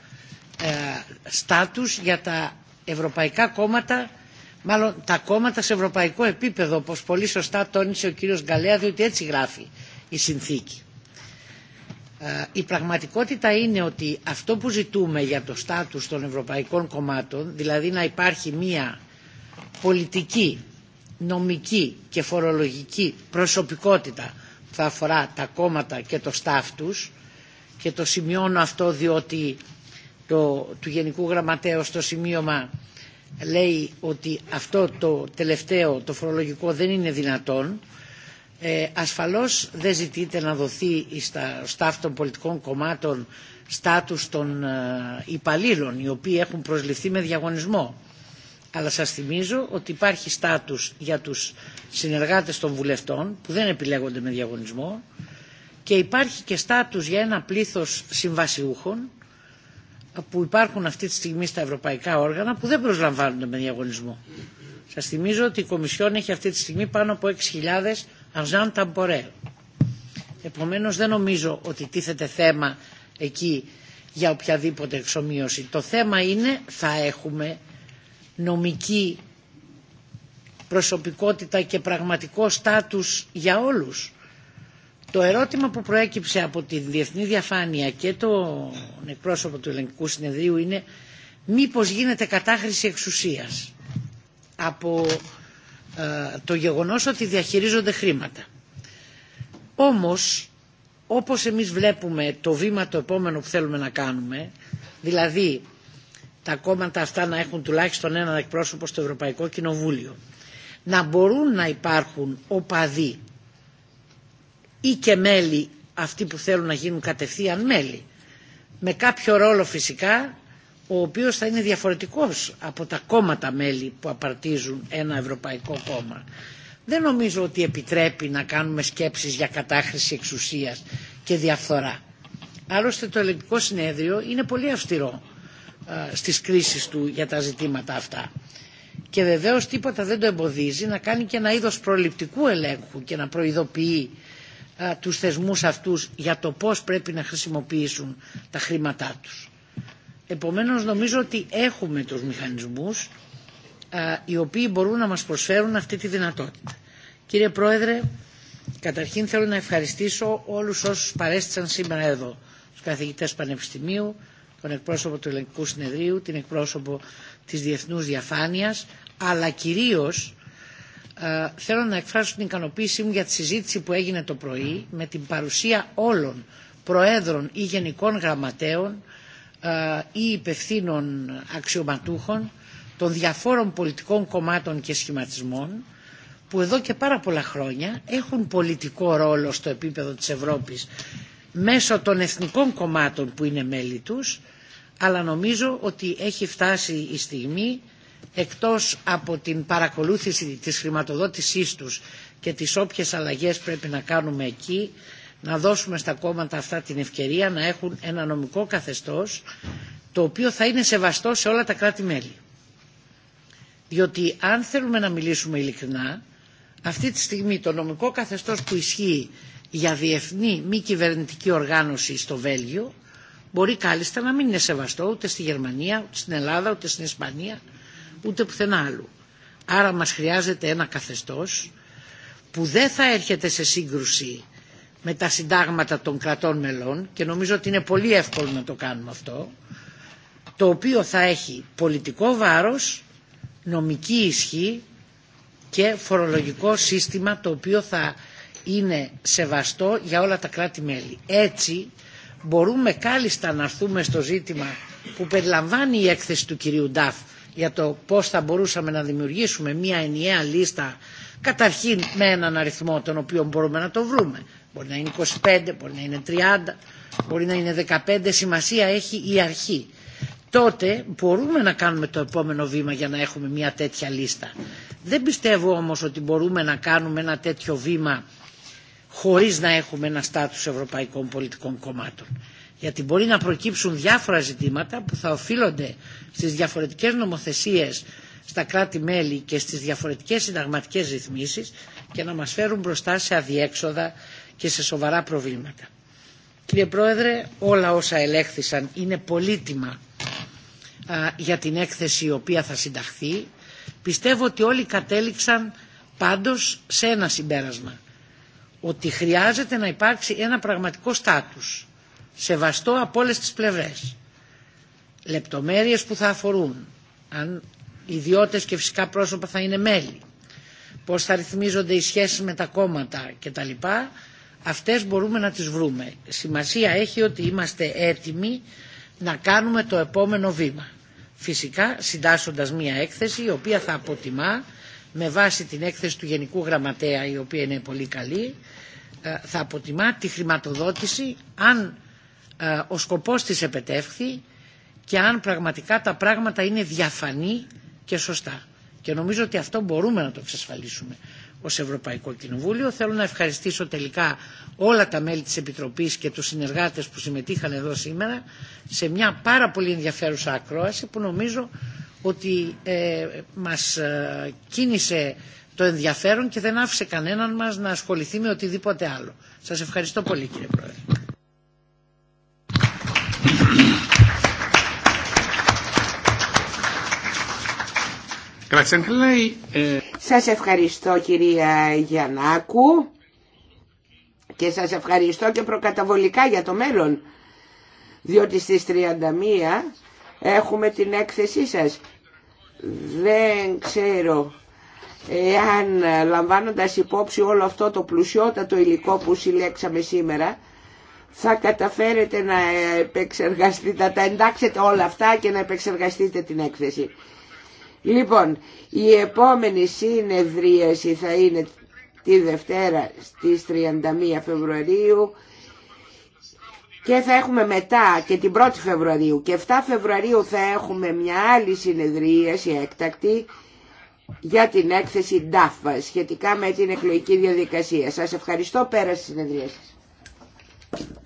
ε, στάτους για τα ευρωπαϊκά κόμματα μάλλον τα κόμματα σε ευρωπαϊκό επίπεδο, όπως πολύ σωστά τόνισε ο κύριος Γκαλέα, διότι έτσι γράφει η συνθήκη. Ε, η πραγματικότητα είναι ότι αυτό που ζητούμε για το στάτους των ευρωπαϊκών κομμάτων, δηλαδή να υπάρχει μία πολιτική, νομική και φορολογική προσωπικότητα που θα αφορά τα κόμματα και το στάφ και το σημειώνω αυτό διότι του Γενικού Γραμματέως το σημείωμα λέει ότι αυτό το τελευταίο, το φορολογικό δεν είναι δυνατόν, ε, ασφαλώς δεν ζητείται να δοθεί στα staff των πολιτικών κομμάτων στάτους των ε, υπαλλήλων οι οποίοι έχουν προσληφθεί με διαγωνισμό. Αλλά σας θυμίζω ότι υπάρχει στάτους για τους συνεργάτες των βουλευτών που δεν επιλέγονται με διαγωνισμό και υπάρχει και στάτους για ένα πλήθος συμβασιούχων που υπάρχουν αυτή τη στιγμή στα ευρωπαϊκά όργανα που δεν προσλαμβάνονται με διαγωνισμό. Σας θυμίζω ότι η Κομισιόν έχει αυτή τη στιγμή πάνω από 6.000 αζάν ταμπορέ. Επομένως δεν νομίζω ότι τίθεται θέμα εκεί για οποιαδήποτε εξομοίωση. Το θέμα είναι θα έχουμε νομική προσωπικότητα και πραγματικό στάτους για όλους. Το ερώτημα που προέκυψε από τη Διεθνή Διαφάνεια και τον εκπρόσωπο του Ελληνικού Συνεδρίου είναι μήπως γίνεται κατάχρηση εξουσίας από ε, το γεγονός ότι διαχειρίζονται χρήματα. Όμως, όπως εμείς βλέπουμε το βήμα το επόμενο που θέλουμε να κάνουμε, δηλαδή τα κόμματα αυτά να έχουν τουλάχιστον έναν εκπρόσωπο στο Ευρωπαϊκό Κοινοβούλιο, να μπορούν να υπάρχουν οπαδοί ή και μέλη αυτοί που θέλουν να γίνουν κατευθείαν μέλη. Με κάποιο ρόλο φυσικά ο οποίος θα είναι διαφορετικός από τα κόμματα μέλη που απαρτίζουν ένα ευρωπαϊκό κόμμα. Δεν νομίζω ότι επιτρέπει να κάνουμε σκέψεις για κατάχρηση εξουσίας και διαφθορά. Άλλωστε το Ελληνικό συνέδριο είναι πολύ αυστηρό στις κρίσεις του για τα ζητήματα αυτά. Και βεβαίως τίποτα δεν το εμποδίζει να κάνει και ένα είδος προληπτικού ελέγχου και να προειδοποιεί ε, τους θεσμούς αυτούς για το πώς πρέπει να χρησιμοποιήσουν τα χρήματά τους. Επομένως νομίζω ότι έχουμε τους μηχανισμούς ε, οι οποίοι μπορούν να μας προσφέρουν αυτή τη δυνατότητα. Κύριε Πρόεδρε, καταρχήν θέλω να ευχαριστήσω όλους όσους παρέστησαν σήμερα εδώ. Τους καθηγητές Πανεπιστημίου, τον εκπρόσωπο του Ελληνικού Συνεδρίου, την εκπρόσωπο της Διεθνούς Διαφάνειας, αλλά κυρίως ε, θέλω να εκφράσω την ικανοποίησή μου για τη συζήτηση που έγινε το πρωί με την παρουσία όλων προέδρων ή γενικών γραμματέων ε, ή υπευθύνων αξιωματούχων των διαφόρων πολιτικών κομμάτων και σχηματισμών που εδώ και πάρα πολλά χρόνια έχουν πολιτικό ρόλο στο επίπεδο της Ευρώπης μέσω των εθνικών κομμάτων που είναι μέλη τους αλλά νομίζω ότι έχει φτάσει η στιγμή εκτός από την παρακολούθηση της χρηματοδότησής τους και τις όποιες αλλαγές πρέπει να κάνουμε εκεί, να δώσουμε στα κόμματα αυτά την ευκαιρία να έχουν ένα νομικό καθεστώς το οποίο θα είναι σεβαστό σε όλα τα κράτη-μέλη. Διότι αν θέλουμε να μιλήσουμε ειλικρινά, αυτή τη στιγμή το νομικό καθεστώς που ισχύει για διεθνή μη κυβερνητική οργάνωση στο Βέλγιο μπορεί κάλλιστα να μην είναι σεβαστό ούτε στη Γερμανία, ούτε στην Ελλάδα, ούτε στην Ισπανία, ούτε πουθενά άλλου. Άρα μας χρειάζεται ένα καθεστώς που δεν θα έρχεται σε σύγκρουση με τα συντάγματα των κρατών μελών και νομίζω ότι είναι πολύ εύκολο να το κάνουμε αυτό το οποίο θα έχει πολιτικό βάρος, νομική ισχύ και φορολογικό σύστημα το οποίο θα είναι σεβαστό για όλα τα κράτη-μέλη. Έτσι μπορούμε κάλλιστα να έρθουμε στο ζήτημα που περιλαμβάνει η έκθεση του κυρίου Νταφ για το πώς θα μπορούσαμε να δημιουργήσουμε μια ενιαία λίστα καταρχήν με έναν αριθμό τον οποίο μπορούμε να το βρούμε. Μπορεί να είναι 25, μπορεί να είναι 30, μπορεί να είναι 15, σημασία έχει η αρχή. Τότε μπορούμε να κάνουμε το επόμενο βήμα για να έχουμε μια τέτοια λίστα. Δεν πιστεύω όμως ότι μπορούμε να κάνουμε ένα τέτοιο βήμα χωρίς να έχουμε ένα στάτους ευρωπαϊκών πολιτικών κομμάτων γιατί μπορεί να προκύψουν διάφορα ζητήματα που θα οφείλονται στις διαφορετικές νομοθεσίες στα κράτη-μέλη και στις διαφορετικές συνταγματικές ρυθμίσεις και να μας φέρουν μπροστά σε αδιέξοδα και σε σοβαρά προβλήματα. Κύριε Πρόεδρε, όλα όσα ελέγχθησαν είναι πολύτιμα για την έκθεση η οποία θα συνταχθεί. Πιστεύω ότι όλοι κατέληξαν πάντως σε ένα συμπέρασμα. Ότι χρειάζεται να υπάρξει ένα πραγματικό στάτους σεβαστό από όλε τις πλευρές. Λεπτομέρειες που θα αφορούν, αν ιδιώτες και φυσικά πρόσωπα θα είναι μέλη, πώ θα ρυθμίζονται οι σχέσει με τα κόμματα κτλ. Αυτές μπορούμε να τις βρούμε. Σημασία έχει ότι είμαστε έτοιμοι να κάνουμε το επόμενο βήμα. Φυσικά συντάσσοντας μία έκθεση η οποία θα αποτιμά με βάση την έκθεση του Γενικού Γραμματέα η οποία είναι πολύ καλή ε, θα αποτιμά τη χρηματοδότηση αν ο σκοπός της επετεύχθη και αν πραγματικά τα πράγματα είναι διαφανή και σωστά. Και νομίζω ότι αυτό μπορούμε να το εξασφαλίσουμε ως Ευρωπαϊκό Κοινοβούλιο. Θέλω να ευχαριστήσω τελικά όλα τα μέλη της Επιτροπής και τους συνεργάτες που συμμετείχαν εδώ σήμερα σε μια πάρα πολύ ενδιαφέρουσα ακρόαση που νομίζω ότι ε, μας ε, κίνησε το ενδιαφέρον και δεν άφησε κανέναν μας να ασχοληθεί με οτιδήποτε άλλο. Σας ευχαριστώ πολύ κύριε Πρόεδρε. Eh. Σας ευχαριστώ κυρία Γιαννάκου και σας ευχαριστώ και προκαταβολικά για το μέλλον διότι στις 31 έχουμε την έκθεσή σας. Δεν ξέρω εάν λαμβάνοντας υπόψη όλο αυτό το πλουσιότατο υλικό που συλλέξαμε σήμερα θα καταφέρετε να επεξεργαστείτε, να τα εντάξετε όλα αυτά και να επεξεργαστείτε την έκθεση. Λοιπόν, η επόμενη συνεδρίαση θα είναι τη Δευτέρα στις 31 Φεβρουαρίου και θα έχουμε μετά και την 1η Φεβρουαρίου και 7 Φεβρουαρίου θα έχουμε μια άλλη συνεδρίαση έκτακτη για την έκθεση ΝΤΑΦΑ σχετικά με την εκλογική διαδικασία. Σας ευχαριστώ πέρα συνεδρία συνεδρίες